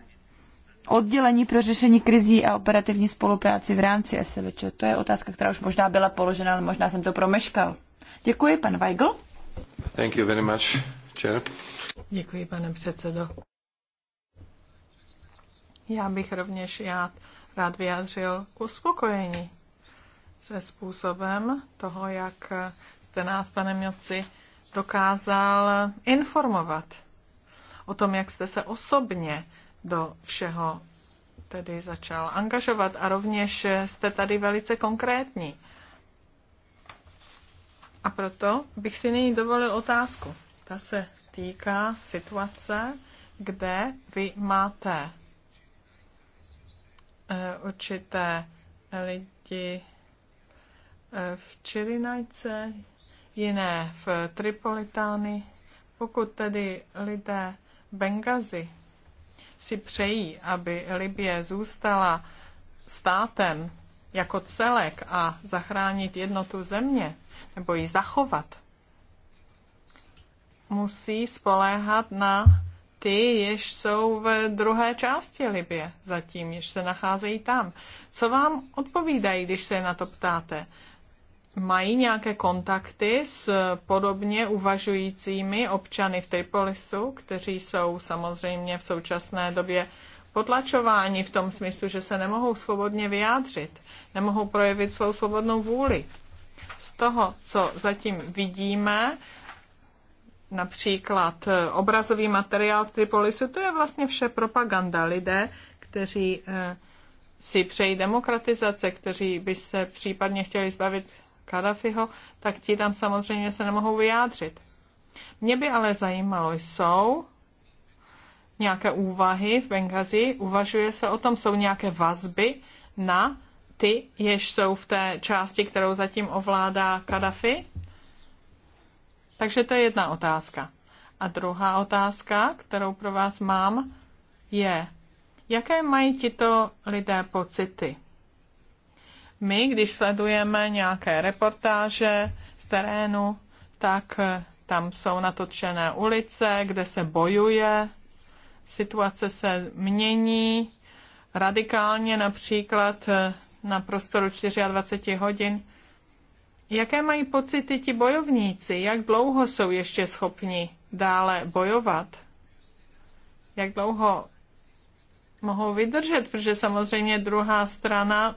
oddělení pro řešení krizí a operativní spolupráci v rámci SVČ? To je otázka, která už možná byla položena, ale možná jsem to promeškal. Děkuji, pan Weigl. Thank you very much, chair. Děkuji, pane předsedo. Já bych rovněž rád rád vyjádřil uspokojení se způsobem toho, jak jste nás, pane Mjoci, dokázal informovat o tom, jak jste se osobně do všeho tedy začal angažovat a rovněž jste tady velice konkrétní. A proto bych si nyní dovolil otázku. Ta se týká situace, kde vy máte Eh, určité eh, lidi eh, v Čirinajce, jiné v Tripolitány. Pokud tedy lidé Bengazi si přejí, aby Libie zůstala státem jako celek a zachránit jednotu země, nebo ji zachovat, musí spoléhat na ty, jež jsou v druhé části Libie zatím, jež se nacházejí tam. Co vám odpovídají, když se na to ptáte? Mají nějaké kontakty s podobně uvažujícími občany v Tripolisu, kteří jsou samozřejmě v současné době potlačováni v tom smyslu, že se nemohou svobodně vyjádřit, nemohou projevit svou svobodnou vůli. Z toho, co zatím vidíme, například eh, obrazový materiál Tripolisu, to je vlastně vše propaganda lidé, kteří eh, si přejí demokratizace, kteří by se případně chtěli zbavit Kadafiho, tak ti tam samozřejmě se nemohou vyjádřit. Mě by ale zajímalo, jsou nějaké úvahy v Bengazi, uvažuje se o tom, jsou nějaké vazby na ty, jež jsou v té části, kterou zatím ovládá Kadafi? Takže to je jedna otázka. A druhá otázka, kterou pro vás mám, je, jaké mají tito lidé pocity? My, když sledujeme nějaké reportáže z terénu, tak eh, tam jsou natočené ulice, kde se bojuje, situace se mění radikálně, například eh, na prostoru 24 hodin Jaké mají pocity ti bojovníci? Jak dlouho jsou ještě schopni dále bojovat? Jak dlouho mohou vydržet? Protože samozřejmě druhá strana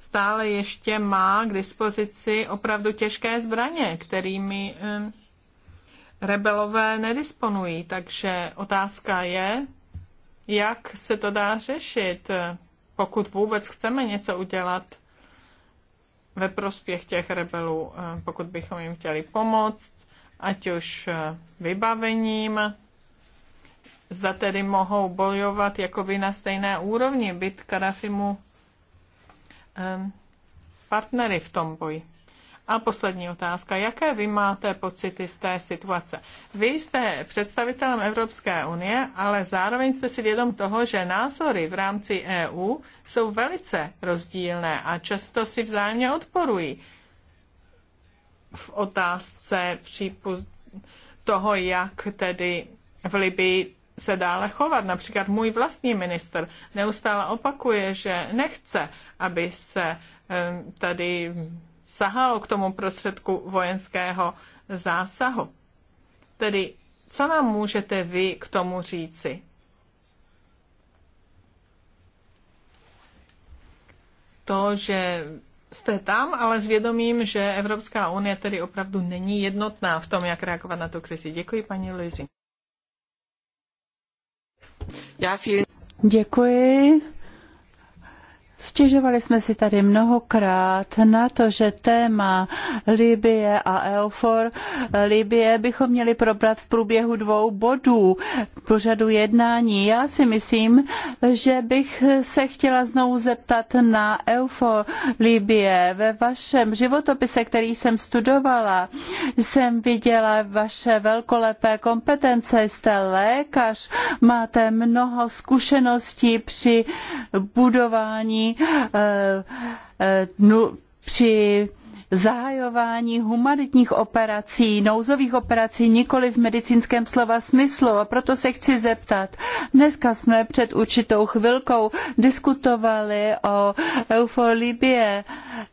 stále ještě má k dispozici opravdu těžké zbraně, kterými rebelové nedisponují. Takže otázka je, jak se to dá řešit, pokud vůbec chceme něco udělat ve prospěch těch rebelů, eh, pokud bychom jim chtěli pomoct, ať už eh, vybavením, zda tedy mohou bojovat jakoby na stejné úrovni, být Karafimu eh, partnery v tom boji. A poslední otázka. Jaké vy máte pocity z té situace? Vy jste představitelem Evropské unie, ale zároveň jste si vědom toho, že názory v rámci EU jsou velice rozdílné a často si vzájemně odporují v otázce přípust toho, jak tedy v Libii se dále chovat. Například můj vlastní minister neustále opakuje, že nechce, aby se tady sahalo k tomu prostředku vojenského zásahu. Tedy, co nám můžete vy k tomu říci? To, že jste tam, ale s vědomím, že Evropská unie tedy opravdu není jednotná v tom, jak reagovat na tu krizi. Děkuji, paní Luizi. Děkuji. Stěžovali jsme si tady mnohokrát na to, že téma Libie a Eufor Libie bychom měli probrat v průběhu dvou bodů pořadu jednání. Já si myslím, že bych se chtěla znovu zeptat na Eufor Libie. Ve vašem životopise, který jsem studovala, jsem viděla vaše velkolepé kompetence. Jste lékař, máte mnoho zkušeností při budování Eh, eh, při zahajování humanitních operací, nouzových operací, nikoli v medicínském slova smyslu. A proto se chci zeptat. Dneska jsme před určitou chvilkou diskutovali o eufolibie.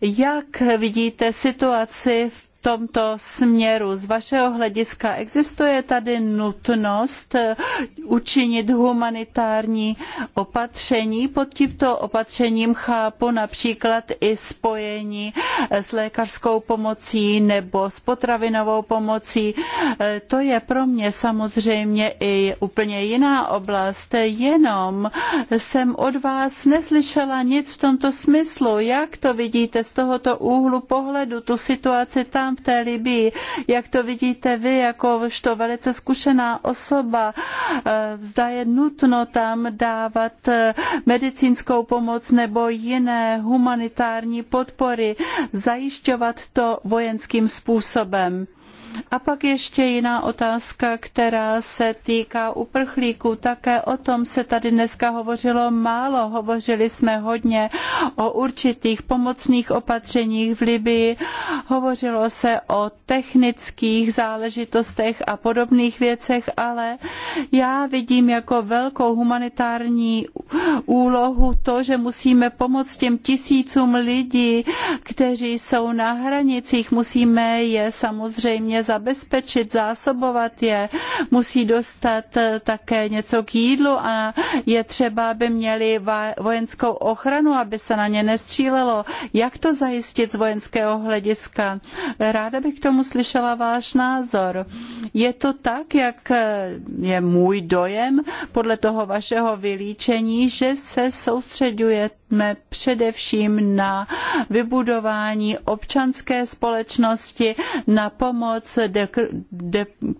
Jak vidíte situaci v tomto směru. Z vašeho hlediska existuje tady nutnost eh, učinit humanitární opatření. Pod tímto opatřením chápu například i spojení eh, s lékařskou pomocí nebo s potravinovou pomocí. Eh, to je pro mě samozřejmě i úplně jiná oblast. Jenom jsem od vás neslyšela nic v tomto smyslu. Jak to vidíte z tohoto úhlu pohledu, tu situaci tam v té Libii. Jak to vidíte vy, jako to velice zkušená osoba, eh, zda je nutno tam dávat eh, medicínskou pomoc nebo jiné humanitární podpory, zajišťovat to vojenským způsobem. A pak ještě jiná otázka, která se týká uprchlíků. Také o tom se tady dneska hovořilo málo. Hovořili jsme hodně o určitých pomocných opatřeních v Libii. Hovořilo se o technických záležitostech a podobných věcech, ale já vidím jako velkou humanitární úlohu to, že musíme pomoct těm tisícům lidí, kteří jsou na hranicích. Musíme je samozřejmě zabezpečit, zásobovat je, musí dostat eh, také něco k jídlu a je třeba, aby měli vojenskou ochranu, aby se na ně nestřílelo. Jak to zajistit z vojenského hlediska? Ráda bych k tomu slyšela váš názor. Je to tak, jak eh, je můj dojem podle toho vašeho vylíčení, že se soustředujeme především na vybudování občanské společnosti, na pomoc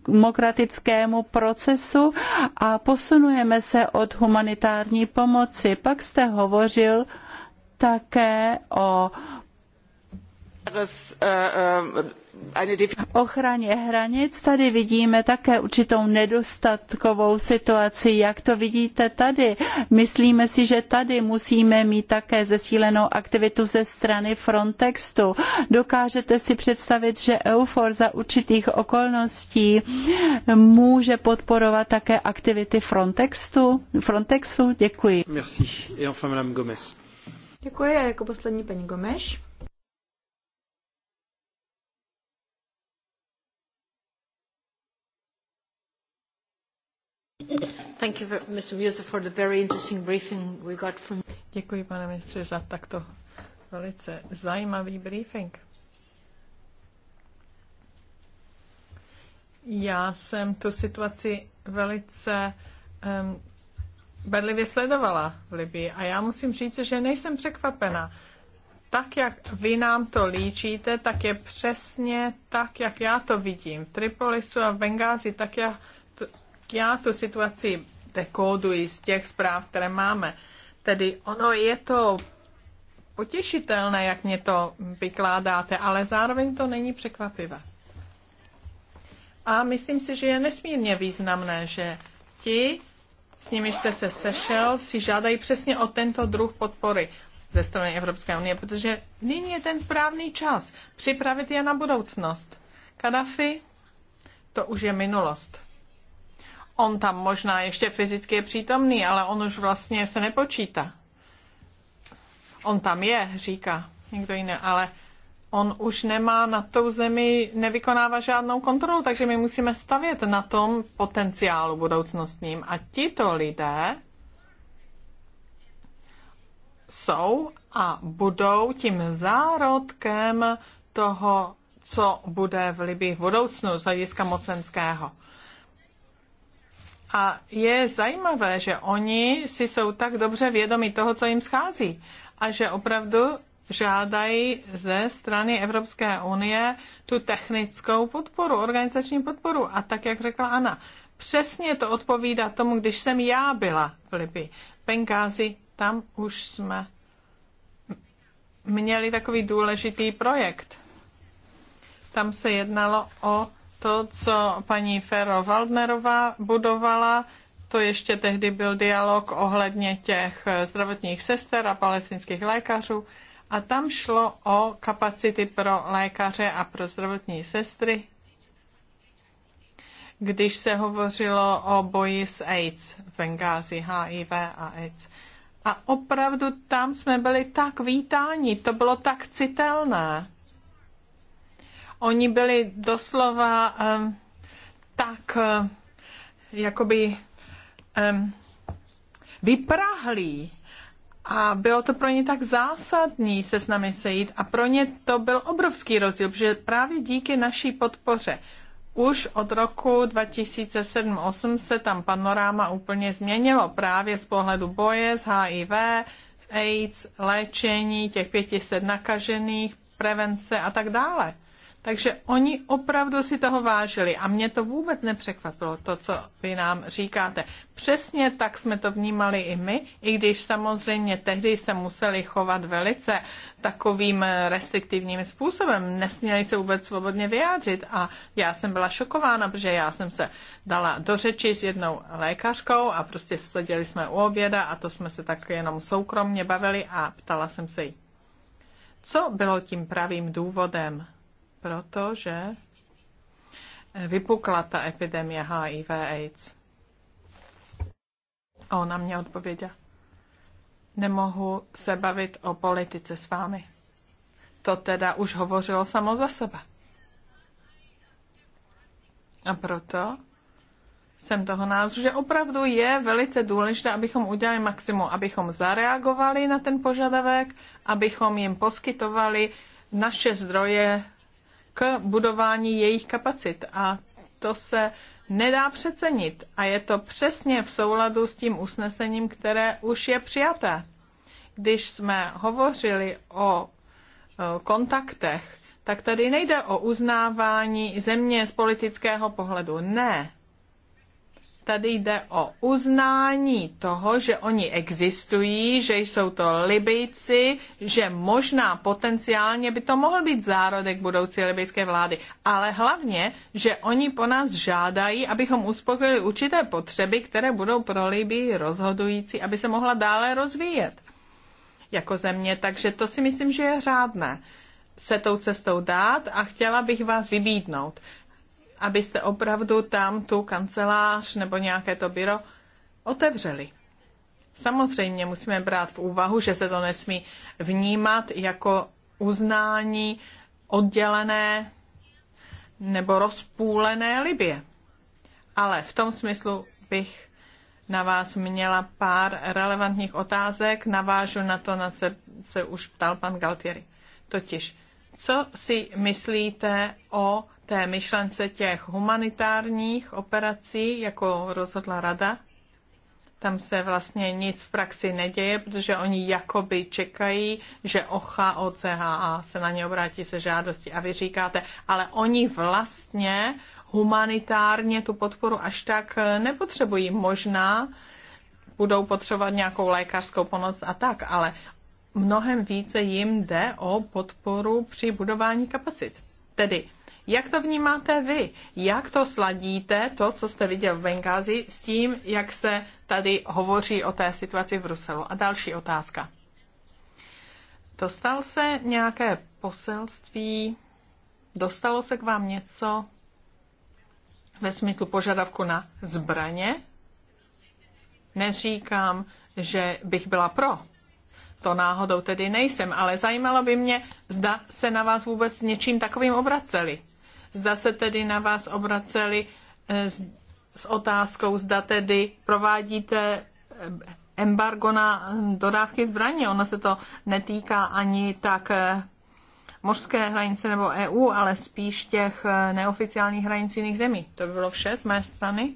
demokratickému procesu a posunujeme se od humanitární pomoci. Pak jste hovořil také o eh, eh, ochraně hranic tady vidíme také určitou nedostatkovou situaci. Jak to vidíte tady? Myslíme si, že tady musíme mít také zesílenou aktivitu ze strany Frontextu. Dokážete si představit, že EUFOR za určitých okolností může podporovat také aktivity Frontextu? Frontexu? Děkuji. Merci. Et enfin, Gomez. Děkuji a jako poslední paní Gomes. Děkuji, pane ministře, za takto velice zajímavý briefing. Já jsem tu situaci velice um, bedlivě sledovala v Libii a já musím říct, že nejsem překvapena. Tak, jak vy nám to líčíte, tak je přesně tak, jak já to vidím. V Tripolisu a v Bengázi, tak jak já tu situaci dekóduji z těch zpráv, které máme. Tedy ono je to potěšitelné, jak mě to vykládáte, ale zároveň to není překvapivé. A myslím si, že je nesmírně významné, že ti, s nimi jste se sešel, si žádají přesně o tento druh podpory ze strany Evropské unie, protože nyní je ten správný čas připravit je na budoucnost. Kadafi, to už je minulost. On tam možná ještě fyzicky je přítomný, ale on už vlastně se nepočítá. On tam je, říká někdo jiný, ale on už nemá na tou zemi, nevykonává žádnou kontrolu, takže my musíme stavět na tom potenciálu budoucnostním. A tito lidé jsou a budou tím zárodkem toho, co bude v Libii v budoucnu z hlediska mocenského. A je zajímavé, že oni si jsou tak dobře vědomi toho, co jim schází a že opravdu žádají ze strany Evropské unie tu technickou podporu, organizační podporu. A tak, jak řekla Anna, přesně to odpovídá tomu, když jsem já byla v Libii. Bengázi, tam už jsme měli takový důležitý projekt. Tam se jednalo o to, co paní Ferro Waldnerová budovala, to ještě tehdy byl dialog ohledně těch zdravotních sester a palestinských lékařů. A tam šlo o kapacity pro lékaře a pro zdravotní sestry, když se hovořilo o boji s AIDS v Bengázi, HIV a AIDS. A opravdu tam jsme byli tak vítáni, to bylo tak citelné. Oni byli doslova um, tak um, jakoby um, vyprahlí a bylo to pro ně tak zásadní se s nami sejít a pro ně to byl obrovský rozdíl, protože právě díky naší podpoře už od roku 2007-2008 se tam panoráma úplně změnilo právě z pohledu boje s HIV, AIDS, léčení těch 500 nakažených, prevence a tak dále. Takže oni opravdu si toho vážili a mě to vůbec nepřekvapilo, to, co vy nám říkáte. Přesně tak jsme to vnímali i my, i když samozřejmě tehdy se museli chovat velice takovým restriktivním způsobem. Nesměli se vůbec svobodně vyjádřit a já jsem byla šokována, protože já jsem se dala do řeči s jednou lékařkou a prostě seděli jsme u oběda a to jsme se tak jenom soukromně bavili a ptala jsem se jí, co bylo tím pravým důvodem protože vypukla ta epidemie HIV AIDS. A ona mě odpověděla, nemohu se bavit o politice s vámi. To teda už hovořilo samo za sebe. A proto jsem toho názoru, že opravdu je velice důležité, abychom udělali maximum, abychom zareagovali na ten požadavek, abychom jim poskytovali naše zdroje k budování jejich kapacit. A to se nedá přecenit. A je to přesně v souladu s tím usnesením, které už je přijaté. Když jsme hovořili o kontaktech, tak tady nejde o uznávání země z politického pohledu. Ne. Tady jde o uznání toho, že oni existují, že jsou to Libyjci, že možná potenciálně by to mohl být zárodek budoucí libyjské vlády, ale hlavně, že oni po nás žádají, abychom uspokojili určité potřeby, které budou pro Libii rozhodující, aby se mohla dále rozvíjet jako země. Takže to si myslím, že je řádné se tou cestou dát a chtěla bych vás vybídnout abyste opravdu tam tu kancelář nebo nějaké to byro otevřeli. Samozřejmě musíme brát v úvahu, že se to nesmí vnímat jako uznání oddělené nebo rozpůlené Libě. Ale v tom smyslu bych na vás měla pár relevantních otázek, navážu na to, na se, se už ptal pan Galtieri. Totiž, co si myslíte o té myšlence těch humanitárních operací, jako rozhodla rada, tam se vlastně nic v praxi neděje, protože oni jakoby čekají, že OCHA, OCHA se na ně obrátí se žádosti a vy říkáte, ale oni vlastně humanitárně tu podporu až tak eh, nepotřebují. Možná budou potřebovat nějakou lékařskou pomoc a tak, ale mnohem více jim jde o podporu při budování kapacit. Tedy jak to vnímáte vy? Jak to sladíte, to, co jste viděl v Bengázi, s tím, jak se tady hovoří o té situaci v Bruselu? A další otázka. Dostal se nějaké poselství? Dostalo se k vám něco ve smyslu požadavku na zbraně? Neříkám, že bych byla pro. To náhodou tedy nejsem, ale zajímalo by mě, zda se na vás vůbec něčím takovým obraceli. Zda se tedy na vás obraceli eh, s, s otázkou, zda tedy provádíte eh, embargo na hm, dodávky zbraní. Ono se to netýká ani tak eh, mořské hranice nebo EU, ale spíš těch neoficiálních hranic jiných zemí. To by bylo vše z mé strany.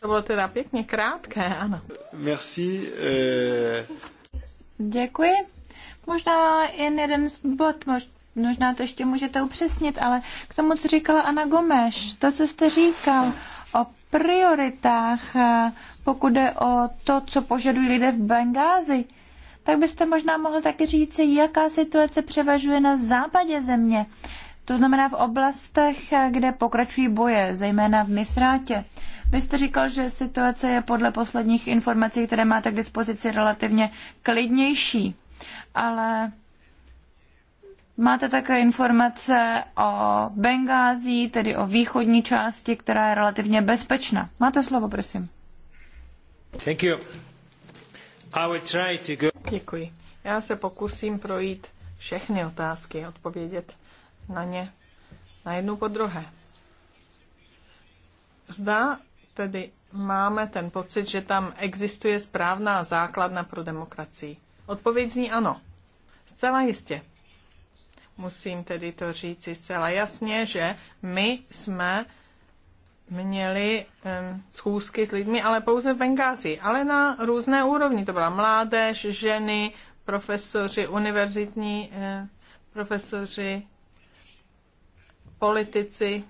To bylo teda pěkně krátké, ano. Merci. Děkuji. Možná jen jeden bod, možná možná to ještě můžete upřesnit, ale k tomu, co říkala Ana Gomeš, to, co jste říkal o prioritách, eh, pokud jde o to, co požadují lidé v Bengázi, tak byste možná mohl taky říct, jaká situace převažuje na západě země. To znamená v oblastech, eh, kde pokračují boje, zejména v Misrátě. Vy jste říkal, že situace je podle posledních informací, které máte k dispozici, relativně klidnější, ale Máte také informace o Bengází, tedy o východní části, která je relativně bezpečná. Máte slovo, prosím. Thank you. I will try to go... Děkuji. Já se pokusím projít všechny otázky, odpovědět na ně na jednu po druhé. Zda tedy máme ten pocit, že tam existuje správná základna pro demokracii. Odpověď zní ano. Zcela jistě musím tedy to říci zcela jasně, že my jsme měli um, schůzky s lidmi, ale pouze v Bengázi, ale na různé úrovni. To byla mládež, ženy, profesoři, univerzitní eh, profesoři, politici,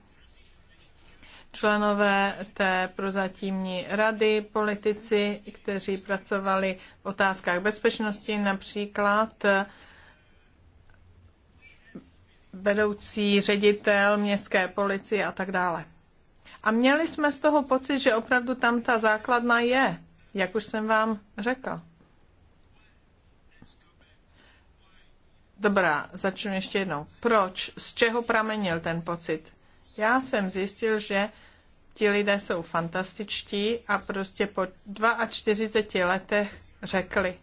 členové té prozatímní rady, politici, kteří pracovali v otázkách bezpečnosti, například eh, vedoucí ředitel městské policie a tak dále. A měli jsme z toho pocit, že opravdu tam ta základna je, jak už jsem vám řekl. Dobrá, začnu ještě jednou. Proč? Z čeho pramenil ten pocit? Já jsem zjistil, že ti lidé jsou fantastičtí a prostě po 42 letech řekli,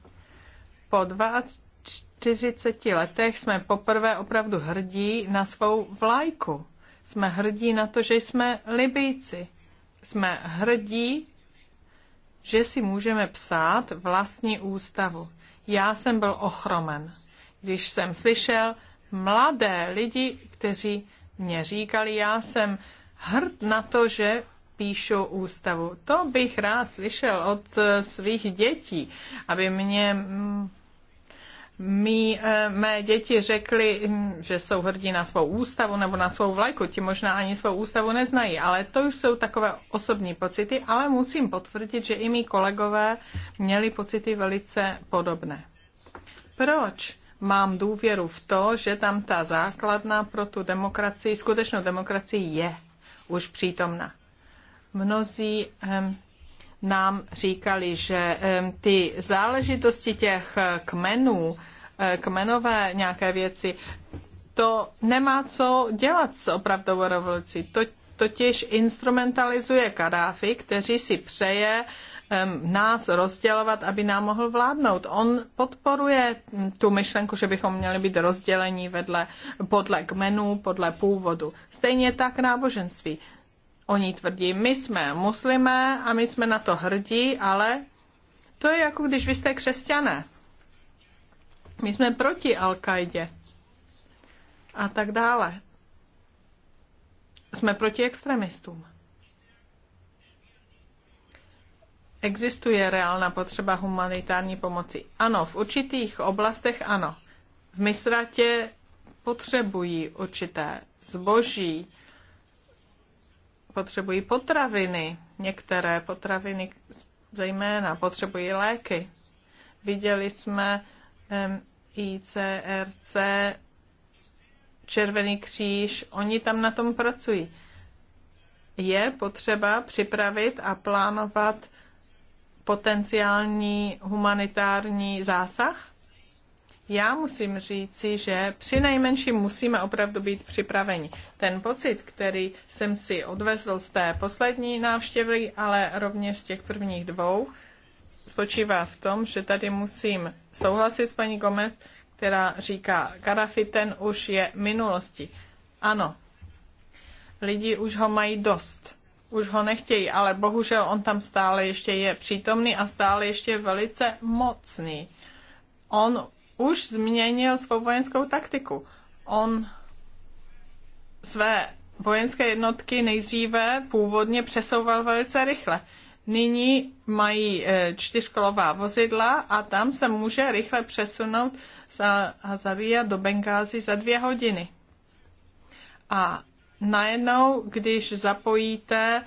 po 20 40 letech jsme poprvé opravdu hrdí na svou vlajku. Jsme hrdí na to, že jsme Libijci. Jsme hrdí, že si můžeme psát vlastní ústavu. Já jsem byl ochromen, když jsem slyšel mladé lidi, kteří mě říkali, já jsem hrd na to, že píšu ústavu. To bych rád slyšel od eh, svých dětí, aby mě mm, Mí, eh, mé děti řekly, hm, že jsou hrdí na svou ústavu nebo na svou vlajku. Ti možná ani svou ústavu neznají, ale to už jsou takové osobní pocity, ale musím potvrdit, že i mý kolegové měli pocity velice podobné. Proč mám důvěru v to, že tam ta základna pro tu demokracii, skutečnou demokracii je už přítomna? Mnozí hm, nám říkali, že hm, ty záležitosti těch kmenů, kmenové nějaké věci, to nemá co dělat s opravdovou revolucí. To totiž instrumentalizuje Kadáfi, kteří si přeje nás rozdělovat, aby nám mohl vládnout. On podporuje mm, tu myšlenku, že bychom měli být rozdělení vedle, podle kmenů, podle původu. Stejně tak náboženství. Oni tvrdí, my jsme muslimé a my jsme na to hrdí, ale to je jako když vy jste křesťané my jsme proti al qaidě a tak dále. Jsme proti extremistům. Existuje reálná potřeba humanitární pomoci? Ano, v určitých oblastech ano. V Misratě potřebují určité zboží, potřebují potraviny, některé potraviny zejména, potřebují léky. Viděli jsme ICRC, Červený kříž, oni tam na tom pracují. Je potřeba připravit a plánovat potenciální humanitární zásah? Já musím říci, že při nejmenším musíme opravdu být připraveni. Ten pocit, který jsem si odvezl z té poslední návštěvy, ale rovněž z těch prvních dvou, spočívá v tom, že tady musím souhlasit s paní Gomez, která říká, Karafi ten už je minulosti. Ano, lidi už ho mají dost, už ho nechtějí, ale bohužel on tam stále ještě je přítomný a stále ještě velice mocný. On už změnil svou vojenskou taktiku. On své vojenské jednotky nejdříve původně přesouval velice rychle nyní mají e, čtyřkolová vozidla a tam se může rychle přesunout za Hazaria do Bengázy za dvě hodiny. A najednou, když zapojíte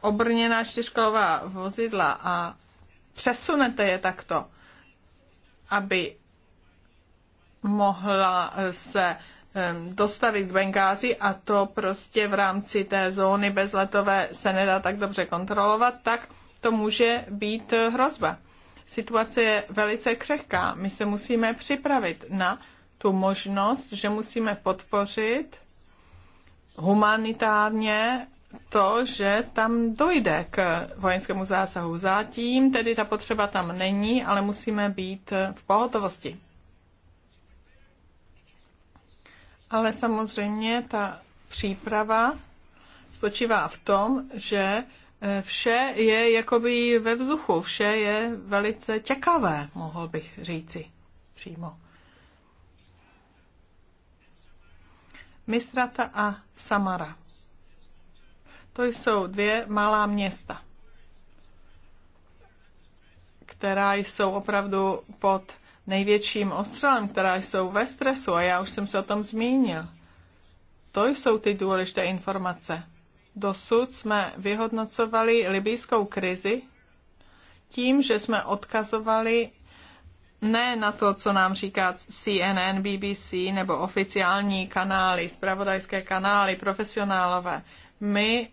obrněná čtyřkolová vozidla a přesunete je takto, aby mohla e, se Ehm, dostavit k Bengázi a to prostě v rámci té zóny bezletové se nedá tak dobře kontrolovat, tak to může být hrozba. Situace je velice křehká. My se musíme připravit na tu možnost, že musíme podpořit humanitárně to, že tam dojde k vojenskému zásahu. Zatím tedy ta potřeba tam není, ale musíme být v pohotovosti. ale samozřejmě ta příprava spočívá v tom, že eh, vše je jakoby ve vzduchu, vše je velice čekavé, mohl bych říci přímo. Mistrata a Samara. To jsou dvě malá města, která jsou opravdu pod největším ostřelem, která jsou ve stresu, a já už jsem se o tom zmínil. To jsou ty důležité informace. Dosud jsme vyhodnocovali libijskou krizi tím, že jsme odkazovali ne na to, co nám říká CNN, BBC nebo oficiální kanály, spravodajské kanály, profesionálové. My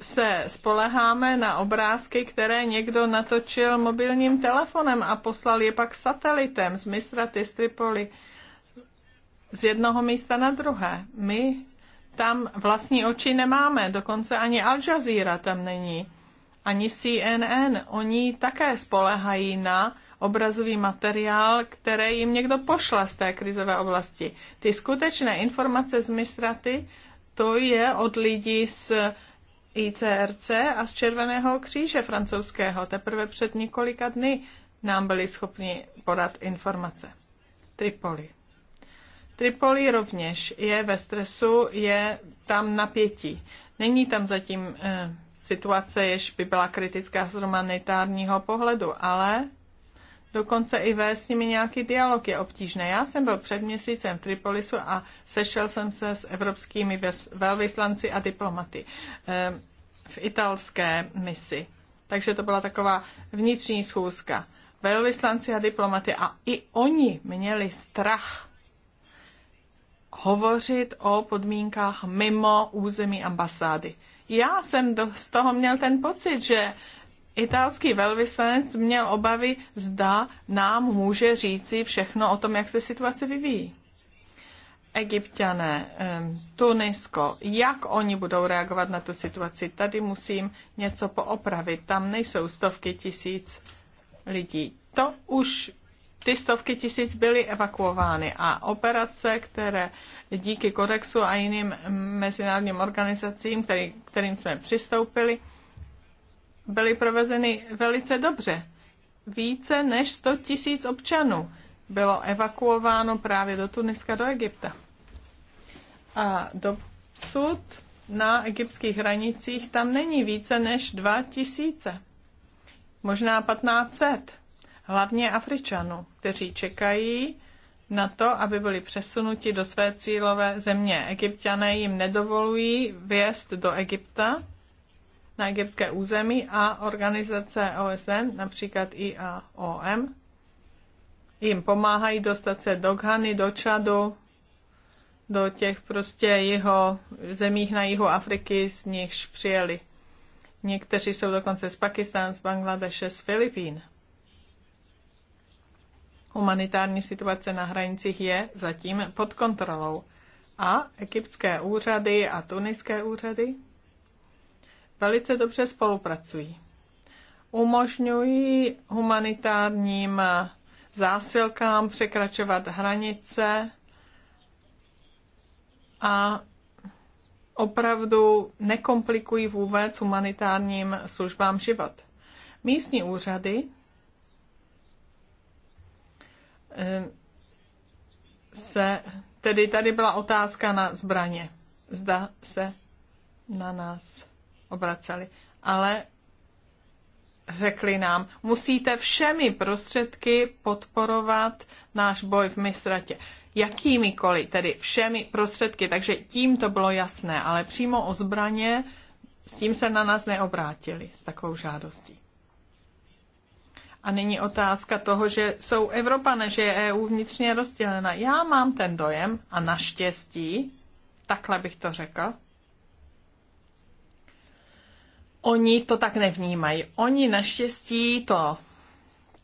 se spoleháme na obrázky, které někdo natočil mobilním telefonem a poslal je pak satelitem z Mistra z z jednoho místa na druhé. My tam vlastní oči nemáme, dokonce ani Al Jazeera tam není, ani CNN. Oni také spolehají na obrazový materiál, který jim někdo pošla z té krizové oblasti. Ty skutečné informace z Mistraty, to je od lidí z ICRC a z Červeného kříže francouzského. Teprve před několika dny nám byli schopni podat informace. Tripoli. Tripoli rovněž je ve stresu, je tam napětí. Není tam zatím e, situace, jež by byla kritická z humanitárního pohledu, ale dokonce i vést s nimi nějaký dialog je obtížné. Já jsem byl před měsícem v Tripolisu a sešel jsem se s evropskými velvyslanci a diplomaty ehm, v italské misi. Takže to byla taková vnitřní schůzka. Velvyslanci a diplomaty a i oni měli strach hovořit o podmínkách mimo území ambasády. Já jsem do, z toho měl ten pocit, že italský velvyslanec měl obavy, zda nám může říci všechno o tom, jak se situace vyvíjí. Egyptiané, Tunisko, jak oni budou reagovat na tu situaci. Tady musím něco poopravit. Tam nejsou stovky tisíc lidí. To už ty stovky tisíc byly evakuovány a operace, které díky Kodexu a jiným mezinárodním organizacím, který, kterým jsme přistoupili, byly provezeny velice dobře. Více než 100 tisíc občanů bylo evakuováno právě do Tuniska, do Egypta. A dosud na egyptských hranicích tam není více než 2 tisíce, možná 1500, hlavně Afričanů, kteří čekají na to, aby byli přesunuti do své cílové země. Egyptiané jim nedovolují vjezd do Egypta, na egyptské území a organizace OSN, například IAOM, jim pomáhají dostat se do Ghany, do Čadu, do těch prostě jeho zemích na jihu Afriky, z nichž přijeli. Někteří jsou dokonce z Pakistánu, z Bangladeše, z Filipín. Humanitární situace na hranicích je zatím pod kontrolou. A egyptské úřady a tuniské úřady velice dobře spolupracují. Umožňují humanitárním zásilkám překračovat hranice a opravdu nekomplikují vůbec humanitárním službám život. Místní úřady eh, se, tedy tady byla otázka na zbraně. Zda se na nás obraceli, ale řekli nám, musíte všemi prostředky podporovat náš boj v Misratě. Jakýmikoliv, tedy všemi prostředky, takže tím to bylo jasné, ale přímo o zbraně s tím se na nás neobrátili s takovou žádostí. A není otázka toho, že jsou Evropané, že je EU vnitřně rozdělena. Já mám ten dojem, a naštěstí, takhle bych to řekl, Oni to tak nevnímají. Oni naštěstí to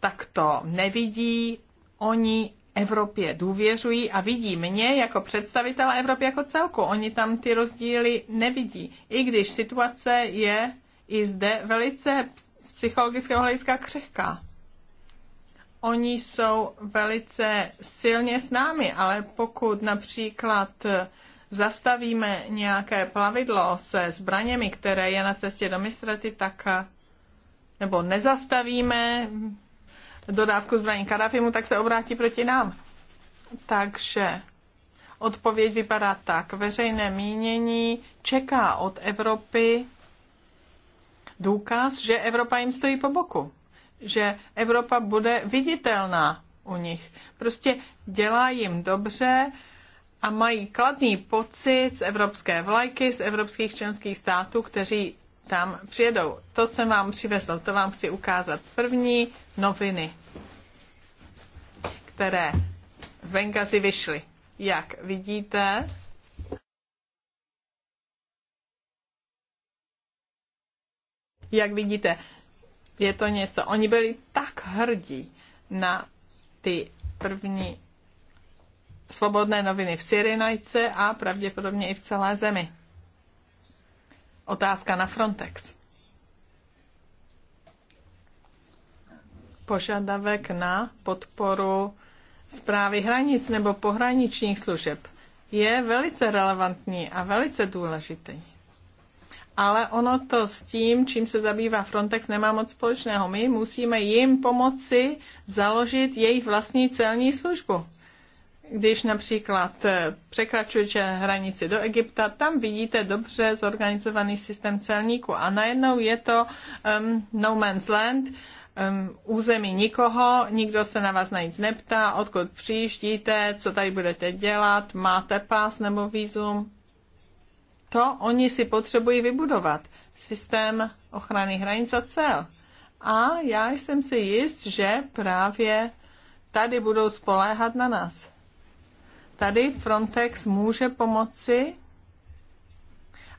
takto nevidí. Oni Evropě důvěřují a vidí mě jako představitele Evropy jako celku. Oni tam ty rozdíly nevidí. I když situace je i zde velice z psychologického hlediska křehká. Oni jsou velice silně s námi, ale pokud například zastavíme nějaké plavidlo se zbraněmi, které je na cestě do Misrety, tak nebo nezastavíme dodávku zbraní Kadafimu, tak se obrátí proti nám. Takže odpověď vypadá tak. Veřejné mínění čeká od Evropy důkaz, že Evropa jim stojí po boku. Že Evropa bude viditelná u nich. Prostě dělá jim dobře, a mají kladný pocit z evropské vlajky, z evropských členských států, kteří tam přijedou. To jsem vám přivezl, to vám chci ukázat. První noviny, které v Bengazi vyšly. Jak vidíte, jak vidíte, je to něco. Oni byli tak hrdí na ty první svobodné noviny v Syrinajce a pravděpodobně i v celé zemi. Otázka na Frontex. Požadavek na podporu zprávy hranic nebo pohraničních služeb je velice relevantní a velice důležitý. Ale ono to s tím, čím se zabývá Frontex, nemá moc společného. My musíme jim pomoci založit jejich vlastní celní službu když například eh, překračujete hranici do Egypta, tam vidíte dobře zorganizovaný systém celníků a najednou je to um, no man's land, um, území nikoho, nikdo se na vás na nic neptá, odkud přijíždíte, co tady budete dělat, máte pás nebo výzum. To oni si potřebují vybudovat. Systém ochrany hranic a cel. A já jsem si jist, že právě tady budou spoléhat na nás Tady Frontex může pomoci,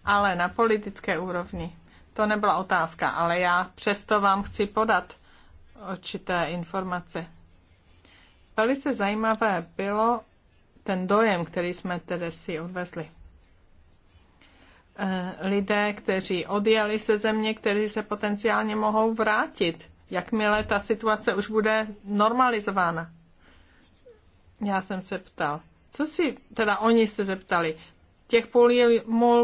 ale na politické úrovni. To nebyla otázka, ale já přesto vám chci podat určité informace. Velice zajímavé bylo ten dojem, který jsme tedy si odvezli. Eh, lidé, kteří odjeli se země, kteří se potenciálně mohou vrátit, jakmile ta situace už bude normalizována. Já jsem se ptal, co si teda oni se zeptali? Těch půl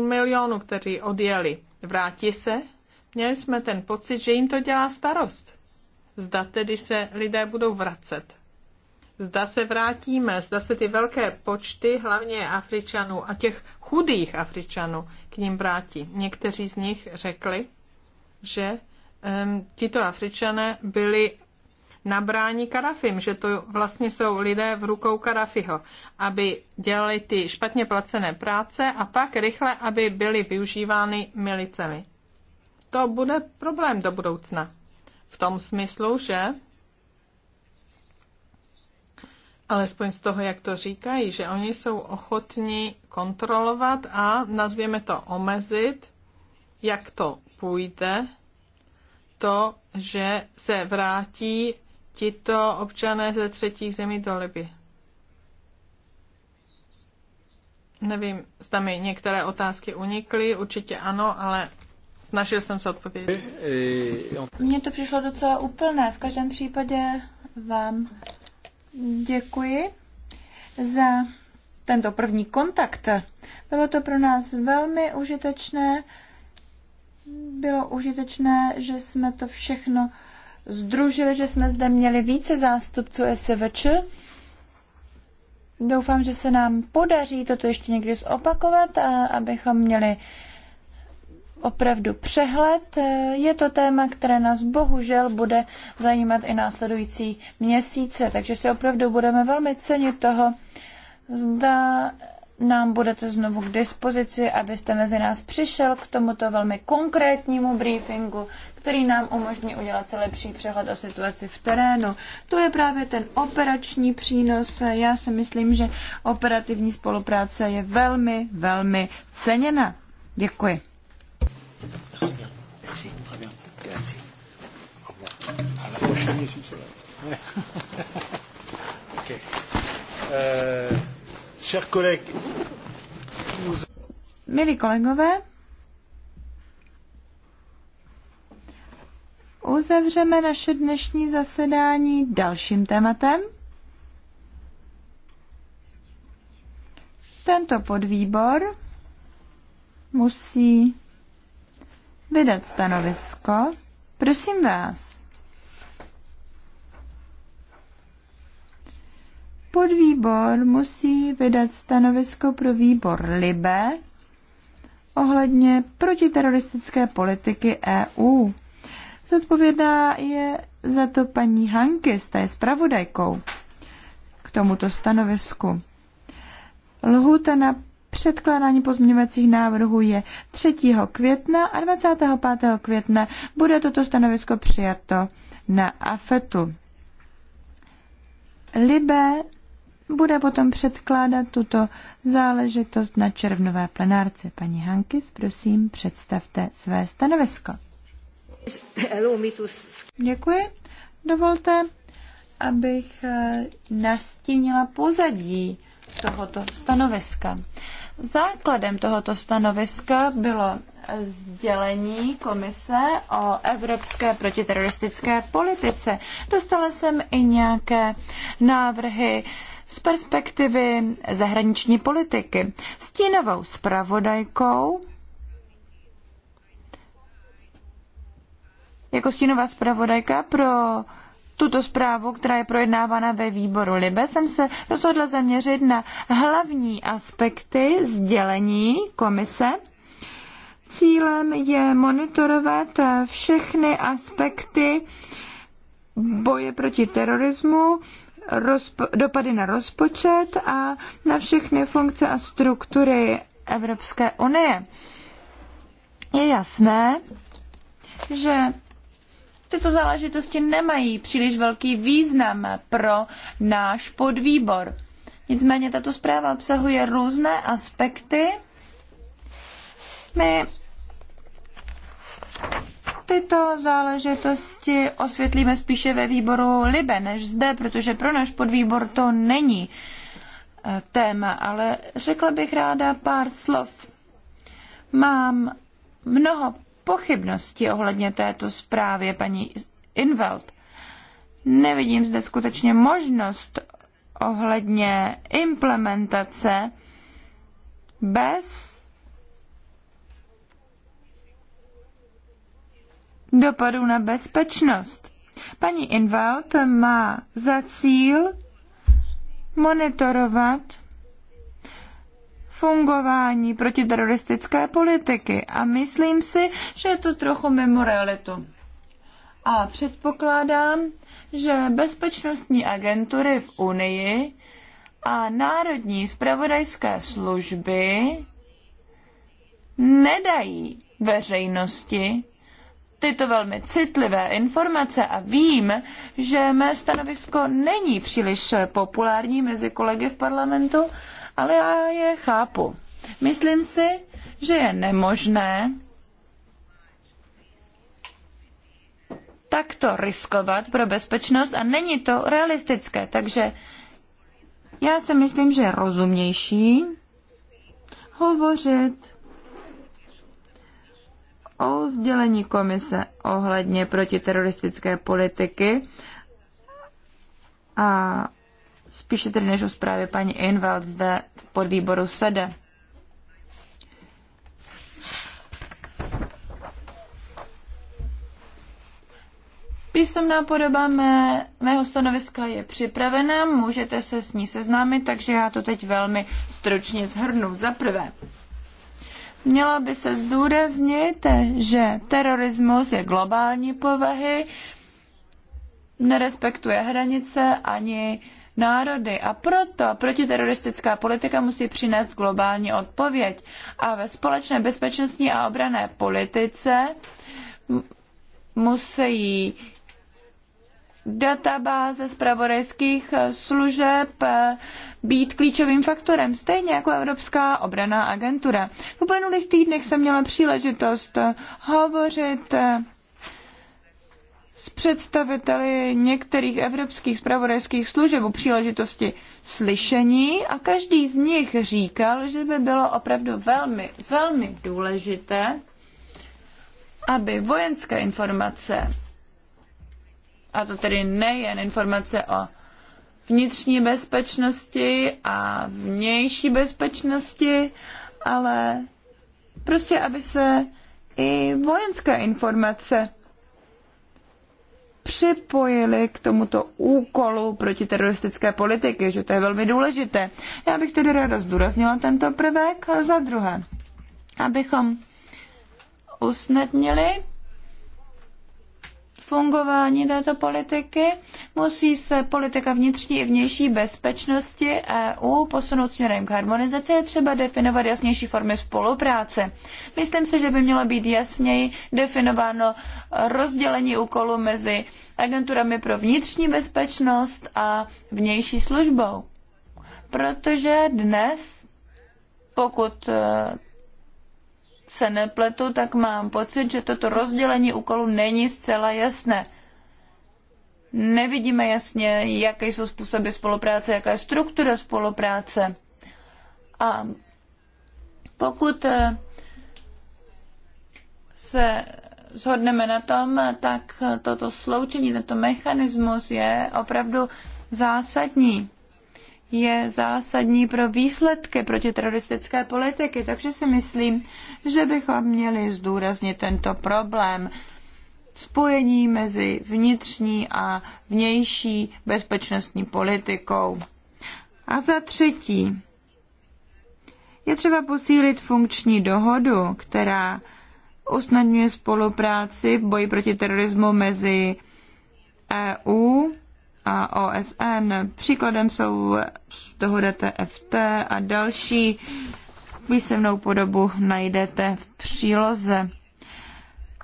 milionu, kteří odjeli, vrátí se? Měli jsme ten pocit, že jim to dělá starost. Zda tedy se lidé budou vracet. Zda se vrátíme, zda se ty velké počty, hlavně Afričanů a těch chudých Afričanů, k ním vrátí. Někteří z nich řekli, že um, tito Afričané byli nabrání Karafim, že to vlastně jsou lidé v rukou Karafiho, aby dělali ty špatně placené práce a pak rychle, aby byly využívány milicemi. To bude problém do budoucna. V tom smyslu, že alespoň z toho, jak to říkají, že oni jsou ochotni kontrolovat a nazvěme to omezit, jak to půjde, to, že se vrátí tito občané ze třetích zemí do Libie. Nevím, zda mi některé otázky unikly, určitě ano, ale snažil jsem se odpovědět. Mně to přišlo docela úplné. V každém případě vám děkuji za tento první kontakt. Bylo to pro nás velmi užitečné. Bylo užitečné, že jsme to všechno združili, že jsme zde měli více zástupců SVČ. Doufám, že se nám podaří toto ještě někdy zopakovat, a abychom měli opravdu přehled. Je to téma, které nás bohužel bude zajímat i následující měsíce, takže si opravdu budeme velmi cenit toho, zda nám budete znovu k dispozici, abyste mezi nás přišel k tomuto velmi konkrétnímu briefingu, který nám umožní udělat se lepší přehled o situaci v terénu. To je právě ten operační přínos. Já si myslím, že operativní spolupráce je velmi, velmi ceněna. Děkuji. [LAUGHS] Okay. Uh... Milí kolegové, uzavřeme naše dnešní zasedání dalším tématem. Tento podvýbor musí vydat stanovisko. Prosím vás, podvýbor musí vydat stanovisko pro výbor LIBE ohledně protiteroristické politiky EU. Zodpovědá je za to paní Hanky, ta té zpravodajkou k tomuto stanovisku. Lhuta na předkládání pozměňovacích návrhů je 3. května a 25. května bude toto stanovisko přijato na AFETu. Libe bude potom předkládat tuto záležitost na červnové plenárce. Paní Hankis, prosím, představte své stanovisko. Děkuji. Dovolte, abych eh, nastínila pozadí tohoto stanoviska. Základem tohoto stanoviska bylo eh, sdělení komise o evropské protiteroristické politice. Dostala jsem i nějaké návrhy uh, z perspektivy zahraniční politiky. Stínovou zpravodajkou jako stínová zpravodajka pro tuto zprávu, která je projednávána ve výboru Libe, jsem se rozhodla zaměřit na hlavní aspekty sdělení komise. Cílem je monitorovat všechny aspekty boje proti terorismu dopady na rozpočet a na všechny funkce a struktury Evropské unie. Je jasné, že tyto záležitosti nemají příliš velký význam pro náš podvýbor. Nicméně tato zpráva obsahuje různé aspekty. My tyto záležitosti osvětlíme spíše ve výboru Libe než zde, protože pro náš podvýbor to není eh, téma, ale řekla bych ráda pár slov. Mám mnoho pochybností ohledně této zprávy, paní Inveld. Nevidím zde skutečně možnost ohledně implementace bez dopadů na bezpečnost. Paní Invalt má za cíl monitorovat fungování protiteroristické politiky a myslím si, že je to trochu mimo realitu. A předpokládám, že bezpečnostní agentury v Unii a národní zpravodajské služby nedají veřejnosti tyto velmi citlivé informace a vím, že mé stanovisko není příliš populární mezi kolegy v parlamentu, ale já je chápu. Myslím si, že je nemožné takto riskovat pro bezpečnost a není to realistické. Takže já si myslím, že je rozumnější hovořit o sdělení komise ohledně protiteroristické politiky a spíše tedy než o zprávě paní Inwald zde v podvýboru sede. Písemná podoba mé, mého stanoviska je připravena, můžete se s ní seznámit, takže já to teď velmi stručně zhrnu. Za prvé, Mělo by se zdůraznit, že terorismus je globální povahy, nerespektuje hranice ani národy a proto protiteroristická politika musí přinést globální odpověď. A ve společné bezpečnostní a obrané politice musí databáze zpravodajských eh, služeb eh, být klíčovým faktorem, stejně jako Evropská obraná agentura. V uplynulých týdnech jsem měla příležitost eh, hovořit s představiteli některých evropských zpravodajských služeb u příležitosti slyšení a každý z nich říkal, že by bylo opravdu velmi, velmi důležité, aby vojenské informace a to tedy nejen informace o vnitřní bezpečnosti a vnější bezpečnosti, ale prostě, aby se i vojenské informace připojili k tomuto úkolu protiteroristické politiky, že to je velmi důležité. Já bych tedy ráda zdůraznila tento prvek a za druhé, abychom usnadnili fungování této politiky. Musí se politika vnitřní i vnější bezpečnosti EU posunout směrem k harmonizaci je třeba definovat jasnější formy spolupráce. Myslím si, že by mělo být jasněji definováno rozdělení úkolů mezi agenturami pro vnitřní bezpečnost a vnější službou. Protože dnes, pokud eh, se nepletu, tak mám pocit, že toto rozdělení úkolů není zcela jasné. Nevidíme jasně, jaké jsou způsoby spolupráce, jaká je struktura spolupráce. A pokud eh, se shodneme na tom, tak toto sloučení, tento mechanismus je opravdu zásadní je zásadní pro výsledky protiteroristické politiky, takže si myslím, že bychom měli zdůraznit tento problém spojení mezi vnitřní a vnější bezpečnostní politikou. A za třetí, je třeba posílit funkční dohodu, která usnadňuje spolupráci v boji proti terorismu mezi EU a OSN. Příkladem jsou dohoda TFT a další. Písemnou podobu najdete v příloze.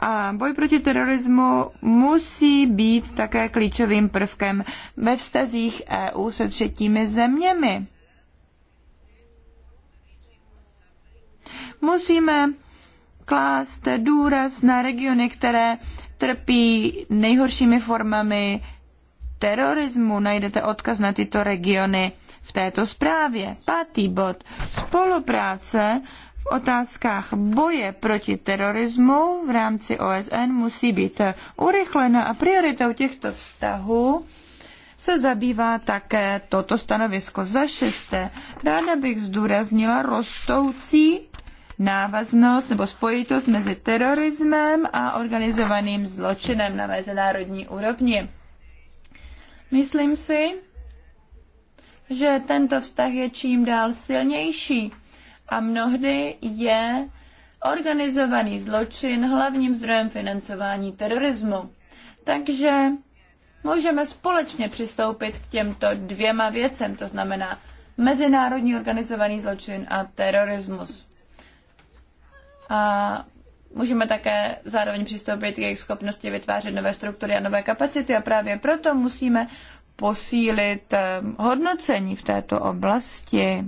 A boj proti terorismu musí být také klíčovým prvkem ve vztazích EU se třetími zeměmi. Musíme klást důraz na regiony, které trpí nejhoršími formami terorismu. Najdete odkaz na tyto regiony v této zprávě. Pátý bod. Spolupráce v otázkách boje proti terorismu v rámci OSN musí být urychlena a prioritou těchto vztahů se zabývá také toto stanovisko. Za šesté, ráda bych zdůraznila rostoucí návaznost nebo spojitost mezi terorismem a organizovaným zločinem na mezinárodní úrovni. Myslím si, že tento vztah je čím dál silnější a mnohdy je organizovaný zločin hlavním zdrojem financování terorismu. Takže můžeme společně přistoupit k těmto dvěma věcem, to znamená mezinárodní organizovaný zločin a terorismus. A můžeme také zároveň přistoupit k jejich schopnosti vytvářet nové struktury a nové kapacity a právě proto musíme posílit ehm, hodnocení v této oblasti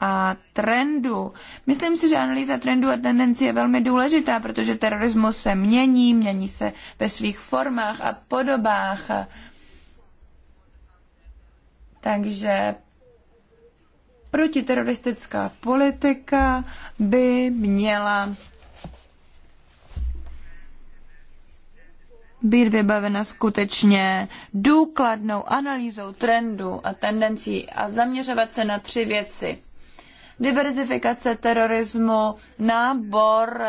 a trendu. Myslím si, že analýza trendu a tendenci je velmi důležitá, protože terorismus se mění, mění se ve svých formách a podobách. Takže protiteroristická politika by měla být vybavena skutečně důkladnou analýzou trendů a tendencí a zaměřovat se na tři věci. Diverzifikace terorismu, nábor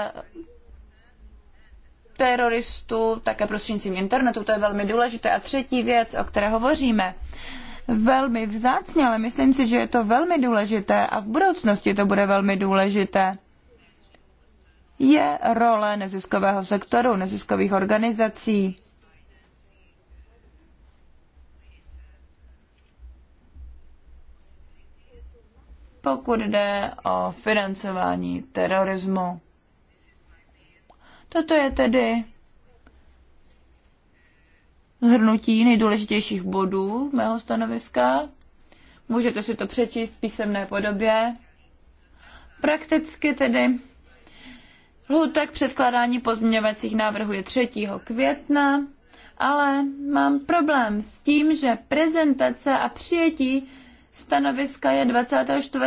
teroristů, také prostřednictvím internetu, to je velmi důležité. A třetí věc, o které hovoříme, velmi vzácně, ale myslím si, že je to velmi důležité a v budoucnosti to bude velmi důležité je role neziskového sektoru, neziskových organizací. Pokud jde o financování terorismu, toto je tedy zhrnutí nejdůležitějších bodů mého stanoviska. Můžete si to přečíst v písemné podobě. Prakticky tedy Lhůta k předkládání pozměňovacích návrhů je 3. května, ale mám problém s tím, že prezentace a přijetí stanoviska je 24.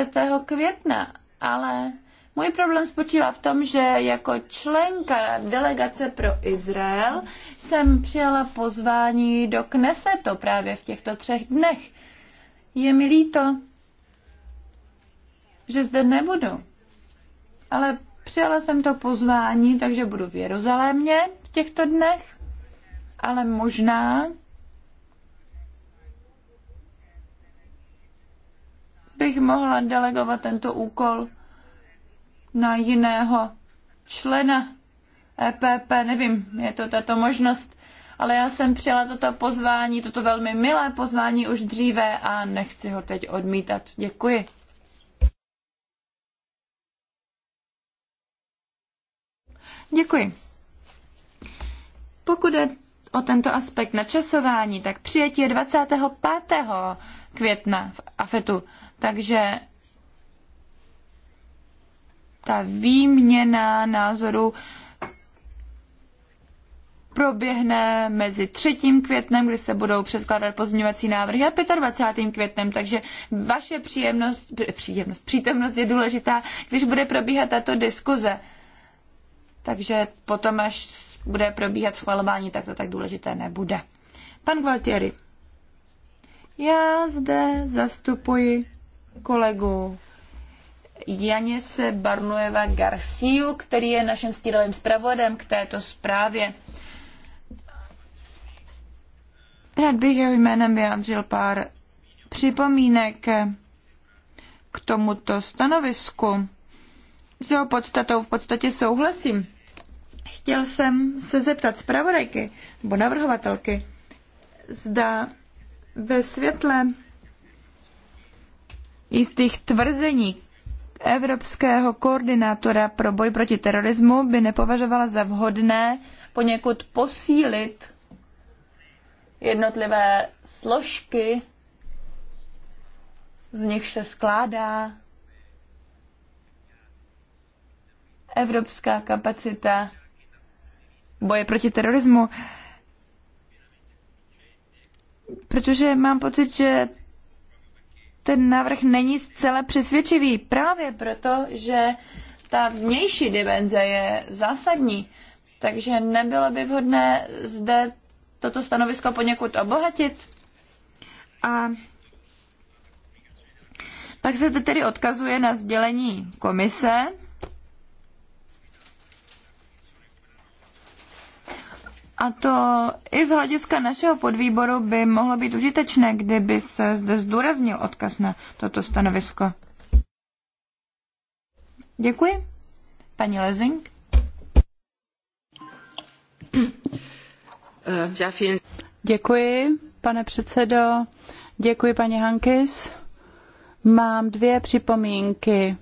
května, ale můj problém spočívá v tom, že jako členka delegace pro Izrael jsem přijala pozvání do Knesetu právě v těchto třech dnech. Je mi líto, že zde nebudu. Ale Přijala jsem to pozvání, takže budu v Jeruzalémě v těchto dnech, ale možná bych mohla delegovat tento úkol na jiného člena EPP, nevím, je to tato možnost, ale já jsem přijala toto pozvání, toto velmi milé pozvání už dříve a nechci ho teď odmítat. Děkuji. Děkuji. Pokud je o tento aspekt načasování, tak přijetí je 25. května v AFETu, takže ta výměna názorů proběhne mezi 3. květnem, kdy se budou předkládat pozměňovací návrhy a 25. květnem, takže vaše příjemnost, příjemnost, přítomnost je důležitá, když bude probíhat tato diskuze takže potom, až bude probíhat schvalování, tak to tak důležité nebude. Pan Gualtieri. Já zde zastupuji kolegu Janise Barnueva Garciu, který je naším stílovým zpravodem k této zprávě. Rád bych jeho jménem vyjádřil pár připomínek k tomuto stanovisku. S jeho podstatou v podstatě souhlasím. Chtěl jsem se zeptat zpravodajky nebo navrhovatelky, zda ve světle jistých tvrzení evropského koordinátora pro boj proti terorismu by nepovažovala za vhodné poněkud posílit jednotlivé složky, z nichž se skládá evropská kapacita boje proti terorismu. Protože mám pocit, že ten návrh není zcela přesvědčivý právě proto, že ta vnější dimenze je zásadní. Takže nebylo by vhodné zde toto stanovisko poněkud obohatit. A pak se tedy odkazuje na sdělení komise, A to i z hlediska našeho podvýboru by mohlo být užitečné, kdyby se zde zdůraznil odkaz na toto stanovisko. Děkuji. Paní Lezing. Děkuji, pane předsedo. Děkuji, paní Hankis. Mám dvě připomínky.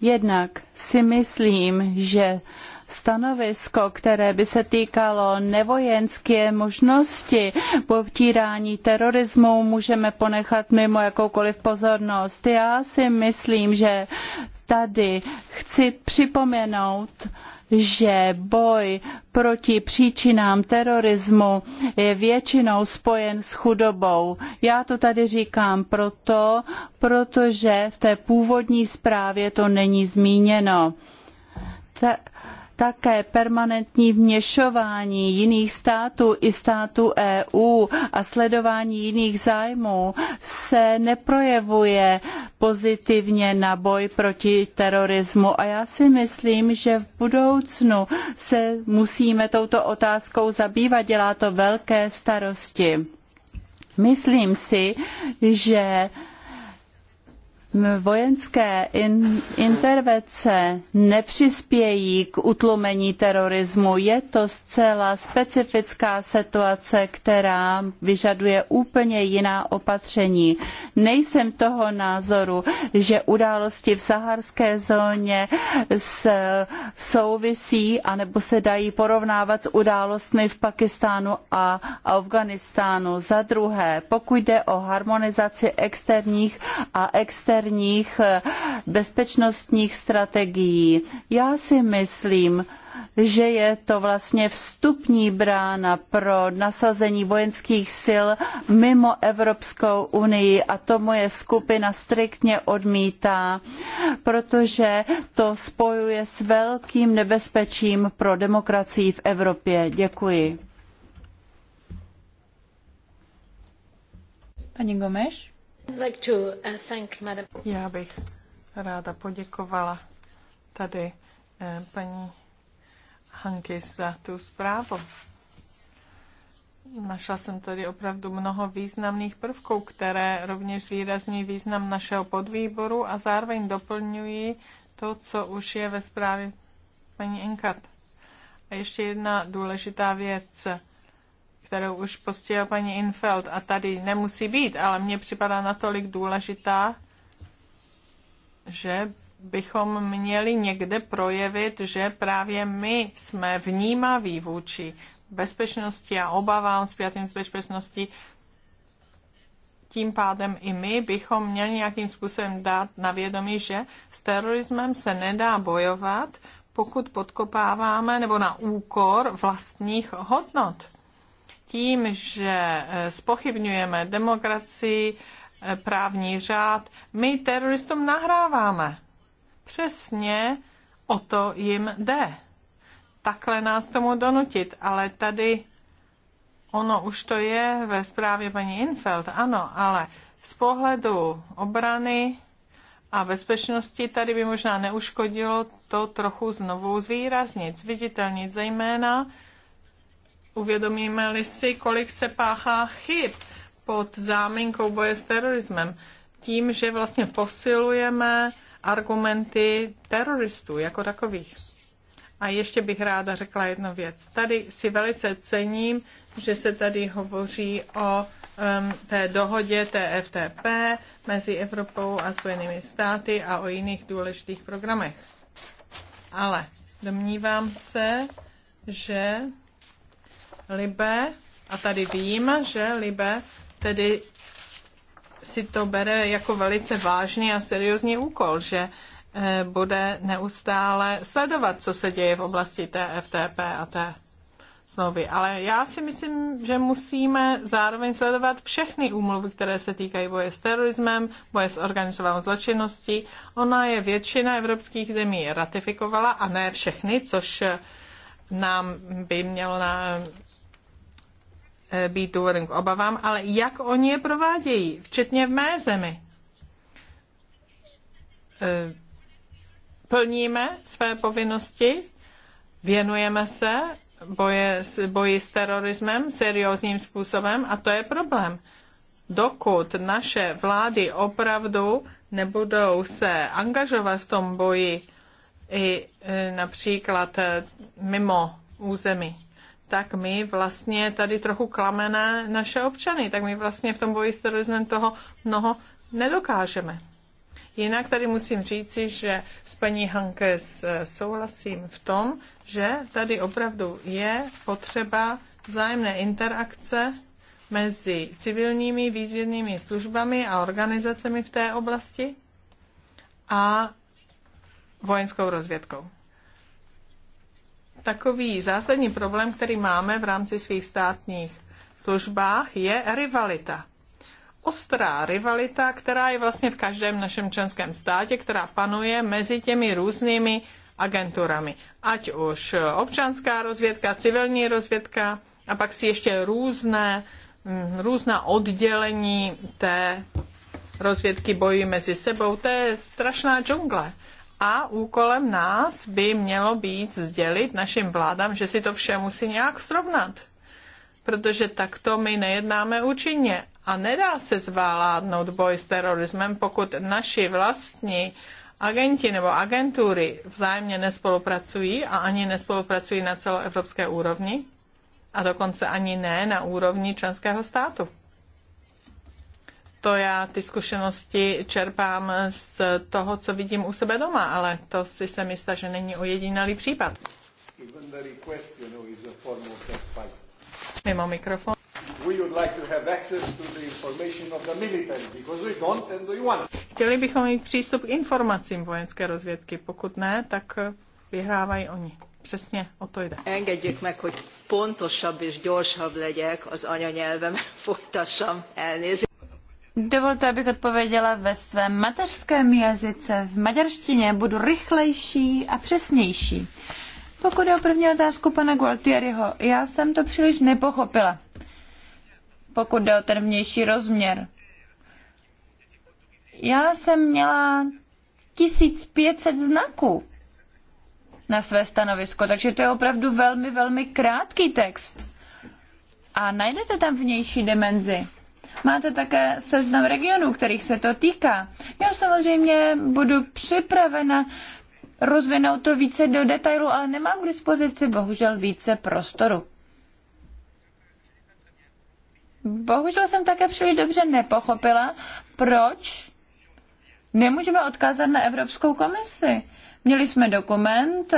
Jednak si myslím, že stanovisko, které by se týkalo nevojenské možnosti potírání terorismu, můžeme ponechat mimo jakoukoliv pozornost. Já si myslím, že tady chci připomenout, že boj proti příčinám terorismu je většinou spojen s chudobou. Já to tady říkám proto, protože v té původní zprávě to není zmíněno. Ta také permanentní vměšování jiných států i států EU a sledování jiných zájmů se neprojevuje pozitivně na boj proti terorismu. A já si myslím, že v budoucnu se musíme touto otázkou zabývat. Dělá to velké starosti. Myslím si, že vojenské in, intervence nepřispějí k utlumení terorismu. Je to zcela specifická situace, která vyžaduje úplně jiná opatření. Nejsem toho názoru, že události v saharské zóně s, souvisí anebo se dají porovnávat s událostmi v Pakistánu a Afghánistánu. Za druhé, pokud jde o harmonizaci externích a externích externích eh, bezpečnostních strategií. Já si myslím, že je to vlastně vstupní brána pro nasazení vojenských sil mimo Evropskou unii a to moje skupina striktně odmítá, protože to spojuje s velkým nebezpečím pro demokracii v Evropě. Děkuji. Paní Gomes. Uh, Já bych ráda poděkovala tady eh, paní Hanky za tu zprávu. Našla jsem tady opravdu mnoho významných prvků, které rovněž zvýrazňují význam našeho podvýboru a zároveň doplňují to, co už je ve zprávě paní Enkat. A ještě jedna důležitá věc kterou už postihla paní Infeld a tady nemusí být, ale mně připadá natolik důležitá, že bychom měli někde projevit, že právě my jsme vnímaví vůči bezpečnosti a obavám zpětým z bezpečnosti. Tím pádem i my bychom měli nějakým způsobem dát na vědomí, že s terorismem se nedá bojovat, pokud podkopáváme nebo na úkor vlastních hodnot tím, že eh, spochybňujeme demokracii, eh, právní řád, my teroristům nahráváme. Přesně o to jim jde. Takhle nás tomu donutit, ale tady ono už to je ve zprávě paní Infeld, ano, ale z pohledu obrany a bezpečnosti tady by možná neuškodilo to trochu znovu zvýraznit, zviditelnit zejména Uvědomíme-li si, kolik se páchá chyb pod záminkou boje s terorismem, tím, že vlastně posilujeme argumenty teroristů jako takových. A ještě bych ráda řekla jednu věc. Tady si velice cením, že se tady hovoří o um, té dohodě TFTP mezi Evropou a Spojenými státy a o jiných důležitých programech. Ale domnívám se, že Libe, a tady vím, že Libe tedy si to bere jako velice vážný a seriózní úkol, že eh, bude neustále sledovat, co se děje v oblasti té FTP a té smlouvy. Ale já si myslím, že musíme zároveň sledovat všechny úmluvy, které se týkají boje s terorismem, boje s organizovanou zločinností. Ona je většina evropských zemí ratifikovala a ne všechny, což eh, nám by mělo na, Eh, být důvodem k obavám, ale jak oni je provádějí, včetně v mé zemi. Eh, plníme své povinnosti, věnujeme se boje, boji s terorismem seriózním způsobem a to je problém. Dokud naše vlády opravdu nebudou se angažovat v tom boji i eh, například mimo území tak my vlastně tady trochu klameme naše občany, tak my vlastně v tom boji s terorismem toho mnoho nedokážeme. Jinak tady musím říci, že s paní Hankes eh, souhlasím v tom, že tady opravdu je potřeba vzájemné interakce mezi civilními výzvědnými službami a organizacemi v té oblasti a vojenskou rozvědkou takový zásadní problém, který máme v rámci svých státních službách, je rivalita. Ostrá rivalita, která je vlastně v každém našem členském státě, která panuje mezi těmi různými agenturami. Ať už občanská rozvědka, civilní rozvědka a pak si ještě různé, mm, různá oddělení té rozvědky bojují mezi sebou. To je strašná džungle. A úkolem nás by mělo být sdělit našim vládám, že si to vše musí nějak srovnat. Protože takto my nejednáme účinně. A nedá se zvládnout boj s terorismem, pokud naši vlastní agenti nebo agentury vzájemně nespolupracují a ani nespolupracují na celoevropské úrovni a dokonce ani ne na úrovni členského státu to já ty zkušenosti čerpám z toho, co vidím u sebe doma, ale to si se jistá, že není ojedinělý případ. Mimo mikrofon. Chtěli bychom mít přístup k informacím vojenské rozvědky. Pokud ne, tak vyhrávají oni. Přesně o to jde. Engedjük meg, hogy pontosabb és gyorsabb legyek az anyanyelvem, [LAUGHS] folytassam elnézést. Dovolte, abych odpověděla ve svém mateřském jazyce. V maďarštině budu rychlejší a přesnější. Pokud je o první otázku pana Gualtieriho, já jsem to příliš nepochopila. Pokud jde o ten vnější rozměr. Já jsem měla 1500 znaků na své stanovisko, takže to je opravdu velmi, velmi krátký text. A najdete tam vnější dimenzi. Máte také seznam regionů, kterých se to týká. Já samozřejmě budu připravena rozvinout to více do detailu, ale nemám k dispozici bohužel více prostoru. Bohužel jsem také příliš dobře nepochopila, proč nemůžeme odkázat na Evropskou komisi. Měli jsme dokument,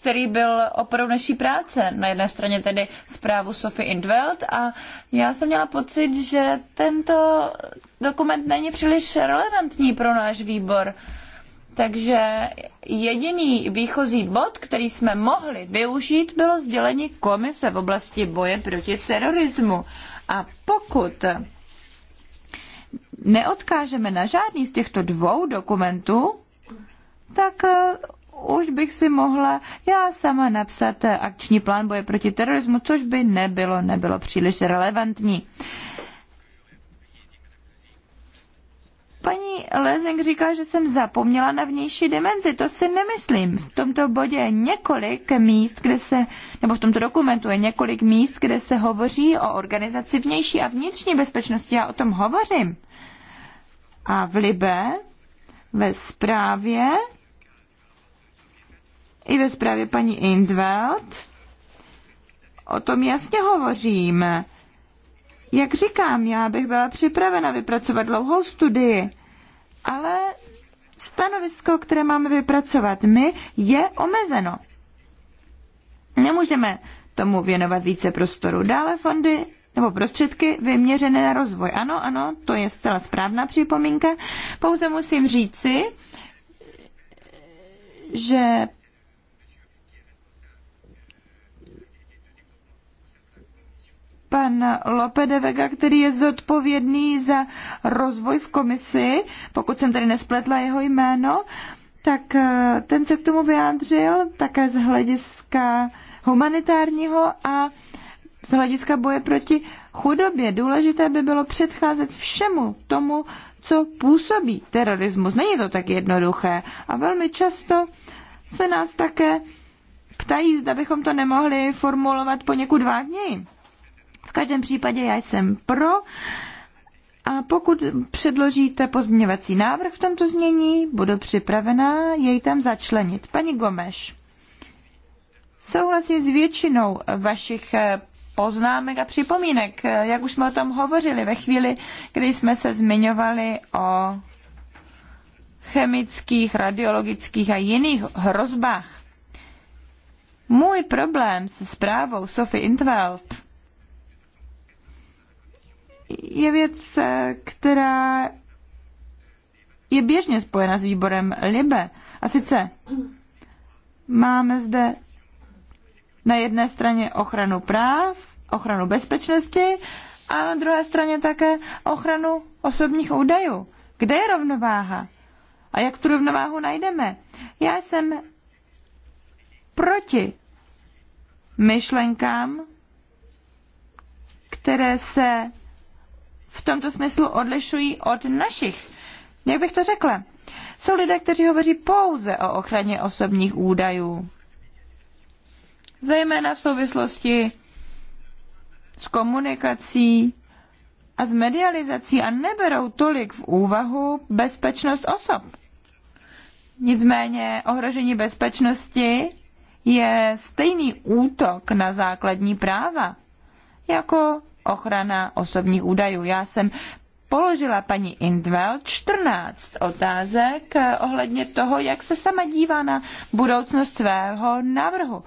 který byl opravdu naší práce. Na jedné straně tedy zprávu Sophie Indveld a já jsem měla pocit, že tento dokument není příliš relevantní pro náš výbor. Takže jediný výchozí bod, který jsme mohli využít, bylo sdělení komise v oblasti boje proti terorismu. A pokud neodkážeme na žádný z těchto dvou dokumentů, tak už bych si mohla já sama napsat akční plán boje proti terorismu, což by nebylo, nebylo příliš relevantní. Paní Lezing říká, že jsem zapomněla na vnější dimenzi. To si nemyslím. V tomto bodě je několik míst, kde se, nebo v tomto dokumentu je několik míst, kde se hovoří o organizaci vnější a vnitřní bezpečnosti. Já o tom hovořím. A v Libe ve zprávě i ve zprávě paní Indveld o tom jasně hovořím. Jak říkám, já bych byla připravena vypracovat dlouhou studii, ale stanovisko, které máme vypracovat my, je omezeno. Nemůžeme tomu věnovat více prostoru. Dále fondy nebo prostředky vyměřené na rozvoj. Ano, ano, to je zcela správná připomínka. Pouze musím říci, že pan Lope de Vega, který je zodpovědný za rozvoj v komisi, pokud jsem tady nespletla jeho jméno, tak eh, ten se k tomu vyjádřil také z hlediska humanitárního a z hlediska boje proti chudobě. Důležité by bylo předcházet všemu tomu, co působí terorismus. Není to tak jednoduché a velmi často se nás také ptají, zda bychom to nemohli formulovat poněkud vágněji každém případě já jsem pro. A pokud předložíte pozměňovací návrh v tomto znění, budu připravená jej tam začlenit. Paní Gomeš, souhlasím s většinou vašich eh, poznámek a připomínek, jak už jsme o tom hovořili ve chvíli, kdy jsme se zmiňovali o chemických, radiologických a jiných hrozbách. Můj problém se zprávou Sophie Intveld je věc, která je běžně spojena s výborem Libe. A sice máme zde na jedné straně ochranu práv, ochranu bezpečnosti a na druhé straně také ochranu osobních údajů. Kde je rovnováha? A jak tu rovnováhu najdeme? Já jsem proti myšlenkám, které se v tomto smyslu odlišují od našich. Jak bych to řekla? Jsou lidé, kteří hovoří pouze o ochraně osobních údajů. Zejména v souvislosti s komunikací a s medializací a neberou tolik v úvahu bezpečnost osob. Nicméně ohrožení bezpečnosti je stejný útok na základní práva jako ochrana osobních údajů. Já jsem položila paní Indvel 14 otázek eh, ohledně toho, jak se sama dívá na budoucnost svého návrhu.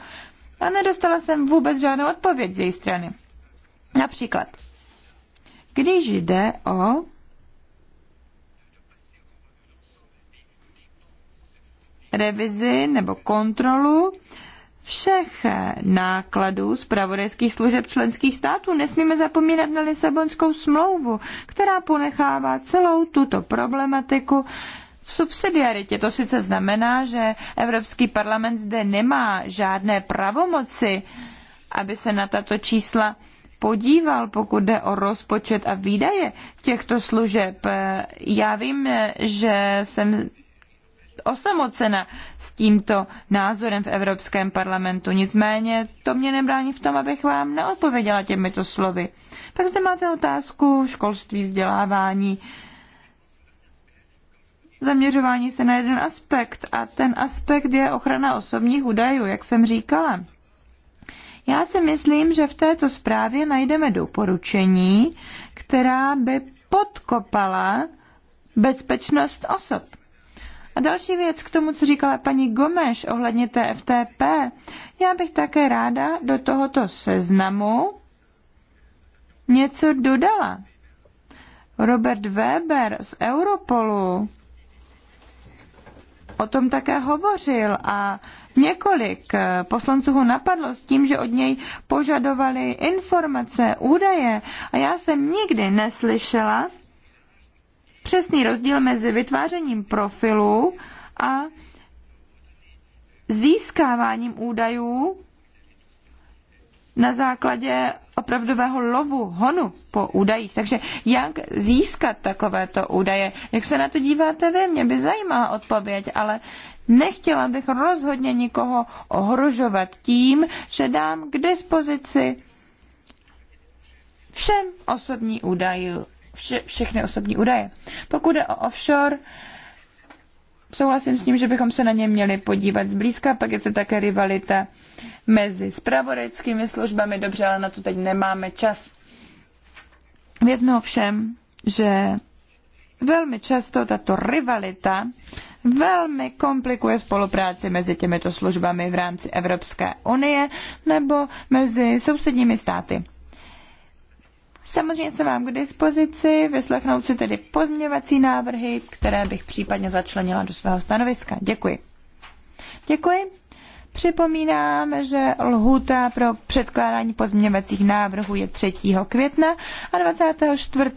A nedostala jsem vůbec žádnou odpověď z její strany. Například, když jde o revizi nebo kontrolu všech nákladů zpravodajských služeb členských států. Nesmíme zapomínat na Lisabonskou smlouvu, která ponechává celou tuto problematiku v subsidiaritě. To sice znamená, že Evropský parlament zde nemá žádné pravomoci, aby se na tato čísla podíval, pokud jde o rozpočet a výdaje těchto služeb. Já vím, že jsem osamocena s tímto názorem v Evropském parlamentu. Nicméně to mě nebrání v tom, abych vám neodpověděla těmito slovy. Pak zde máte otázku školství, vzdělávání, zaměřování se na jeden aspekt a ten aspekt je ochrana osobních údajů, jak jsem říkala. Já si myslím, že v této zprávě najdeme doporučení, která by podkopala bezpečnost osob. A další věc k tomu, co říkala paní Gomeš ohledně té FTP. Já bych také ráda do tohoto seznamu něco dodala. Robert Weber z Europolu o tom také hovořil a několik poslanců ho napadlo s tím, že od něj požadovali informace, údaje a já jsem nikdy neslyšela, přesný rozdíl mezi vytvářením profilu a získáváním údajů na základě opravdového lovu, honu po údajích. Takže jak získat takovéto údaje? Jak se na to díváte vy? Mě by zajímala odpověď, ale nechtěla bych rozhodně nikoho ohrožovat tím, že dám k dispozici všem osobní údaje vše, všechny osobní údaje. Pokud je o offshore, souhlasím s tím, že bychom se na ně měli podívat zblízka, pak je to také rivalita mezi spravodajskými službami, dobře, ale na to teď nemáme čas. Vězme ovšem, že velmi často tato rivalita velmi komplikuje spolupráci mezi těmito službami v rámci Evropské unie nebo mezi sousedními státy. Samozřejmě se vám k dispozici vyslechnout si tedy pozměňovací návrhy, které bych případně začlenila do svého stanoviska. Děkuji. Děkuji. Připomínám, že lhuta pro předkládání pozměňovacích návrhů je 3. května a 24.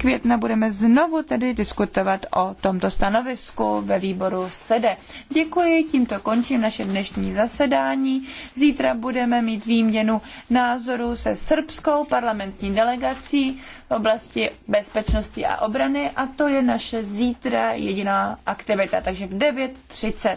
května budeme znovu tedy diskutovat o tomto stanovisku ve výboru SEDE. Děkuji, tímto končím naše dnešní zasedání. Zítra budeme mít výměnu názorů se srbskou parlamentní delegací v oblasti bezpečnosti a obrany a to je naše zítra jediná aktivita, takže v 9.30.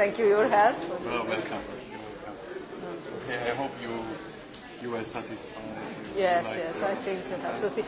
Thank you your help. Well, welcome. You're welcome. Okay, I hope you you are satisfied. yes, like yes, the, I think absolutely.